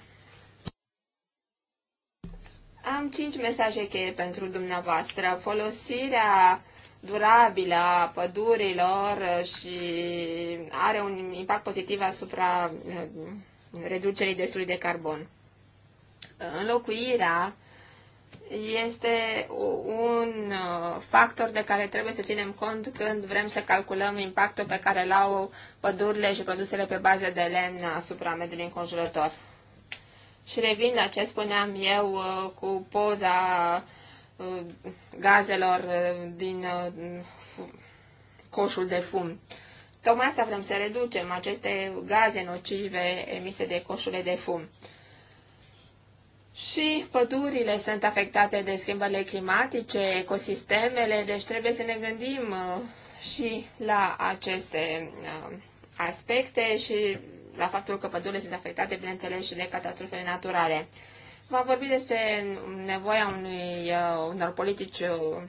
Am cinci mesaje cheie pentru dumneavoastră. Folosirea durabilă a pădurilor și are un impact pozitiv asupra uh, reducerii destului de carbon. Înlocuirea este un uh, factor de care trebuie să ținem cont când vrem să calculăm impactul pe care îl au pădurile și produsele pe bază de lemn asupra mediului înconjurător. Și revin la ce spuneam eu uh, cu poza Uh, gazelor uh, din uh, coșul de fum. Tocmai asta vrem să reducem, aceste gaze nocive emise de coșurile de fum. Și pădurile sunt afectate de schimbările climatice, ecosistemele, deci trebuie să ne gândim și la aceste aspecte și la faptul că pădurile sunt afectate, bineînțeles, și de catastrofele naturale va vorbi despre nevoia unui, uh, unor politici uh,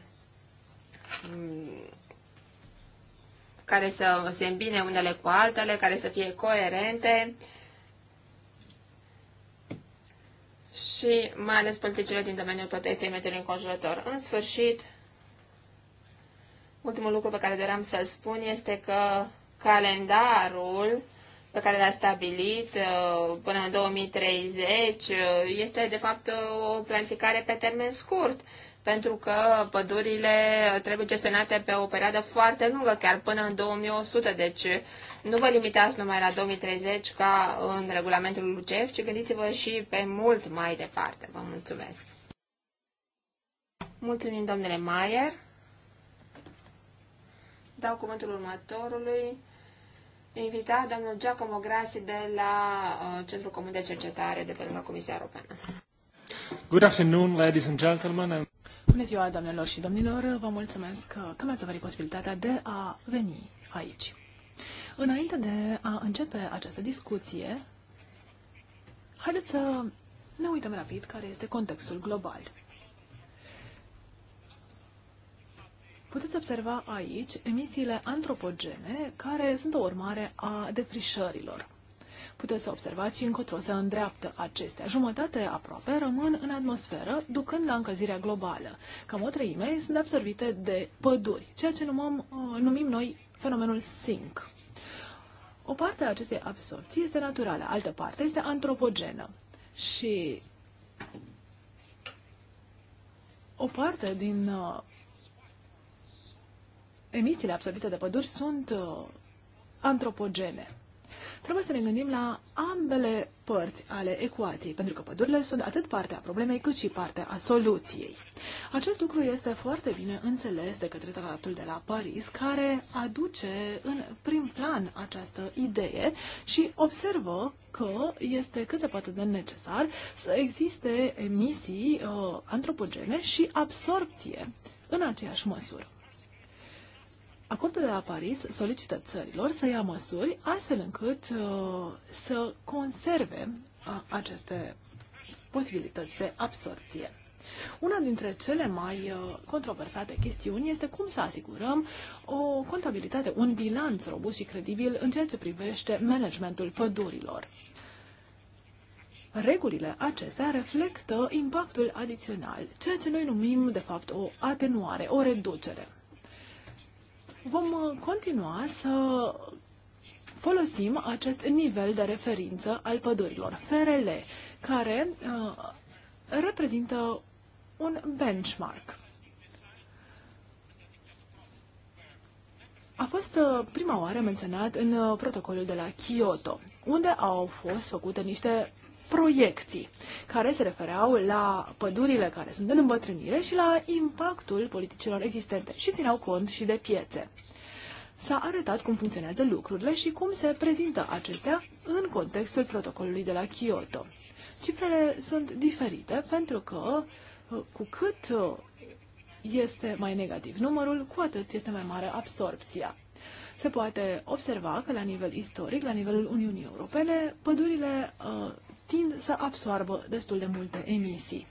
care să se îmbine unele cu altele, care să fie coerente și mai ales politicile din domeniul protecției mediului înconjurător. În sfârșit, ultimul lucru pe care doream să-l spun este că calendarul pe care l-a stabilit uh, până în 2030 uh, este de fapt uh, o planificare pe termen scurt, pentru că pădurile trebuie gestionate pe o perioadă foarte lungă, chiar până în 2100, deci nu vă limitați numai la 2030 ca în regulamentul LUCEF, ci gândiți-vă și pe mult mai departe. Vă mulțumesc! Mulțumim, domnule Maier! Dau cuvântul următorului invita domnul Giacomo Grassi de la uh, Centrul Comun de Cercetare de pe lângă Comisia Europeană. Good afternoon, ladies and gentlemen. Bună ziua, doamnelor și domnilor. Vă mulțumesc că mi-ați oferit posibilitatea de a veni aici. Înainte de a începe această discuție, haideți să ne uităm rapid care este contextul global. Puteți observa aici emisiile antropogene, care sunt o urmare a defrișărilor. Puteți să observați și încotro se îndreaptă acestea. Jumătate aproape rămân în atmosferă, ducând la încălzirea globală. Cam o treime sunt absorbite de păduri, ceea ce număm, uh, numim noi fenomenul sink. O parte a acestei absorpții este naturală, altă parte este antropogenă. Și o parte din uh, emisiile absorbite de păduri sunt uh, antropogene. Trebuie să ne gândim la ambele părți ale ecuației, pentru că pădurile sunt atât partea problemei cât și partea a soluției. Acest lucru este foarte bine înțeles de către tratatul de la Paris, care aduce în prim plan această idee și observă că este cât se poate de necesar să existe emisii uh, antropogene și absorpție în aceeași măsură. Acordul de la Paris solicită țărilor să ia măsuri astfel încât uh, să conserve uh, aceste posibilități de absorție. Una dintre cele mai uh, controversate chestiuni este cum să asigurăm o contabilitate, un bilanț robust și credibil în ceea ce privește managementul pădurilor. Regulile acestea reflectă impactul adițional, ceea ce noi numim, de fapt, o atenuare, o reducere vom uh, continua să folosim acest nivel de referință al pădurilor, FRL, care uh, reprezintă un benchmark. A fost uh, prima oară menționat în protocolul de la Kyoto, unde au fost făcute niște proiecții, care se refereau la pădurile care sunt în îmbătrânire și la impactul politicilor existente și țineau cont și de piețe. S-a arătat cum funcționează lucrurile și cum se prezintă acestea în contextul protocolului de la Kyoto. Cifrele sunt diferite pentru că cu cât este mai negativ numărul, cu atât este mai mare absorpția se poate observa că la nivel istoric, la nivelul Uniunii Europene, pădurile uh, tind să absoarbă destul de multe emisii.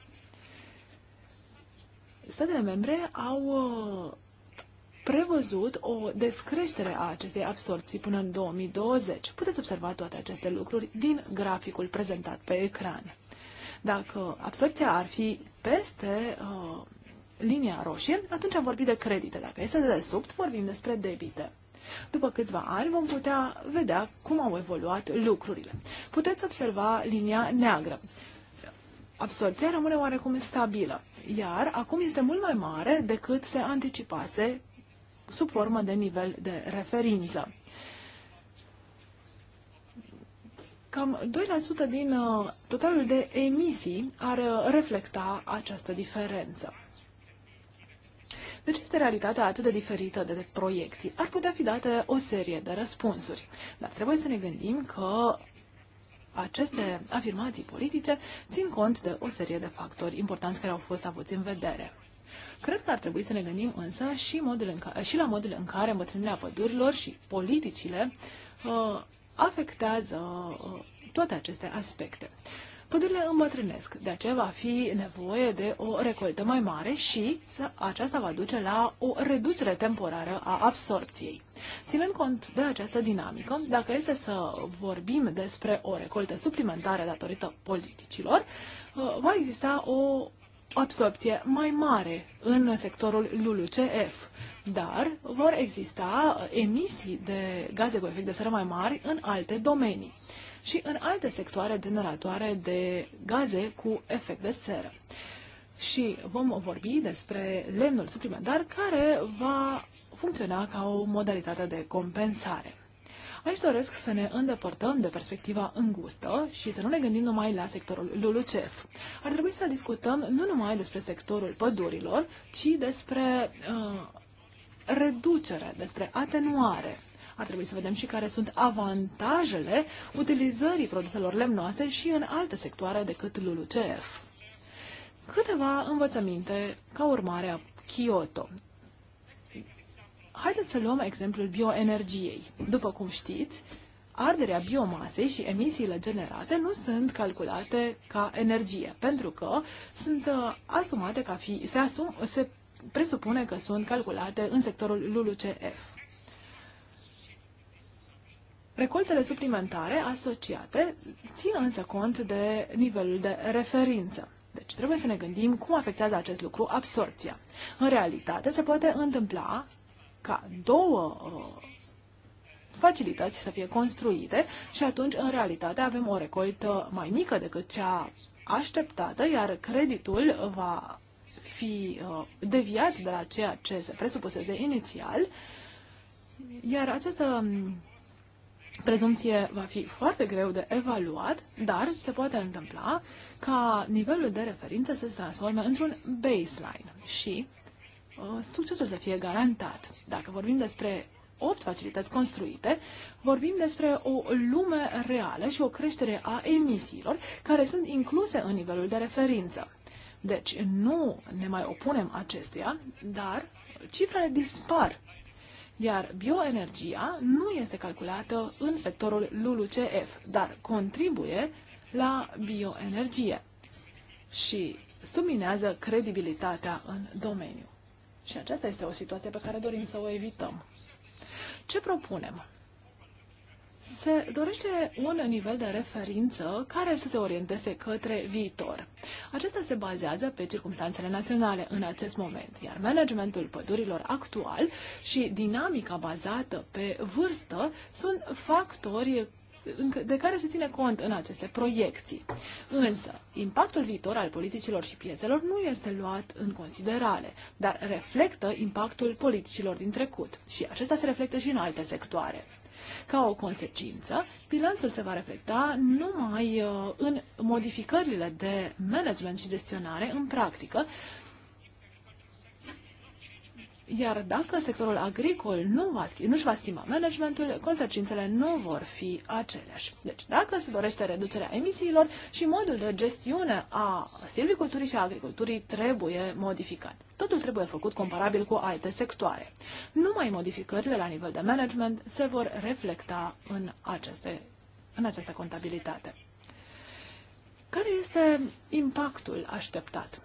Statele membre au uh, prevăzut o descreștere a acestei absorpții până în 2020. Puteți observa toate aceste lucruri din graficul prezentat pe ecran. Dacă absorpția ar fi peste uh, linia roșie, atunci am vorbit de credite. Dacă este de desubt, vorbim despre debite. După câțiva ani vom putea vedea cum au evoluat lucrurile. Puteți observa linia neagră. Absorția rămâne oarecum stabilă, iar acum este mult mai mare decât se anticipase sub formă de nivel de referință. Cam 2% din uh, totalul de emisii ar uh, reflecta această diferență. Deci este realitatea atât de diferită de proiecții. Ar putea fi date o serie de răspunsuri, dar trebuie să ne gândim că aceste afirmații politice țin cont de o serie de factori importanți care au fost avuți în vedere. Cred că ar trebui să ne gândim însă și, modul în care, și la modul în care îmbătrânirea pădurilor și politicile uh, afectează uh, toate aceste aspecte pădurile îmbătrânesc, de aceea va fi nevoie de o recoltă mai mare și aceasta va duce la o reducere temporară a absorpției. Ținând cont de această dinamică, dacă este să vorbim despre o recoltă suplimentară datorită politicilor, uh, va exista o absorpție mai mare în sectorul LULUCF, dar vor exista emisii de gaze cu efect de seră mai mari în alte domenii și în alte sectoare generatoare de gaze cu efect de seră. Și vom vorbi despre lemnul suplimentar care va funcționa ca o modalitate de compensare. Aici doresc să ne îndepărtăm de perspectiva îngustă și să nu ne gândim numai la sectorul LULUCEF. Ar trebui să discutăm nu numai despre sectorul pădurilor, ci despre uh, reducere, despre atenuare. Ar trebui să vedem și care sunt avantajele utilizării produselor lemnoase și în alte sectoare decât LULUCF. Câteva învățăminte ca urmare a Kyoto. Haideți să luăm exemplul bioenergiei. După cum știți, arderea biomasei și emisiile generate nu sunt calculate ca energie, pentru că sunt uh, asumate ca fi, se, asum, se presupune că sunt calculate în sectorul LULUCF. Recoltele suplimentare asociate țin însă cont de nivelul de referință. Deci trebuie să ne gândim cum afectează acest lucru absorpția. În realitate se poate întâmpla ca două uh, facilități să fie construite și atunci în realitate avem o recoltă mai mică decât cea așteptată, iar creditul va fi uh, deviat de la ceea ce se presupusese inițial, iar această um, prezumție va fi foarte greu de evaluat, dar se poate întâmpla ca nivelul de referință să se transforme într-un baseline și uh, succesul să fie garantat. Dacă vorbim despre 8 facilități construite, vorbim despre o lume reală și o creștere a emisiilor care sunt incluse în nivelul de referință. Deci nu ne mai opunem acestuia, dar cifrele dispar iar bioenergia nu este calculată în sectorul LULUCF, dar contribuie la bioenergie și subminează credibilitatea în domeniu. Și aceasta este o situație pe care dorim să o evităm. Ce propunem? se dorește un nivel de referință care să se orienteze către viitor. Acesta se bazează pe circumstanțele naționale în acest moment, iar managementul pădurilor actual și dinamica bazată pe vârstă sunt factori de care se ține cont în aceste proiecții. Însă, impactul viitor al politicilor și piețelor nu este luat în considerare, dar reflectă impactul politicilor din trecut și acesta se reflectă și în alte sectoare. Ca o consecință, bilanțul se va reflecta numai uh, în modificările de management și gestionare în practică iar dacă sectorul agricol nu va, nu va schimba managementul, consecințele nu vor fi aceleași. Deci, dacă se dorește reducerea emisiilor și modul de gestiune a silviculturii și a agriculturii trebuie modificat. Totul trebuie făcut comparabil cu alte sectoare. Numai modificările la nivel de management se vor reflecta în, aceste, în această contabilitate. Care este impactul așteptat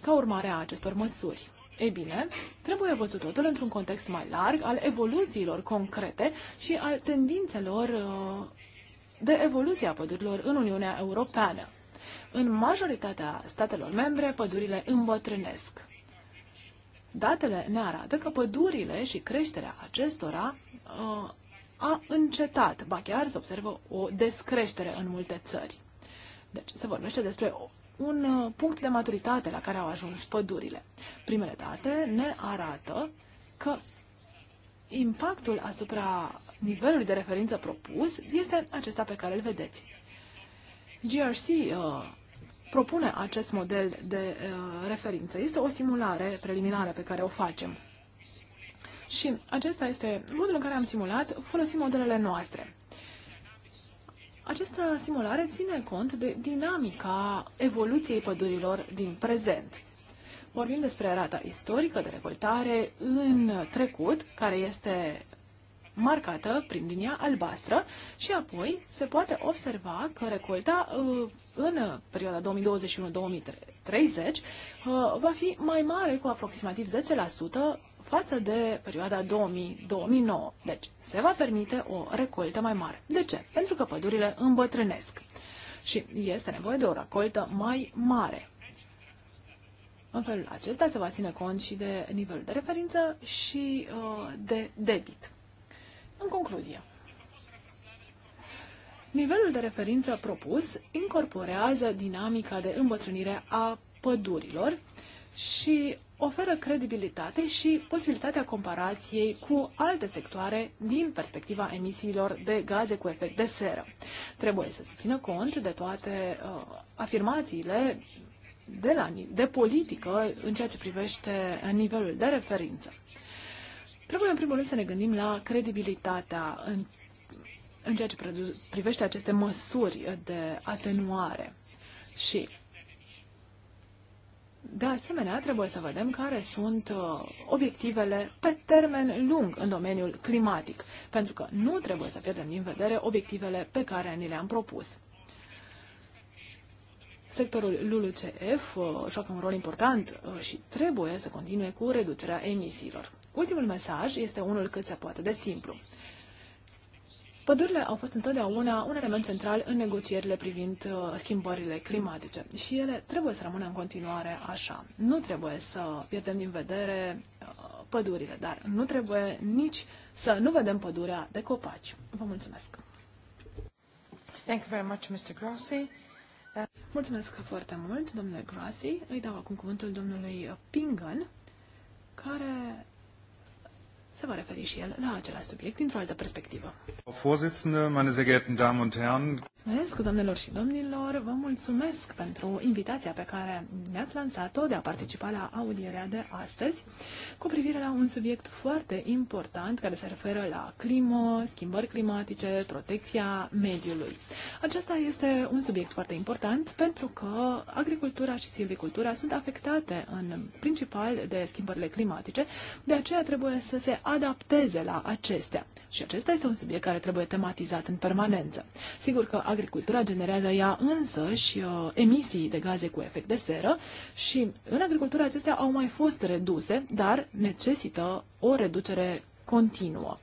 ca urmare a acestor măsuri? Ei bine, trebuie văzut totul într-un context mai larg al evoluțiilor concrete și al tendințelor uh, de evoluție a pădurilor în Uniunea Europeană. În majoritatea statelor membre, pădurile îmbătrânesc. Datele ne arată că pădurile și creșterea acestora uh, a încetat, ba chiar se observă o descreștere în multe țări. Deci se vorbește despre un uh, punct de maturitate la care au ajuns pădurile. Primele date ne arată că impactul asupra nivelului de referință propus este acesta pe care îl vedeți. GRC uh, propune acest model de uh, referință. Este o simulare preliminară pe care o facem. Și acesta este modul în care am simulat folosind modelele noastre. Această simulare ține cont de dinamica evoluției pădurilor din prezent. Vorbim despre rata istorică de recoltare în trecut, care este marcată prin linia albastră și apoi se poate observa că recolta uh, în perioada 2021-2030 uh, va fi mai mare cu aproximativ față de perioada 2000-2009. Deci se va permite o recoltă mai mare. De ce? Pentru că pădurile îmbătrânesc și este nevoie de o recoltă mai mare. În felul acesta se va ține cont și de nivelul de referință și uh, de debit. În concluzie, nivelul de referință propus incorporează dinamica de îmbătrânire a pădurilor și oferă credibilitate și posibilitatea comparației cu alte sectoare din perspectiva emisiilor de gaze cu efect de seră. Trebuie să se țină cont de toate uh, afirmațiile de, la, de politică în ceea ce privește nivelul de referință. Trebuie, în primul rând, să ne gândim la credibilitatea în, în ceea ce privește aceste măsuri de atenuare. Și de asemenea, trebuie să vedem care sunt uh, obiectivele pe termen lung în domeniul climatic, pentru că nu trebuie să pierdem din vedere obiectivele pe care ni le-am propus. Sectorul LULUCF uh, joacă un rol important uh, și trebuie să continue cu reducerea emisiilor. Ultimul mesaj este unul cât se poate de simplu. Pădurile au fost întotdeauna un element central în negocierile privind uh, schimbările climatice și ele trebuie să rămână în continuare așa. Nu trebuie să pierdem din vedere uh, pădurile, dar nu trebuie nici să nu vedem pădurea de copaci. Vă mulțumesc! Thank you very much, Mr. Grossi. Mulțumesc foarte mult, domnule Grassi. Îi dau acum cuvântul domnului Pingan, care se va referi și el la același subiect dintr-o altă perspectivă. Mulțumesc, domnilor și domnilor, vă mulțumesc pentru invitația pe care mi-ați lansat-o de a participa la audierea de astăzi cu privire la un subiect foarte important care se referă la climă, schimbări climatice, protecția mediului. Acesta este un subiect foarte important pentru că agricultura și silvicultura sunt afectate în principal de schimbările climatice, de aceea trebuie să se adapteze la acestea. Și acesta este un subiect care trebuie tematizat în permanență. Sigur că agricultura generează ea însă și uh, emisii de gaze cu efect de seră și în agricultura acestea au mai fost reduse, dar necesită o reducere continuă.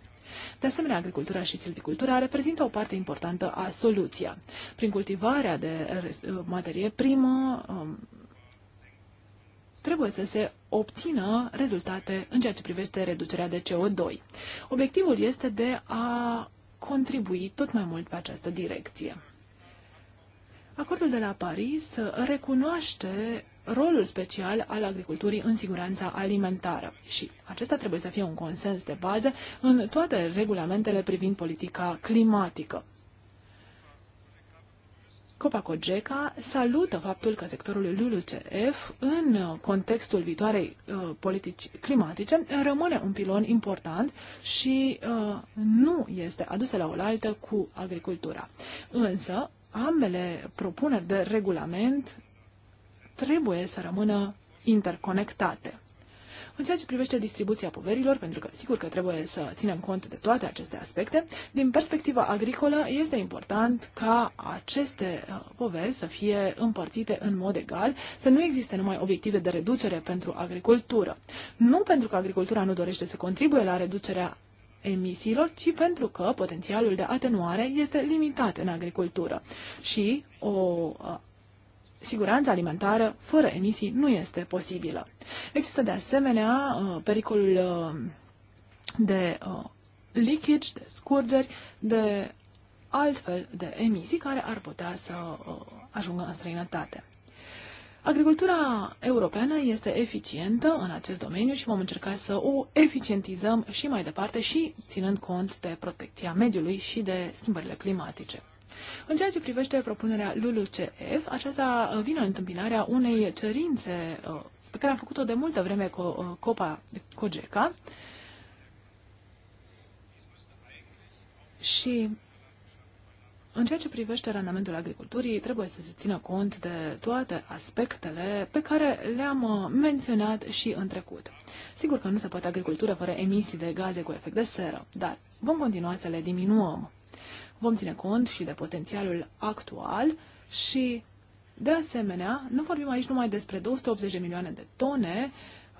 De asemenea, agricultura și silvicultura reprezintă o parte importantă a soluției. Prin cultivarea de uh, materie primă, um, trebuie să se obțină rezultate în ceea ce privește reducerea de CO2. Obiectivul este de a contribui tot mai mult pe această direcție. Acordul de la Paris recunoaște rolul special al agriculturii în siguranța alimentară și acesta trebuie să fie un consens de bază în toate regulamentele privind politica climatică. Copacogeca salută faptul că sectorul LULUCF, în uh, contextul viitoarei uh, politici climatice, rămâne un pilon important și uh, nu este adusă la oaltă cu agricultura. Însă, ambele propuneri de regulament trebuie să rămână interconectate. În ceea ce privește distribuția poverilor, pentru că sigur că trebuie să ținem cont de toate aceste aspecte, din perspectiva agricolă este important ca aceste uh, poveri să fie împărțite în mod egal, să nu existe numai obiective de reducere pentru agricultură. Nu pentru că agricultura nu dorește să contribuie la reducerea emisiilor, ci pentru că potențialul de atenuare este limitat în agricultură și o uh, siguranța alimentară fără emisii nu este posibilă. Există de asemenea uh, pericolul uh, de uh, leakage, de scurgeri, de altfel de emisii care ar putea să ajungă în străinătate. Agricultura europeană este eficientă în acest domeniu și vom încerca să o eficientizăm și mai departe și ținând cont de protecția mediului și de schimbările climatice. În ceea ce privește propunerea LULUCF, aceasta vine în întâmpinarea unei cerințe uh, pe care am făcut-o de multă vreme cu uh, Copa Cogeca și în ceea ce privește randamentul agriculturii, trebuie să se țină cont de toate aspectele pe care le-am uh, menționat și în trecut. Sigur că nu se poate agricultură fără emisii de gaze cu efect de seră, dar vom continua să le diminuăm. Vom ține cont și de potențialul actual și, de asemenea, nu vorbim aici numai despre 280 de milioane de tone,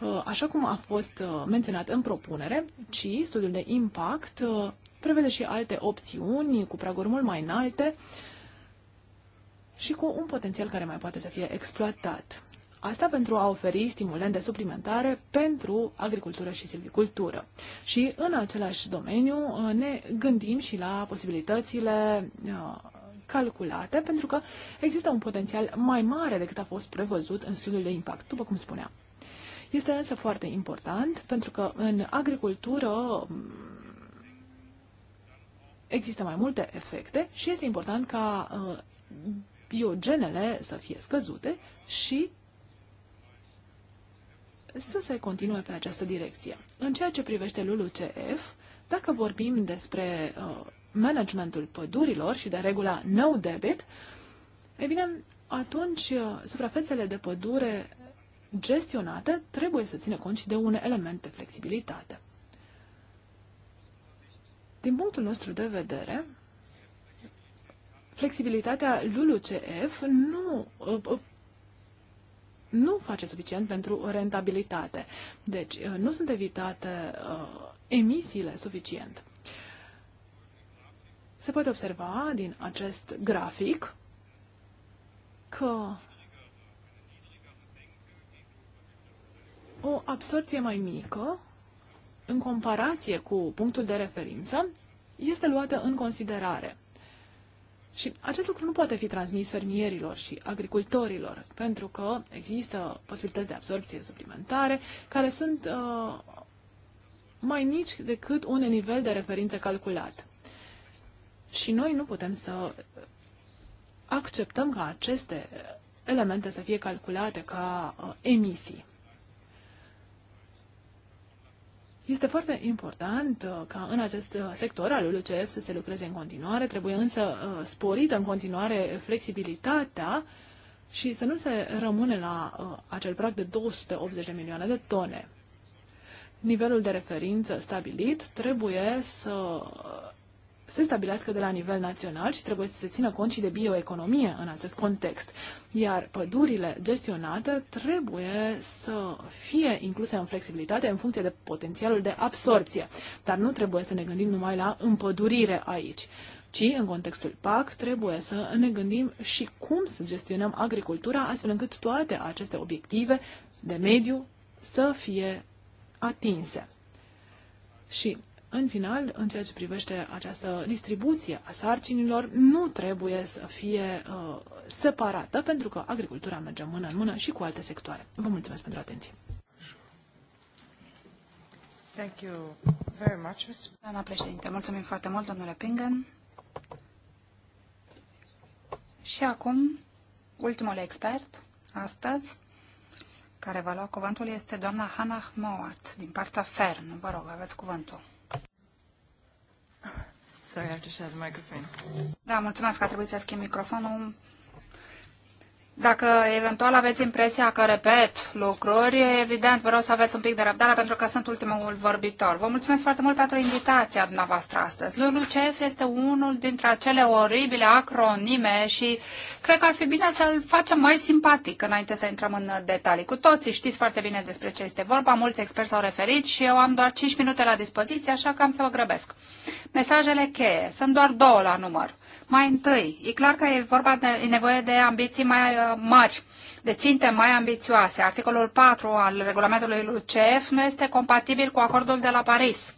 uh, așa cum a fost uh, menționat în propunere, ci studiul de impact uh, prevede și alte opțiuni cu praguri mult mai înalte și cu un potențial care mai poate să fie exploatat. Asta pentru a oferi stimulente suplimentare pentru agricultură și silvicultură. Și în același domeniu uh, ne gândim și la posibilitățile uh, calculate, pentru că există un potențial mai mare decât a fost prevăzut în studiul de impact, după cum spuneam. Este însă foarte important, pentru că în agricultură mm, există mai multe efecte și este important ca uh, biogenele să fie scăzute și să se continue pe această direcție. În ceea ce privește LULUCF, dacă vorbim despre uh, managementul pădurilor și de regula no debit, e bine, atunci uh, suprafețele de pădure gestionate trebuie să țină cont și de un element de flexibilitate. Din punctul nostru de vedere, flexibilitatea LULUCF nu, uh, uh, nu face suficient pentru rentabilitate. Deci uh, nu sunt evitate uh, emisiile suficient. Se poate observa din acest grafic că o absorție mai mică în comparație cu punctul de referință este luată în considerare. Și acest lucru nu poate fi transmis fermierilor și agricultorilor, pentru că există posibilități de absorpție suplimentare care sunt uh, mai mici decât un nivel de referință calculat. Și noi nu putem să acceptăm ca aceste elemente să fie calculate ca uh, emisii. Este foarte important uh, ca în acest uh, sector al LULUCF să se lucreze în continuare, trebuie însă uh, sporită în continuare flexibilitatea și să nu se rămâne la acel prag de 280 de milioane de tone. Nivelul de referință stabilit trebuie să se stabilească de la nivel național și trebuie să se țină cont și de bioeconomie în acest context. Iar pădurile gestionate trebuie să fie incluse în flexibilitate în funcție de potențialul de absorție. Dar nu trebuie să ne gândim numai la împădurire aici ci în contextul PAC trebuie să ne gândim și cum să gestionăm agricultura astfel încât toate aceste obiective de mediu să fie atinse. Și în final, în ceea ce privește această distribuție a sarcinilor, nu trebuie să fie uh, separată, pentru că agricultura merge mână în mână și cu alte sectoare. Vă mulțumesc pentru atenție. Thank you very much. Doamna președinte, mulțumim foarte mult, domnule Pingen. Și acum, ultimul expert, astăzi, care va lua cuvântul, este doamna Hannah Mowart, din partea FERN. Vă rog, aveți cuvântul. Sorry, I have to share the microphone. Da, mulțumesc că a trebuit să schimb microfonul. Dacă eventual aveți impresia că repet lucruri, evident vreau să aveți un pic de răbdare pentru că sunt ultimul vorbitor. Vă mulțumesc foarte mult pentru invitația dumneavoastră astăzi. LULUCF este unul dintre acele oribile acronime și cred că ar fi bine să-l facem mai simpatic înainte să intrăm în detalii. Cu toții știți foarte bine despre ce este vorba, mulți experți s-au referit și eu am doar 5 minute la dispoziție, așa că am să vă grăbesc. Mesajele cheie. Sunt doar două la număr. Mai întâi, e clar că e vorba de e nevoie de ambiții mai mari, de ținte mai ambițioase. Articolul 4 al regulamentului LUCF nu este compatibil cu acordul de la Paris.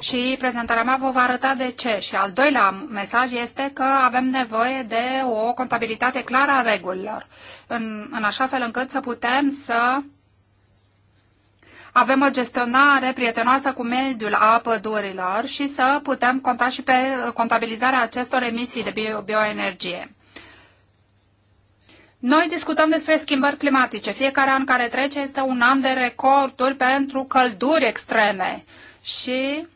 Și prezentarea mea vă va arăta de ce. Și al doilea mesaj este că avem nevoie de o contabilitate clară a regulilor, în, în așa fel încât să putem să avem o gestionare prietenoasă cu mediul a pădurilor și să putem conta și pe contabilizarea acestor emisii de bio, bioenergie. Noi discutăm despre schimbări climatice. Fiecare an care trece este un an de recorduri pentru călduri extreme. Și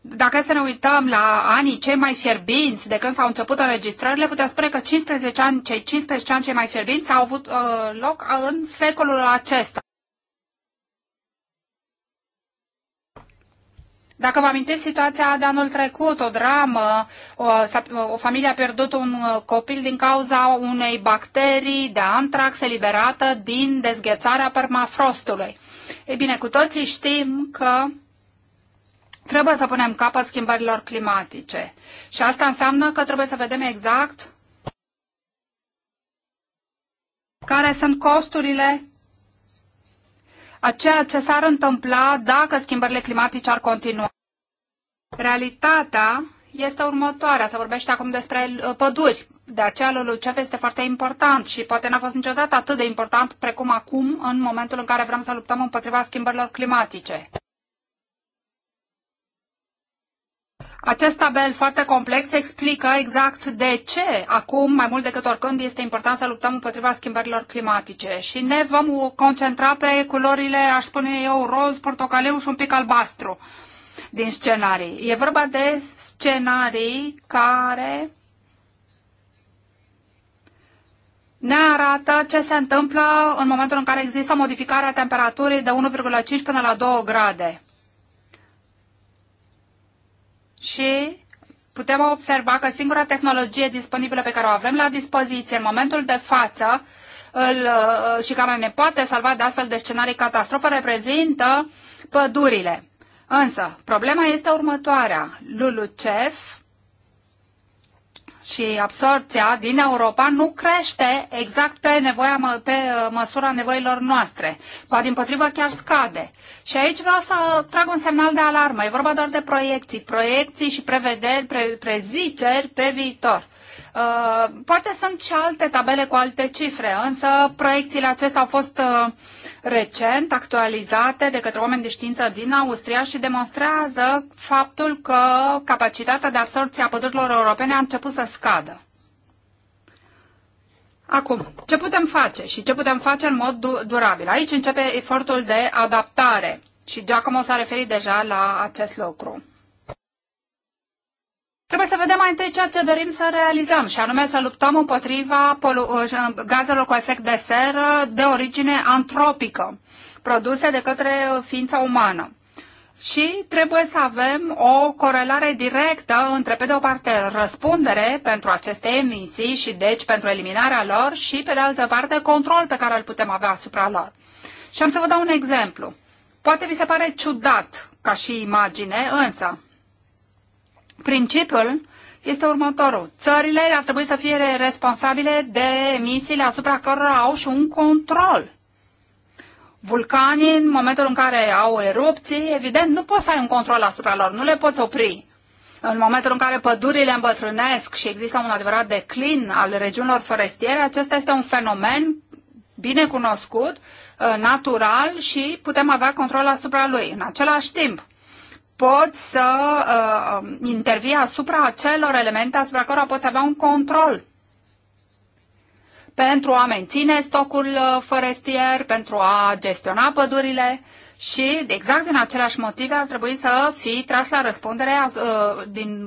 dacă să ne uităm la anii cei mai fierbinți de când s-au început înregistrările, putem spune că 15 ani, cei 15 ani cei mai fierbinți au avut uh, loc în secolul acesta. Dacă vă amintesc situația de anul trecut, o dramă, o, o familie a pierdut un uh, copil din cauza unei bacterii de antrax eliberată din dezghețarea permafrostului. Ei bine, cu toții știm că trebuie să punem capăt schimbărilor climatice. Și asta înseamnă că trebuie să vedem exact care sunt costurile a ceea ce s-ar întâmpla dacă schimbările climatice ar continua. Realitatea este următoarea. Se vorbește acum despre uh, păduri. De aceea LULUCF este foarte important și poate n-a fost niciodată atât de important precum acum, în momentul în care vrem să luptăm împotriva schimbărilor climatice. Acest tabel foarte complex explică exact de ce acum, mai mult decât oricând, este important să luptăm împotriva schimbărilor climatice și ne vom concentra pe culorile, aș spune eu, roz, portocaliu și un pic albastru din scenarii. E vorba de scenarii care ne arată ce se întâmplă în momentul în care există modificarea temperaturii de 1,5 până la 2 grade și putem observa că singura tehnologie disponibilă pe care o avem la dispoziție în momentul de față îl, și care ne poate salva de astfel de scenarii catastrofă reprezintă pădurile. Însă, problema este următoarea. LULUCEF și absorpția din Europa nu crește exact pe, nevoia, pe uh, măsura nevoilor noastre, ba din potrivă chiar scade. Și aici vreau să trag un semnal de alarmă. E vorba doar de proiecții, proiecții și prevederi, pre, preziceri pe viitor. Uh, poate sunt și alte tabele cu alte cifre, însă proiecțiile acestea au fost uh, recent actualizate de către oameni de știință din Austria și demonstrează faptul că capacitatea de absorbție a pădurilor europene a început să scadă. Acum, ce putem face și ce putem face în mod du durabil? Aici începe efortul de adaptare și Giacomo s-a referit deja la acest lucru. Trebuie să vedem mai întâi ceea ce dorim să realizăm și anume să luptăm împotriva uh, uh, gazelor cu efect de seră de origine antropică, produse de către uh, ființa umană. Și trebuie să avem o corelare directă între, pe de o parte, răspundere pentru aceste emisii și deci pentru eliminarea lor și, pe de altă parte, control pe care îl putem avea asupra lor. Și am să vă dau un exemplu. Poate vi se pare ciudat ca și imagine, însă Principiul este următorul. Țările ar trebui să fie responsabile de emisiile asupra cărora au și un control. Vulcanii, în momentul în care au erupții, evident, nu poți să ai un control asupra lor, nu le poți opri. În momentul în care pădurile îmbătrânesc și există un adevărat declin al regiunilor forestiere, acesta este un fenomen bine cunoscut, uh, natural și putem avea control asupra lui. În același timp, poți să uh, intervii asupra acelor elemente asupra cărora poți avea un control pentru a menține stocul uh, forestier, pentru a gestiona pădurile și exact din aceleași motive ar trebui să fii tras la răspundere uh, din,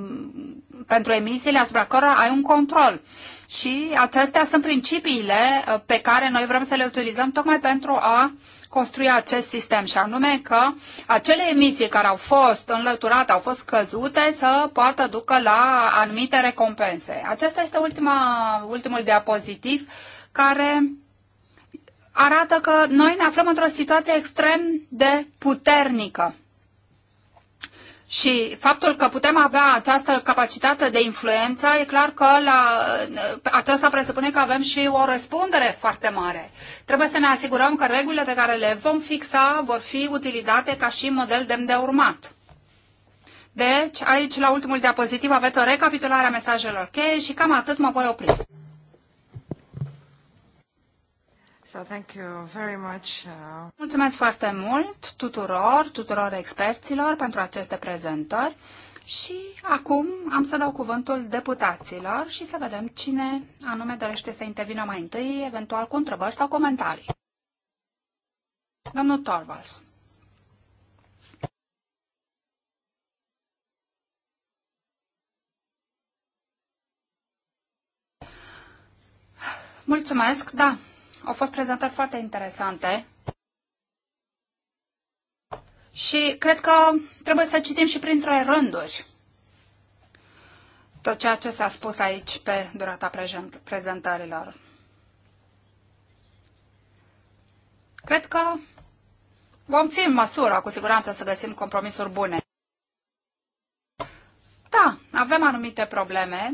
pentru emisiile asupra cărora ai un control. Și acestea sunt principiile uh, pe care noi vrem să le utilizăm tocmai pentru a uh, construi acest sistem și anume că acele emisii care au fost înlăturate, au fost căzute, să poată ducă la anumite recompense. Acesta este ultima, ultimul diapozitiv care arată că noi ne aflăm într-o situație extrem de puternică și faptul că putem avea această capacitate de influență, e clar că la, aceasta presupune că avem și o răspundere foarte mare. Trebuie să ne asigurăm că regulile pe care le vom fixa vor fi utilizate ca și model demn de urmat. Deci, aici, la ultimul diapozitiv, aveți o recapitulare a mesajelor cheie okay? și cam atât mă voi opri. So thank you very much. Uh, Mulțumesc foarte mult tuturor, tuturor experților pentru aceste prezentări și acum am să dau cuvântul deputaților și să vedem cine anume dorește să intervină mai întâi, eventual cu întrebări sau comentarii. Domnul Torvalds. Mulțumesc, da. Au fost prezentări foarte interesante. Și cred că trebuie să citim și printre rânduri tot ceea ce s-a spus aici pe durata prezentărilor. Cred că vom fi în măsură, cu siguranță, să găsim compromisuri bune. Da, avem anumite probleme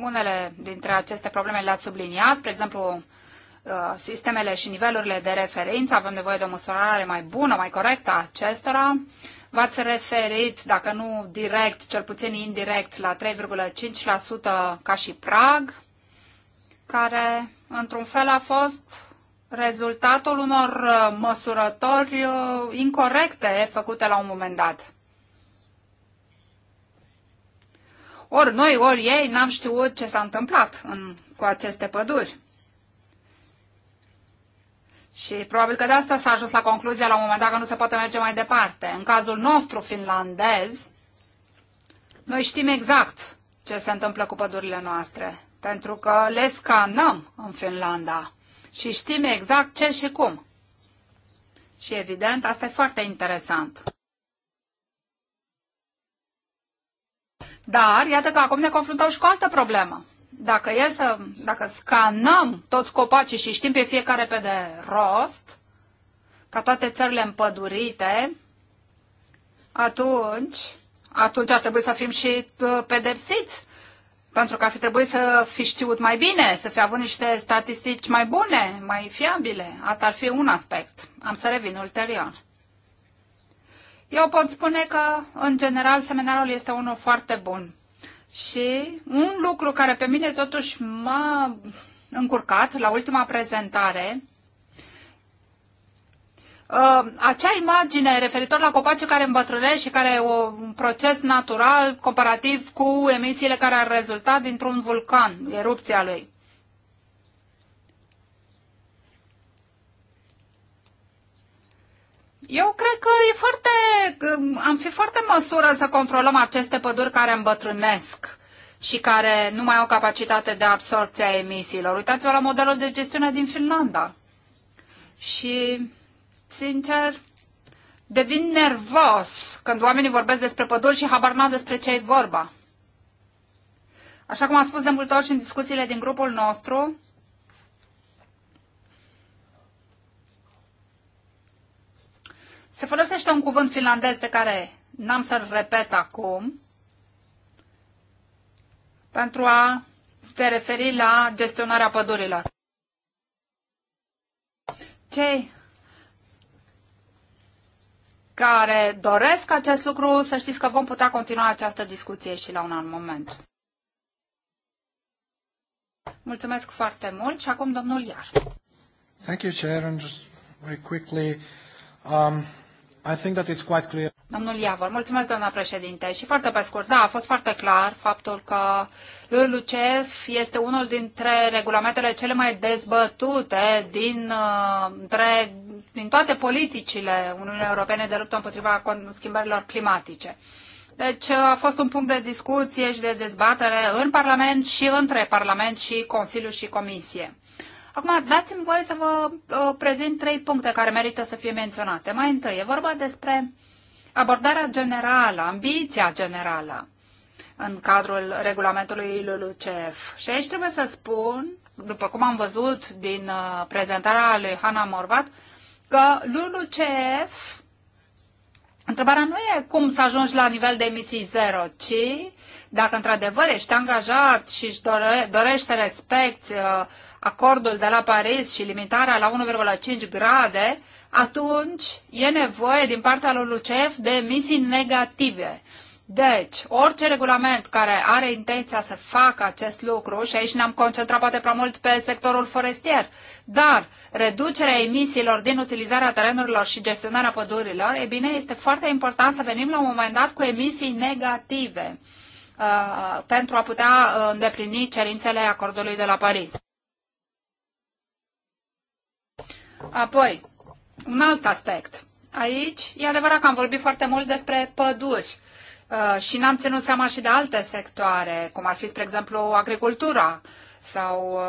unele dintre aceste probleme le-ați subliniat, spre exemplu, uh, sistemele și nivelurile de referință, avem nevoie de o măsurare mai bună, mai corectă a acestora. V-ați referit, dacă nu direct, cel puțin indirect, la 3,5% ca și prag, care într-un fel a fost rezultatul unor uh, măsurători uh, incorrecte făcute la un moment dat. Ori noi, ori ei n-am știut ce s-a întâmplat în, cu aceste păduri. Și probabil că de asta s-a ajuns la concluzia la un moment dat că nu se poate merge mai departe. În cazul nostru finlandez, noi știm exact ce se întâmplă cu pădurile noastre, pentru că le scanăm în Finlanda și știm exact ce și cum. Și evident, asta e foarte interesant. Dar iată că acum ne confruntăm și cu altă problemă. Dacă, e să, dacă scanăm toți copacii și știm pe fiecare pe de rost, ca toate țările împădurite, atunci, atunci ar trebui să fim și uh, pedepsiți. Pentru că ar fi trebuit să fi știut mai bine, să fi avut niște statistici mai bune, mai fiabile. Asta ar fi un aspect. Am să revin ulterior. Eu pot spune că, în general, seminarul este unul foarte bun. Și un lucru care pe mine totuși m-a încurcat la ultima prezentare, uh, acea imagine referitor la copacii care îmbătrânește și care e un proces natural comparativ cu emisiile care ar rezulta dintr-un vulcan, erupția lui. Eu cred că e foarte, um, am fi foarte măsură să controlăm aceste păduri care îmbătrânesc și care nu mai au capacitate de absorpție a emisiilor. Uitați-vă la modelul de gestiune din Finlanda. Și, sincer, devin nervos când oamenii vorbesc despre păduri și habar n-au despre ce e vorba. Așa cum am spus de multe ori și în discuțiile din grupul nostru, Se folosește un cuvânt finlandez pe care n-am să-l repet acum pentru a te referi la gestionarea pădurilor. Cei care doresc acest lucru, să știți că vom putea continua această discuție și la un alt moment. Mulțumesc foarte mult și acum domnul Iar. Thank you, Chair, and just very quickly, um, I think that it's quite clear. Domnul Iavor, mulțumesc, doamna președinte. Și foarte pe scurt, da, a fost foarte clar faptul că LULUCEF este unul dintre regulamentele cele mai dezbătute din, dintre, uh, din toate politicile Uniunii Europene de luptă împotriva schimbărilor climatice. Deci uh, a fost un punct de discuție și de dezbatere în Parlament și între Parlament și Consiliu și Comisie. Acum, dați-mi voie să vă uh, prezint trei puncte care merită să fie menționate. Mai întâi, e vorba despre abordarea generală, ambiția generală în cadrul regulamentului LULUCF. Și aici trebuie să spun, după cum am văzut din uh, prezentarea lui Hanna Morvat, că LULUCF, întrebarea nu e cum să ajungi la nivel de emisii zero, ci dacă într-adevăr ești angajat și își dore, dorești să respecti uh, acordul de la Paris și limitarea la 1,5 grade, atunci e nevoie din partea lui Lucef de emisii negative. Deci, orice regulament care are intenția să facă acest lucru, și aici ne-am concentrat poate prea mult pe sectorul forestier, dar reducerea emisiilor din utilizarea terenurilor și gestionarea pădurilor, e bine, este foarte important să venim la un moment dat cu emisii negative uh, pentru a putea uh, îndeplini cerințele acordului de la Paris. Apoi, un alt aspect. Aici e adevărat că am vorbit foarte mult despre păduri uh, și n-am ținut seama și de alte sectoare, cum ar fi, spre exemplu, agricultura sau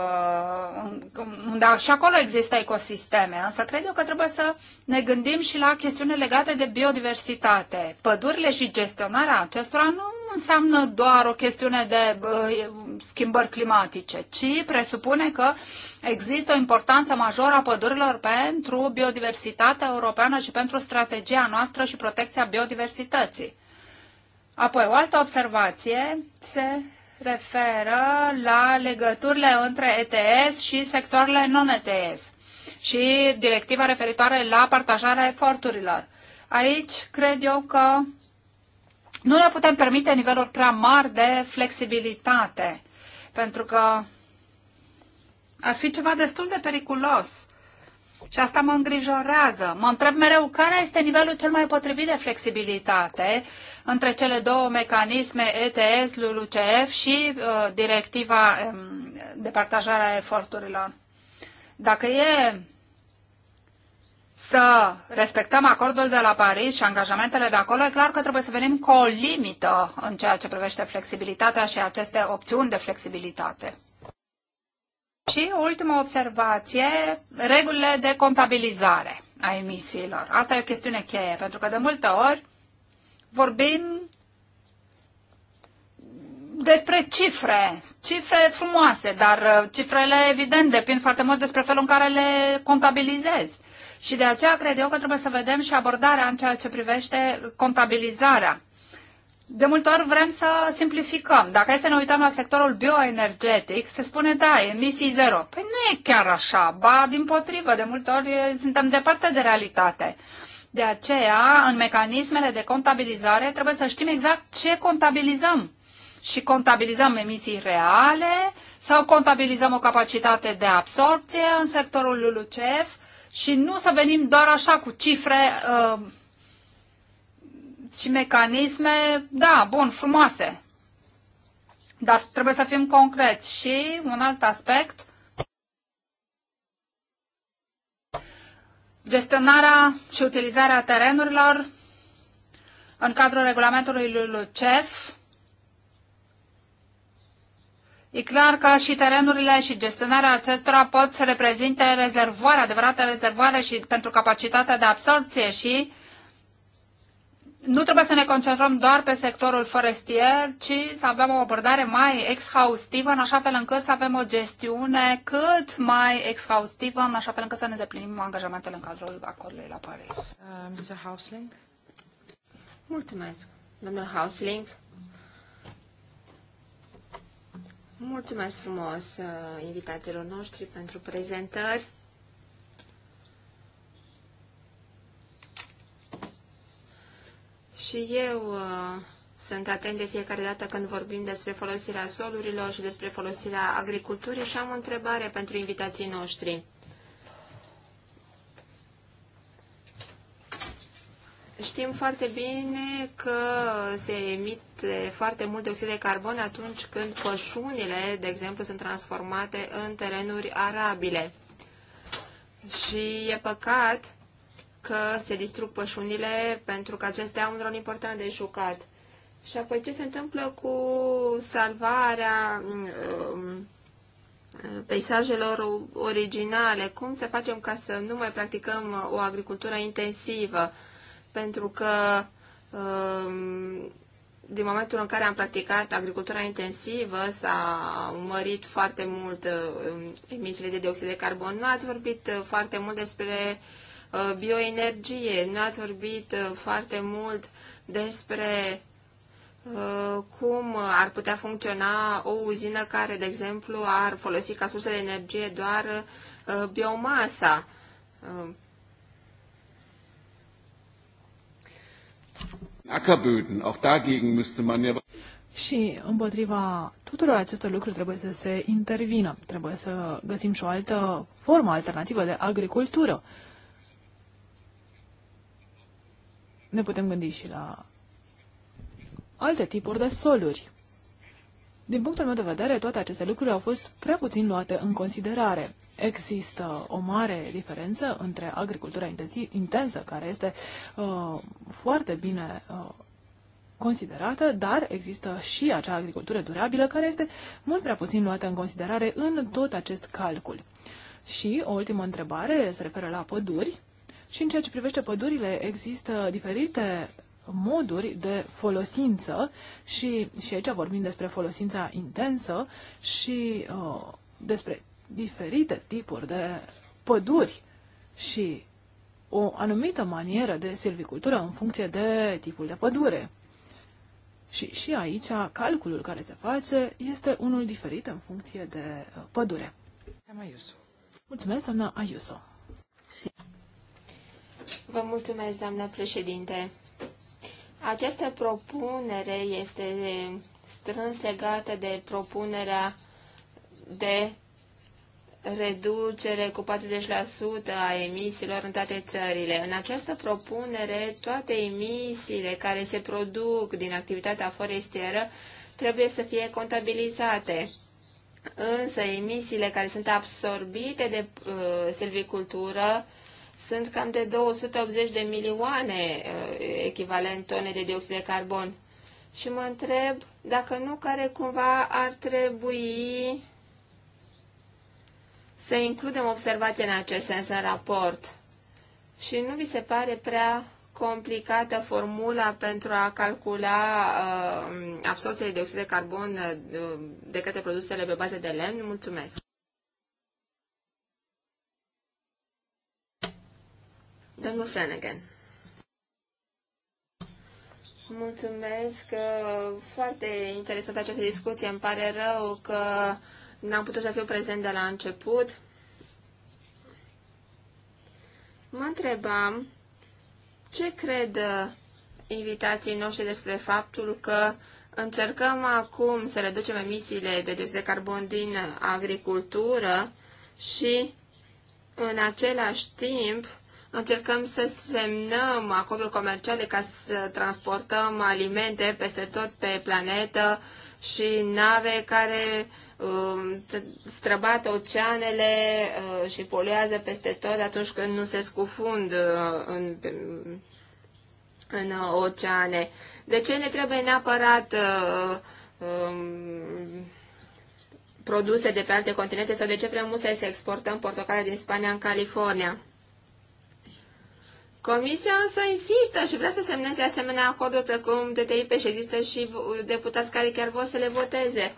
uh, unde și acolo există ecosisteme. Însă cred eu că trebuie să ne gândim și la chestiuni legate de biodiversitate. Pădurile și gestionarea acestora nu înseamnă doar o chestiune de uh, schimbări climatice, ci presupune că există o importanță majoră a pădurilor pentru biodiversitatea europeană și pentru strategia noastră și protecția biodiversității. Apoi, o altă observație se referă la legăturile între ETS și sectoarele non-ETS și directiva referitoare la partajarea eforturilor. Aici cred eu că nu ne putem permite niveluri prea mari de flexibilitate, pentru că ar fi ceva destul de periculos. Și asta mă îngrijorează. Mă întreb mereu care este nivelul cel mai potrivit de flexibilitate între cele două mecanisme ETS, LULUCF și uh, directiva um, de partajare a eforturilor. Dacă e să respectăm acordul de la Paris și angajamentele de acolo, e clar că trebuie să venim cu o limită în ceea ce privește flexibilitatea și aceste opțiuni de flexibilitate. Și ultima observație, regulile de contabilizare a emisiilor. Asta e o chestiune cheie, pentru că de multe ori vorbim despre cifre, cifre frumoase, dar uh, cifrele evident depind foarte mult despre felul în care le contabilizezi. Și de aceea cred eu că trebuie să vedem și abordarea în ceea ce privește contabilizarea. De multe ori vrem să simplificăm. Dacă e să ne uităm la sectorul bioenergetic, se spune, da, emisii zero. Păi nu e chiar așa, ba, din potrivă, de multe ori suntem departe de realitate. De aceea, în mecanismele de contabilizare, trebuie să știm exact ce contabilizăm. Și contabilizăm emisii reale sau contabilizăm o capacitate de absorpție în sectorul LULUCEF și nu să venim doar așa cu cifre uh, și mecanisme, da, bun, frumoase, dar trebuie să fim concreți. Și un alt aspect, gestionarea și utilizarea terenurilor în cadrul regulamentului lui LUCEF, E clar că și terenurile și gestionarea acestora pot să reprezinte rezervoare, adevărată rezervoare și pentru capacitatea de absorpție și nu trebuie să ne concentrăm doar pe sectorul forestier, ci să avem o abordare mai exhaustivă, în așa fel încât să avem o gestiune cât mai exhaustivă, în așa fel încât să ne deplinim angajamentele în cadrul acordului la Paris. Uh, Mr. Hausling? Mulțumesc, domnul Hausling. Mulțumesc frumos uh, invitațiilor noștri pentru prezentări. Și eu uh, sunt atent de fiecare dată când vorbim despre folosirea solurilor și despre folosirea agriculturii și am o întrebare pentru invitații noștri. Știm foarte bine că se emit foarte mult dioxid de carbon atunci când pășunile, de exemplu, sunt transformate în terenuri arabile. Și e păcat că se distrug pășunile pentru că acestea au un rol important de jucat. Și apoi ce se întâmplă cu salvarea mm, um, peisajelor originale? Cum să facem ca să nu mai practicăm o agricultură intensivă? pentru că um, din momentul în care am practicat agricultura intensivă s-a mărit foarte mult um, emisiile de dioxid de carbon. Nu ați vorbit uh, foarte mult despre uh, bioenergie, nu ați vorbit uh, foarte mult despre cum ar putea funcționa o uzină care, de exemplu, ar folosi ca sursă de energie doar biomasa. Ackerböden, auch dagegen müsste man ja... Și împotriva tuturor acestor lucruri trebuie să se intervină. Trebuie să găsim și o altă formă alternativă de agricultură. Ne putem gândi și la alte tipuri de soluri. Din punctul meu de vedere, toate aceste lucruri au fost prea puțin luate în considerare. Există o mare diferență între agricultura intensă, care este uh, foarte bine uh, considerată, dar există și acea agricultură durabilă care este mult prea puțin luată în considerare în tot acest calcul. Și o ultimă întrebare se referă la păduri. Și în ceea ce privește pădurile, există diferite moduri de folosință și, și aici vorbim despre folosința intensă și uh, despre diferite tipuri de păduri și o anumită manieră de silvicultură în funcție de tipul de pădure. Și, și aici calculul care se face este unul diferit în funcție de uh, pădure. Mulțumesc, doamna Ayuso. Vă mulțumesc, doamna președinte. Această propunere este strâns legată de propunerea de reducere cu 40% a emisiilor în toate țările. În această propunere, toate emisiile care se produc din activitatea forestieră trebuie să fie contabilizate. Însă emisiile care sunt absorbite de uh, silvicultură sunt cam de 280 de milioane uh, echivalent tone de dioxid de carbon. Și mă întreb dacă nu care cumva ar trebui să includem observații în acest sens în raport. Și nu vi se pare prea complicată formula pentru a calcula uh, absorția de dioxid de carbon uh, de către produsele pe bază de lemn? Mulțumesc! Domnul Flanagan. Mulțumesc. Foarte interesantă această discuție. Îmi pare rău că n-am putut să fiu prezent de la început. Mă întrebam ce cred invitații noștri despre faptul că încercăm acum să reducem emisiile de dioxid de carbon din agricultură și în același timp Încercăm să semnăm acorduri comerciale ca să transportăm alimente peste tot pe planetă și nave care um, străbat oceanele uh, și poluează peste tot atunci când nu se scufund uh, în, în oceane. De ce ne trebuie neapărat uh, um, produse de pe alte continente sau de ce vrem să exportăm portocale din Spania în California? Comisia însă insistă și vrea să semneze asemenea acorduri precum DTIP și există și deputați care chiar vor să le voteze.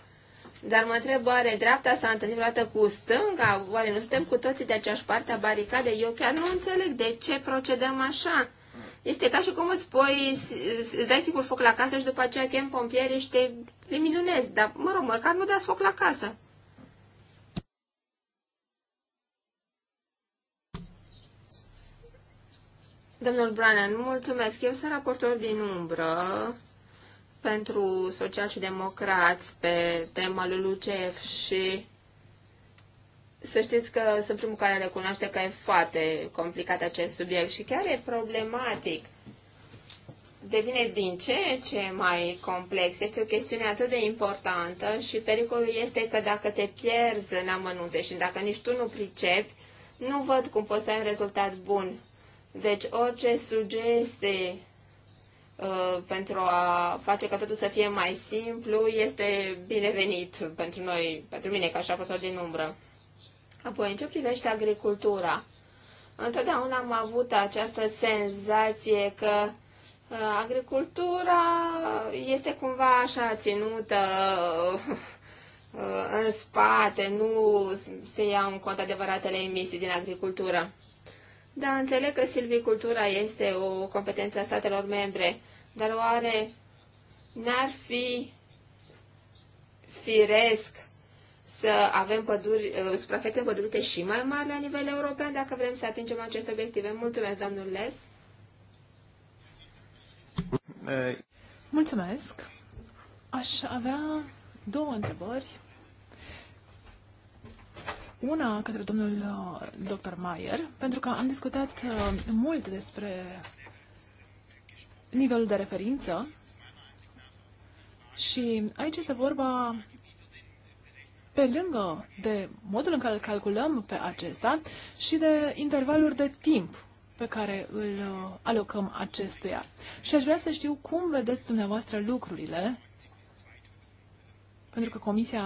Dar mă întreb, oare dreapta s-a întâlnit vreodată cu stânga? Oare nu suntem cu toții de aceeași parte a baricadei? Eu chiar nu înțeleg de ce procedăm așa. Este ca și cum îți, pui, îți dai sigur foc la casă și după aceea chem pompierii și te le minunezi. Dar, mă rog, măcar nu dați foc la casă. Domnul Brannan, mulțumesc. Eu sunt raportor din umbră pentru Social și Democrați pe tema lui Lucef și să știți că sunt primul care recunoaște că e foarte complicat acest subiect și chiar e problematic. Devine din ce în ce mai complex. Este o chestiune atât de importantă și pericolul este că dacă te pierzi în amănunte și dacă nici tu nu pricepi, nu văd cum poți să ai un rezultat bun deci orice sugestie uh, pentru a face ca totul să fie mai simplu este binevenit pentru noi, pentru mine ca așa raportor din umbră. Apoi, în ce privește agricultura, întotdeauna am avut această senzație că uh, agricultura este cumva așa ținută uh, în spate, nu se iau în cont adevăratele emisii din agricultură. Da, înțeleg că silvicultura este o competență a statelor membre, dar oare n-ar fi firesc să avem păduri, uh, suprafețe pădurite și mai mari la nivel european dacă vrem să atingem aceste obiective? Mulțumesc, domnul Les. Mulțumesc. Aș avea două întrebări una către domnul uh, dr. Mayer, pentru că am discutat uh, mult despre nivelul de referință și aici este vorba pe lângă de modul în care îl calculăm pe acesta și de intervaluri de timp pe care îl uh, alocăm acestuia. Și aș vrea să știu cum vedeți dumneavoastră lucrurile, pentru că Comisia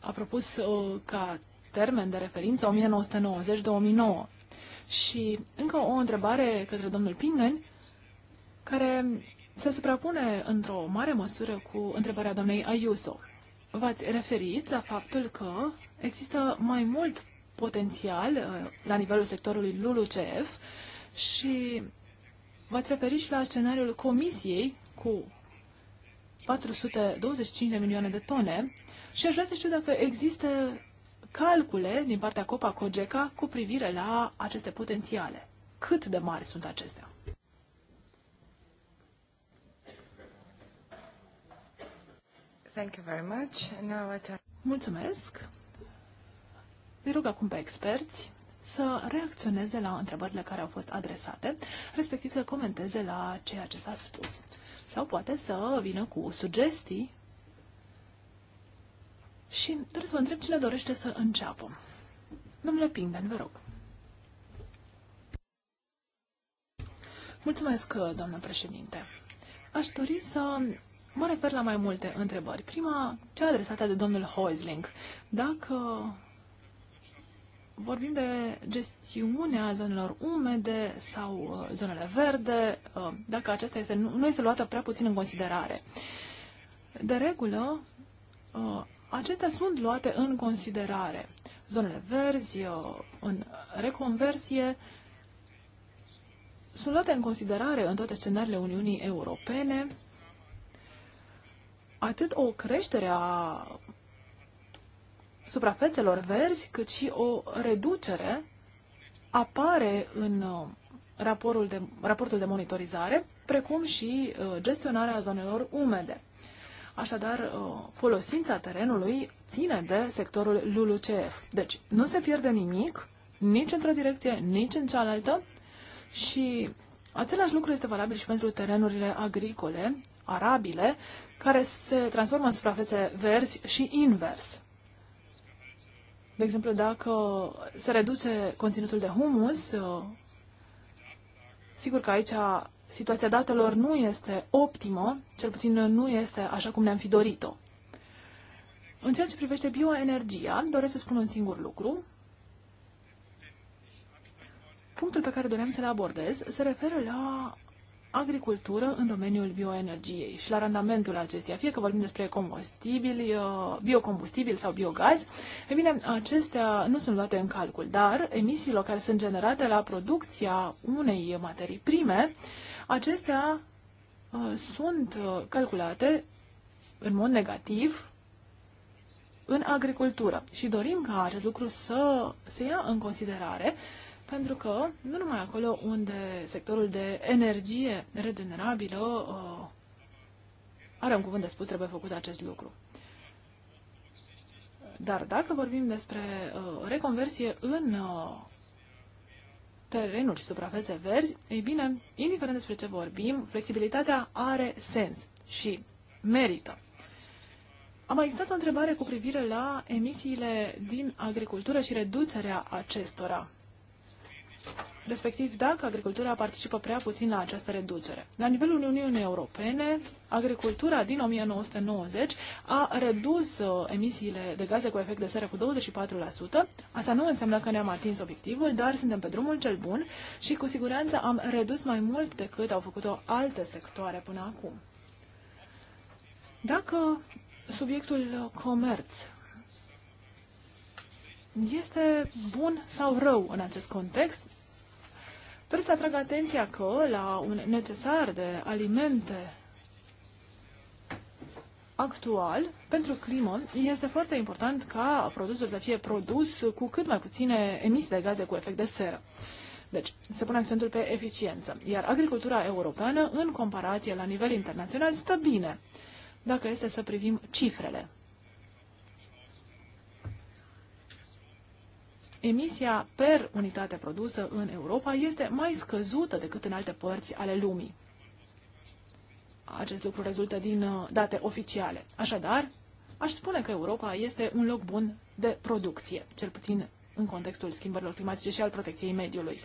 a propus ca termen de referință 1990-2009. Și încă o întrebare către domnul Pingen, care se suprapune într-o mare măsură cu întrebarea doamnei Ayuso. V-ați referit la faptul că există mai mult potențial uh, la nivelul sectorului LULUCF și v-ați referit și la scenariul Comisiei cu 425 de milioane de tone și aș vrea să știu dacă există calcule din partea Copa Cogeca cu privire la aceste potențiale. Cât de mari sunt acestea? Thank you very much. Now I Mulțumesc. Îi rog acum pe experți să reacționeze la întrebările care au fost adresate, respectiv să comenteze la ceea ce s-a spus. Sau poate să vină cu sugestii și trebuie să vă întreb cine dorește să înceapă. Domnule Pingden, vă rog. Mulțumesc, doamnă președinte. Aș dori să mă refer la mai multe întrebări. Prima, cea adresată de domnul Hoisling. Dacă vorbim de gestiunea zonelor umede sau uh, zonele verde, uh, dacă aceasta este, nu este luată prea puțin în considerare. De regulă, uh, acestea sunt luate în considerare. Zonele verzi, uh, în reconversie, sunt luate în considerare în toate scenariile Uniunii Europene, atât o creștere a suprafețelor verzi, cât și o reducere apare în uh, raportul de, raportul de monitorizare, precum și uh, gestionarea zonelor umede. Așadar, uh, folosința terenului ține de sectorul LULUCF. Deci, nu se pierde nimic, nici într-o direcție, nici în cealaltă și același lucru este valabil și pentru terenurile agricole, arabile, care se transformă în suprafețe verzi și invers. De exemplu, dacă se reduce conținutul de humus, uh, sigur că aici situația datelor nu este optimă, cel puțin nu este așa cum ne-am fi dorit-o. În ceea ce privește bioenergia, doresc să spun un singur lucru. Punctul pe care doream să-l abordez se referă la agricultură în domeniul bioenergiei și la randamentul acesteia, fie că vorbim despre combustibili, uh, biocombustibil sau biogaz, e bine, acestea nu sunt luate în calcul, dar emisiile care sunt generate la producția unei materii prime, acestea uh, sunt uh, calculate în mod negativ în agricultură și dorim ca acest lucru să se ia în considerare pentru că nu numai acolo unde sectorul de energie regenerabilă uh, are un cuvânt de spus, trebuie făcut acest lucru. Dar dacă vorbim despre uh, reconversie în uh, terenuri și suprafețe verzi, ei bine, indiferent despre ce vorbim, flexibilitatea are sens și merită. A mai existat o întrebare cu privire la emisiile din agricultură și reducerea acestora respectiv dacă agricultura participă prea puțin la această reducere. La nivelul Uniunii Europene, agricultura din 1990 a redus uh, emisiile de gaze cu efect de seră cu 24%. Asta nu înseamnă că ne-am atins obiectivul, dar suntem pe drumul cel bun și cu siguranță am redus mai mult decât au făcut-o alte sectoare până acum. Dacă subiectul uh, comerț este bun sau rău în acest context, Trebuie să atrag atenția că la un necesar de alimente actual pentru climă este foarte important ca produsul să fie produs cu cât mai puține emisii de gaze cu efect de seră. Deci, se pune accentul pe eficiență, iar agricultura europeană, în comparație la nivel internațional, stă bine, dacă este să privim cifrele. emisia per unitate produsă în Europa este mai scăzută decât în alte părți ale lumii. Acest lucru rezultă din uh, date oficiale. Așadar, aș spune că Europa este un loc bun de producție, cel puțin în contextul schimbărilor climatice și al protecției mediului.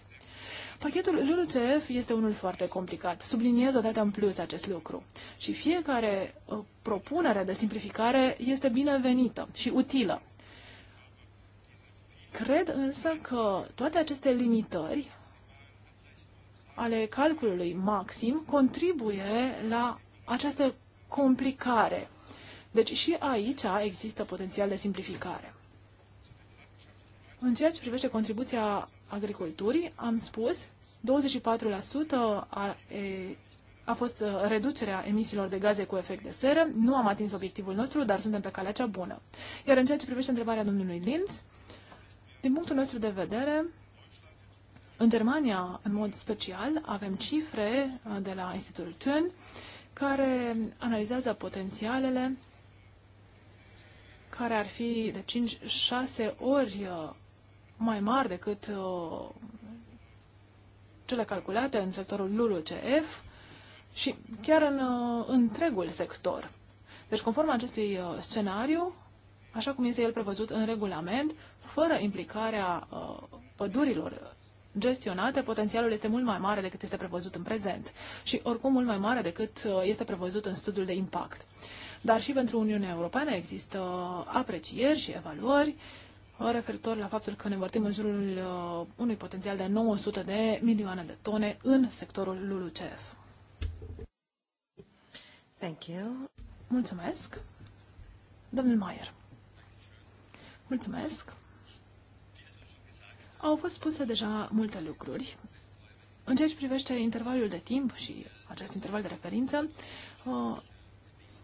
Pachetul LULUCF este unul foarte complicat. Subliniez odată în plus acest lucru. Și fiecare uh, propunere de simplificare este binevenită și utilă. Cred însă că toate aceste limitări ale calculului maxim contribuie la această complicare. Deci și aici există potențial de simplificare. În ceea ce privește contribuția agriculturii, am spus 24% a, e, a fost uh, reducerea emisiilor de gaze cu efect de seră. Nu am atins obiectivul nostru, dar suntem pe calea cea bună. Iar în ceea ce privește întrebarea domnului Linz, din punctul nostru de vedere, în Germania, în mod special, avem cifre uh, de la Institutul Thun care analizează potențialele care ar fi de 5-6 ori uh, mai mari decât uh, cele calculate în sectorul LULUCF și chiar în întregul sector. Deci, conform acestui scenariu, așa cum este el prevăzut în regulament, fără implicarea uh, pădurilor gestionate, potențialul este mult mai mare decât este prevăzut în prezent și oricum mult mai mare decât uh, este prevăzut în studiul de impact. Dar și pentru Uniunea Europeană există aprecieri și evaluări uh, referitor la faptul că ne învârtim în jurul uh, unui potențial de 900 de milioane de tone în sectorul LULUCF. Thank you. Mulțumesc. Domnul Maier. Mulțumesc. Au fost spuse deja multe lucruri. În ceea ce privește intervalul de timp și acest interval de referință, uh,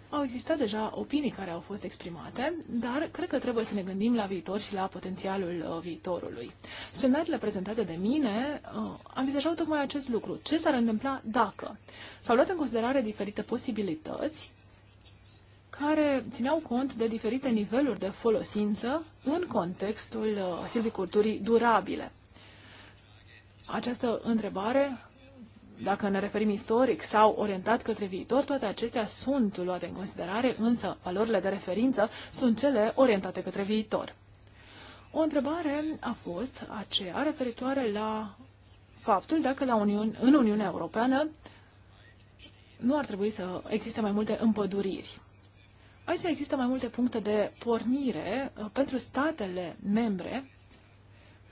au existat deja opinii care au fost exprimate, dar cred că trebuie să ne gândim la viitor și la potențialul uh, viitorului. Scenariile prezentate de mine uh, envizajau tocmai acest lucru. Ce s-ar întâmpla dacă? S-au luat în considerare diferite posibilități care țineau cont de diferite niveluri de folosință în contextul uh, silviculturii durabile. Această întrebare, dacă ne referim istoric sau orientat către viitor, toate acestea sunt luate în considerare, însă valorile de referință sunt cele orientate către viitor. O întrebare a fost aceea referitoare la faptul dacă la Uniune, în Uniunea Europeană nu ar trebui să existe mai multe împăduriri. Aici există mai multe puncte de pornire uh, pentru statele membre.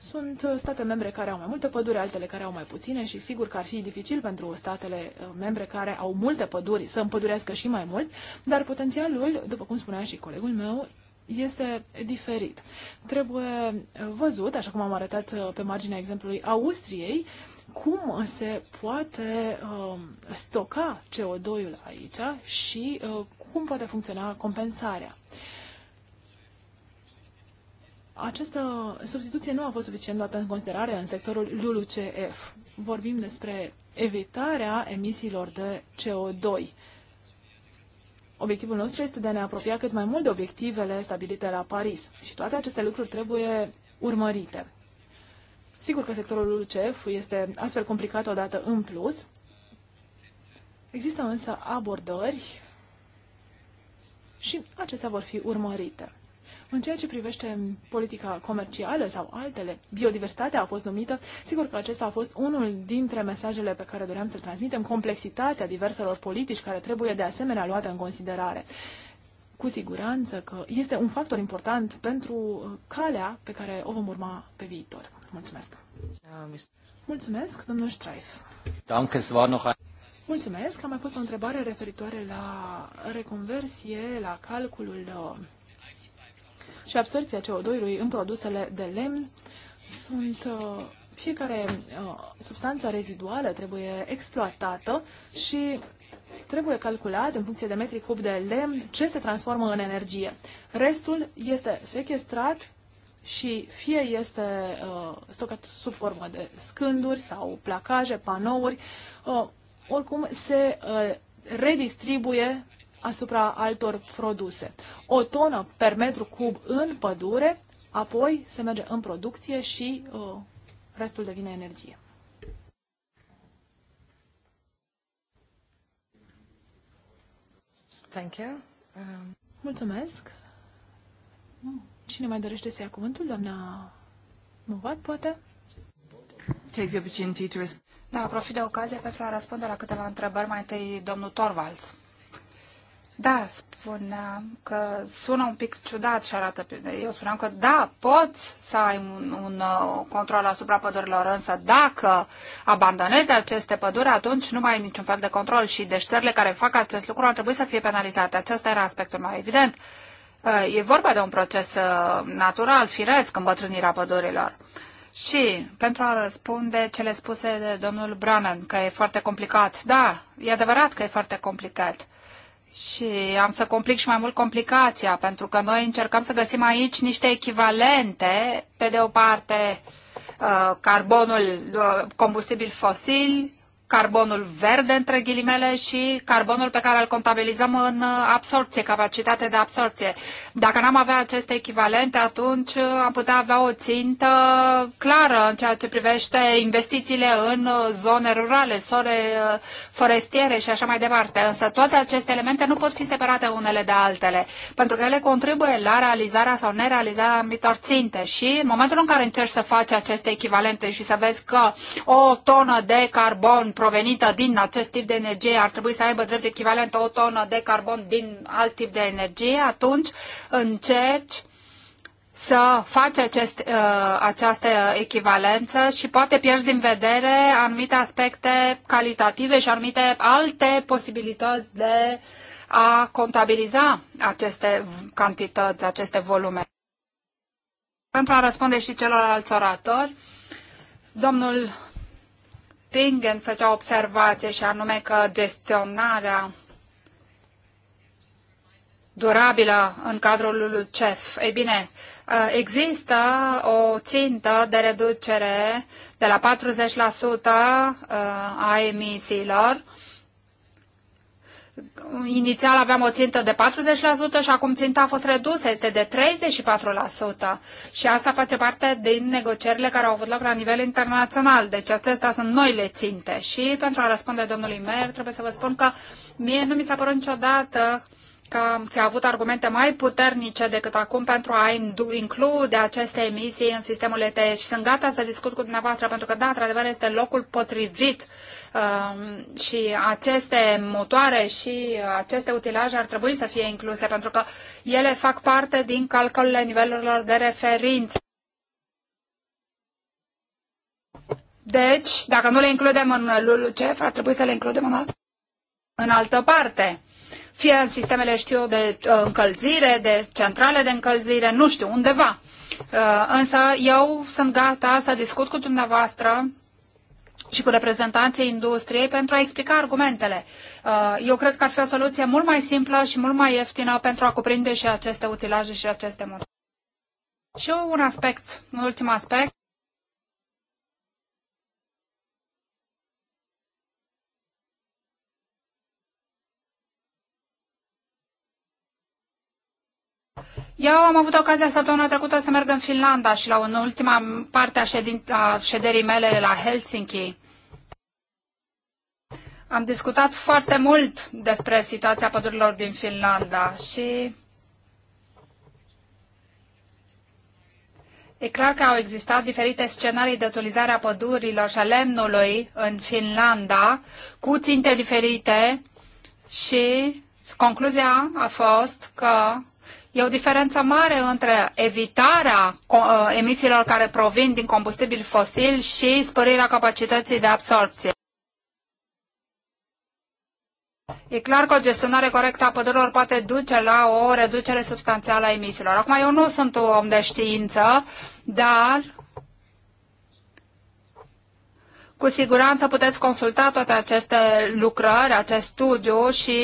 Sunt uh, state membre care au mai multe păduri, altele care au mai puține și sigur că ar fi dificil pentru statele uh, membre care au multe păduri să împădurească și mai mult, dar potențialul, după cum spunea și colegul meu, este diferit. Trebuie văzut, așa cum am arătat pe marginea exemplului Austriei, cum se poate uh, stoca CO2-ul aici și uh, cum poate funcționa compensarea. Această substituție nu a fost suficient luată în considerare în sectorul LULUCF. Vorbim despre evitarea emisiilor de CO2. Obiectivul nostru este de a ne apropia cât mai mult de obiectivele stabilite la Paris și toate aceste lucruri trebuie urmărite. Sigur că sectorul LULUCF este astfel complicat odată în plus. Există însă abordări și acestea vor fi urmărite. În ceea ce privește politica comercială sau altele, biodiversitatea a fost numită, sigur că acesta a fost unul dintre mesajele pe care doream să-l transmitem, complexitatea diverselor politici care trebuie de asemenea luată în considerare. Cu siguranță că este un factor important pentru uh, calea pe care o vom urma pe viitor. Mulțumesc! Mulțumesc, domnul Streif! Mulțumesc. Am mai fost o întrebare referitoare la reconversie, la calculul uh, și absorpția CO2-ului în produsele de lemn. Sunt uh, fiecare uh, substanță reziduală trebuie exploatată și trebuie calculat în funcție de metri cub de lemn ce se transformă în energie. Restul este sequestrat și fie este uh, stocat sub formă de scânduri sau placaje, panouri, uh, oricum se uh, redistribuie asupra altor produse. O tonă per metru cub în pădure, apoi se merge în producție și uh, restul devine energie. Thank you. Um... Mulțumesc. Cine mai dorește să ia cuvântul? Doamna Movat, poate? Take the opportunity to da, profit de ocazie pentru a răspunde la câteva întrebări. Mai întâi, domnul Torvalds. Da, spuneam că sună un pic ciudat și arată. Eu spuneam că da, poți să ai un, un uh, control asupra pădurilor, însă dacă abandonezi aceste păduri, atunci nu mai ai niciun fel de control și deci țările care fac acest lucru ar trebui să fie penalizate. Acesta era aspectul mai evident. Uh, e vorba de un proces uh, natural, firesc, îmbătrânirea pădurilor. Și pentru a răspunde cele spuse de domnul Brannan, că e foarte complicat. Da, e adevărat că e foarte complicat. Și am să complic și mai mult complicația, pentru că noi încercăm să găsim aici niște echivalente, pe de o parte uh, carbonul uh, combustibil fosil, carbonul verde, între ghilimele, și carbonul pe care îl contabilizăm în uh, absorpție, capacitate de absorpție. Dacă n-am avea aceste echivalente, atunci uh, am putea avea o țintă clară în ceea ce privește investițiile în uh, zone rurale, zone forestiere și așa mai departe. Însă toate aceste elemente nu pot fi separate unele de altele, pentru că ele contribuie la realizarea sau nerealizarea anumitor ținte și în momentul în care încerci să faci aceste echivalente și să vezi că o tonă de carbon provenită din acest tip de energie ar trebui să aibă drept echivalent o tonă de carbon din alt tip de energie, atunci încerci să faci acest, uh, această echivalență și poate pierzi din vedere anumite aspecte calitative și anumite alte posibilități de a contabiliza aceste cantități, aceste volume. Pentru a răspunde și celorlalți oratori, domnul Tingen făcea observație și anume că gestionarea durabilă în cadrul CEF. Ei bine, uh, există o țintă de reducere de la 40% uh, a emisiilor Inițial aveam o țintă de 40% și acum ținta a fost redusă, este de 34%. Și asta face parte din negocierile care au avut loc la nivel internațional. Deci acestea sunt noile ținte. Și pentru a răspunde domnului Mer, trebuie să vă spun că mie nu mi s-a părut niciodată că am fi avut argumente mai puternice decât acum pentru a include aceste emisii în sistemul ETS și sunt gata să discut cu dumneavoastră pentru că, da, într-adevăr, este locul potrivit Um, și aceste motoare și uh, aceste utilaje ar trebui să fie incluse, pentru că ele fac parte din calculele nivelurilor de referință. Deci, dacă nu le includem în LULUCEF, ar trebui să le includem în, alt, în altă parte. Fie în sistemele, știu de uh, încălzire, de centrale de încălzire, nu știu, undeva. Uh, însă eu sunt gata să discut cu dumneavoastră și cu reprezentanții industriei pentru a explica argumentele. Uh, eu cred că ar fi o soluție mult mai simplă și mult mai ieftină pentru a cuprinde și aceste utilaje și aceste motive. Și un aspect, un ultim aspect, Eu am avut ocazia săptămâna trecută să merg în Finlanda și la în ultima parte a, ședin, a șederii mele la Helsinki. Am discutat foarte mult despre situația pădurilor din Finlanda și E clar că au existat diferite scenarii de utilizare a pădurilor și a lemnului în Finlanda, cu ținte diferite și concluzia a fost că E o diferență mare între evitarea uh, emisiilor care provin din combustibil fosil și spărirea capacității de absorpție. E clar că o gestionare corectă a pădurilor poate duce la o reducere substanțială a emisiilor. Acum, eu nu sunt un om de știință, dar cu siguranță puteți consulta toate aceste lucrări, acest studiu și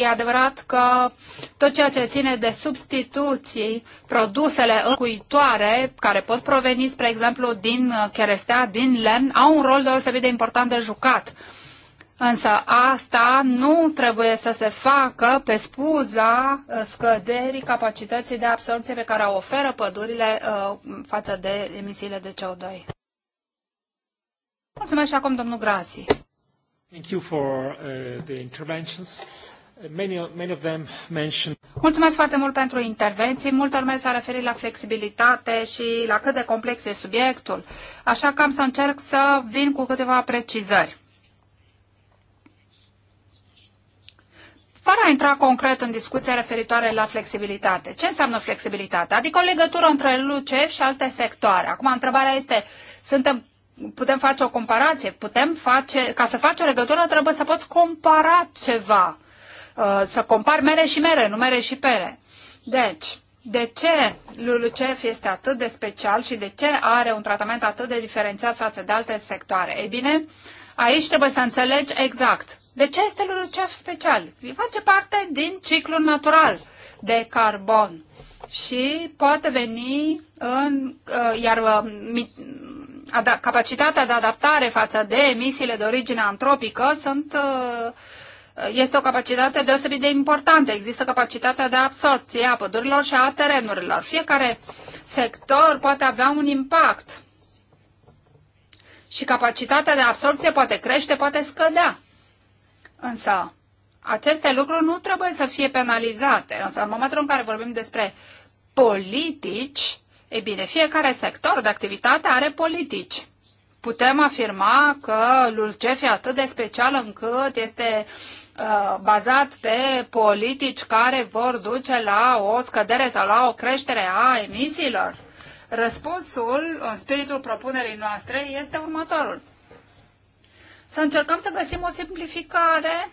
e adevărat că tot ceea ce ține de substituții, produsele încuitoare, care pot proveni, spre exemplu, din cherestea, din lemn, au un rol deosebit de important de jucat. Însă asta nu trebuie să se facă pe spuza uh, scăderii capacității de absorție pe care o oferă pădurile uh, față de emisiile de CO2. Mulțumesc și acum domnul Grazi. Thank you for uh, the interventions. Uh, many, many of them Mulțumesc foarte mult pentru intervenții. Multă lume s-a referit la flexibilitate și la cât de complex e subiectul. Așa că am să încerc să vin cu câteva precizări. fără a intra concret în discuția referitoare la flexibilitate. Ce înseamnă flexibilitate? Adică o legătură între LUCEF și alte sectoare. Acum, întrebarea este, suntem putem face o comparație, putem face, ca să faci o legătură trebuie să poți compara ceva, uh, să compari mere și mere, nu mere și pere. Deci, de ce LULUCEF este atât de special și de ce are un tratament atât de diferențiat față de alte sectoare? Ei bine, aici trebuie să înțelegi exact. De ce este LULUCEF special? Face parte din ciclul natural de carbon și poate veni în, uh, iar uh, capacitatea de adaptare față de emisiile de origine antropică sunt, uh, este o capacitate deosebit de importantă. Există capacitatea de absorpție a pădurilor și a terenurilor. Fiecare sector poate avea un impact și capacitatea de absorpție poate crește, poate scădea. Însă, aceste lucruri nu trebuie să fie penalizate. Însă, în momentul în care vorbim despre politici, ei bine, fiecare sector de activitate are politici. Putem afirma că LULCEF e atât de special încât este uh, bazat pe politici care vor duce la o scădere sau la o creștere a emisiilor? Răspunsul, în spiritul propunerii noastre, este următorul. Să încercăm să găsim o simplificare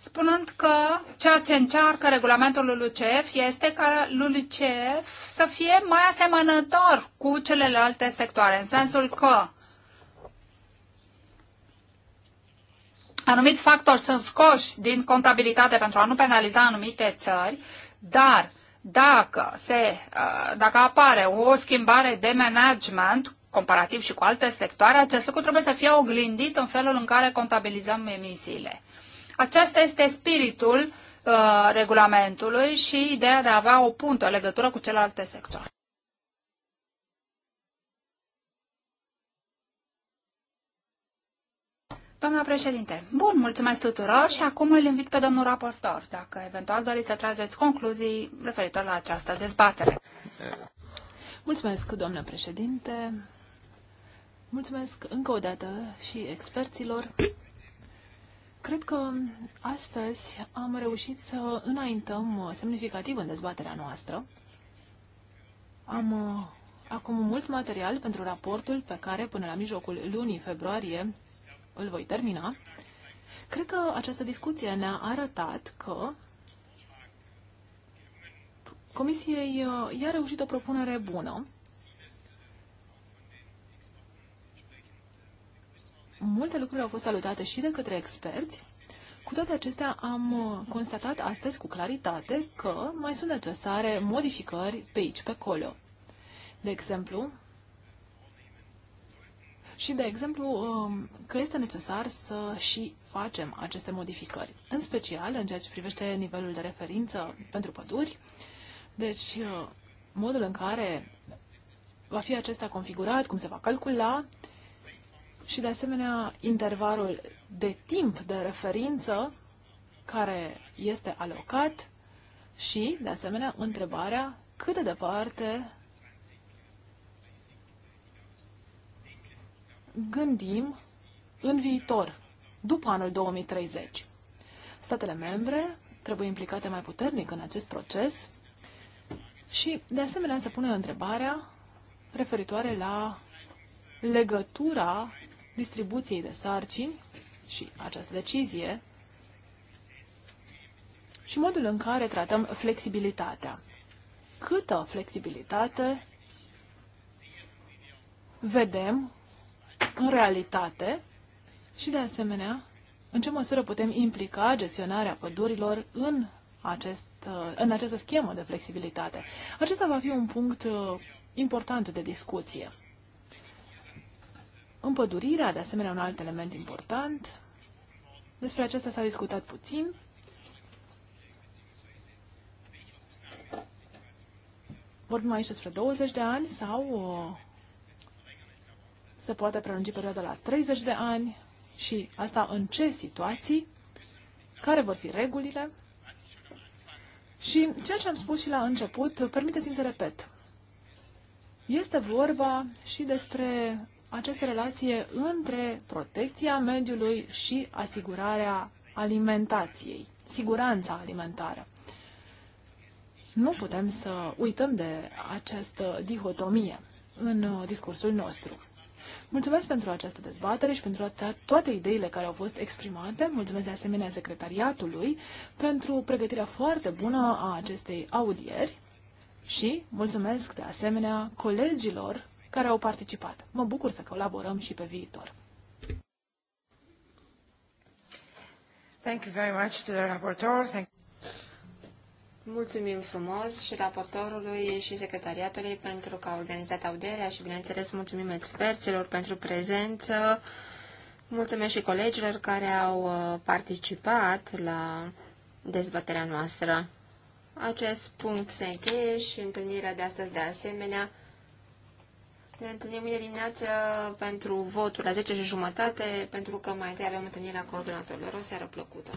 spunând că ceea ce încearcă regulamentul LULUCF este ca LULUCF să fie mai asemănător cu celelalte sectoare, în sensul că anumiți factori sunt scoși din contabilitate pentru a nu penaliza anumite țări, dar dacă, se, uh, dacă apare o schimbare de management comparativ și cu alte sectoare, acest lucru trebuie să fie oglindit în felul în care contabilizăm emisiile. Aceasta este spiritul uh, regulamentului și ideea de a avea o puntă, o legătură cu celelalte sectoare. Doamna președinte, bun, mulțumesc tuturor și acum îl invit pe domnul raportor, dacă eventual doriți să trageți concluzii referitor la această dezbatere. Mulțumesc, doamnă președinte. Mulțumesc încă o dată și experților Cred că astăzi am reușit să înaintăm semnificativ în dezbaterea noastră. Am uh, acum mult material pentru raportul pe care până la mijlocul lunii februarie îl voi termina. Cred că această discuție ne-a arătat că Comisiei uh, i-a reușit o propunere bună multe lucruri au fost salutate și de către experți. Cu toate acestea, am uh, constatat astăzi cu claritate că mai sunt necesare modificări pe aici, pe acolo. De exemplu, și, de exemplu, um, că este necesar să și facem aceste modificări, în special în ceea ce privește nivelul de referință pentru păduri. Deci, uh, modul în care va fi acesta configurat, cum se va calcula, și, de asemenea, intervalul de timp de referință care este alocat și, de asemenea, întrebarea cât de departe gândim în viitor, după anul 2030. Statele membre trebuie implicate mai puternic în acest proces și, de asemenea, se pune întrebarea referitoare la legătura distribuției de sarcini și această decizie și modul în care tratăm flexibilitatea. Câtă flexibilitate vedem în realitate și, de asemenea, în ce măsură putem implica gestionarea pădurilor în, acest, în această schemă de flexibilitate. Acesta va fi un punct uh, important de discuție. Împădurirea, de asemenea, un alt element important. Despre acesta s-a discutat puțin. Vorbim aici despre 20 de ani sau uh, se poate prelungi perioada la 30 de ani și asta în ce situații, care vor fi regulile. Și ceea ce am spus și la început, permiteți-mi să repet. Este vorba și despre această relație între protecția mediului și asigurarea alimentației, siguranța alimentară. Nu putem să uităm de această dihotomie în uh, discursul nostru. Mulțumesc pentru această dezbatere și pentru toate ideile care au fost exprimate. Mulțumesc de asemenea secretariatului pentru pregătirea foarte bună a acestei audieri și mulțumesc de asemenea colegilor care au participat. Mă bucur să colaborăm și pe viitor. Thank you very much to the rapporteur. Thank Mulțumim frumos și raportorului și secretariatului pentru că a organizat audierea și, bineînțeles, mulțumim experților pentru prezență. Mulțumesc și colegilor care au uh, participat la dezbaterea noastră. Acest punct se încheie și întâlnirea de astăzi de asemenea. Ne întâlnim mâine dimineață pentru votul la 10 și jumătate, pentru că mai întâi avem întâlnirea coordonatorilor. O seară plăcută!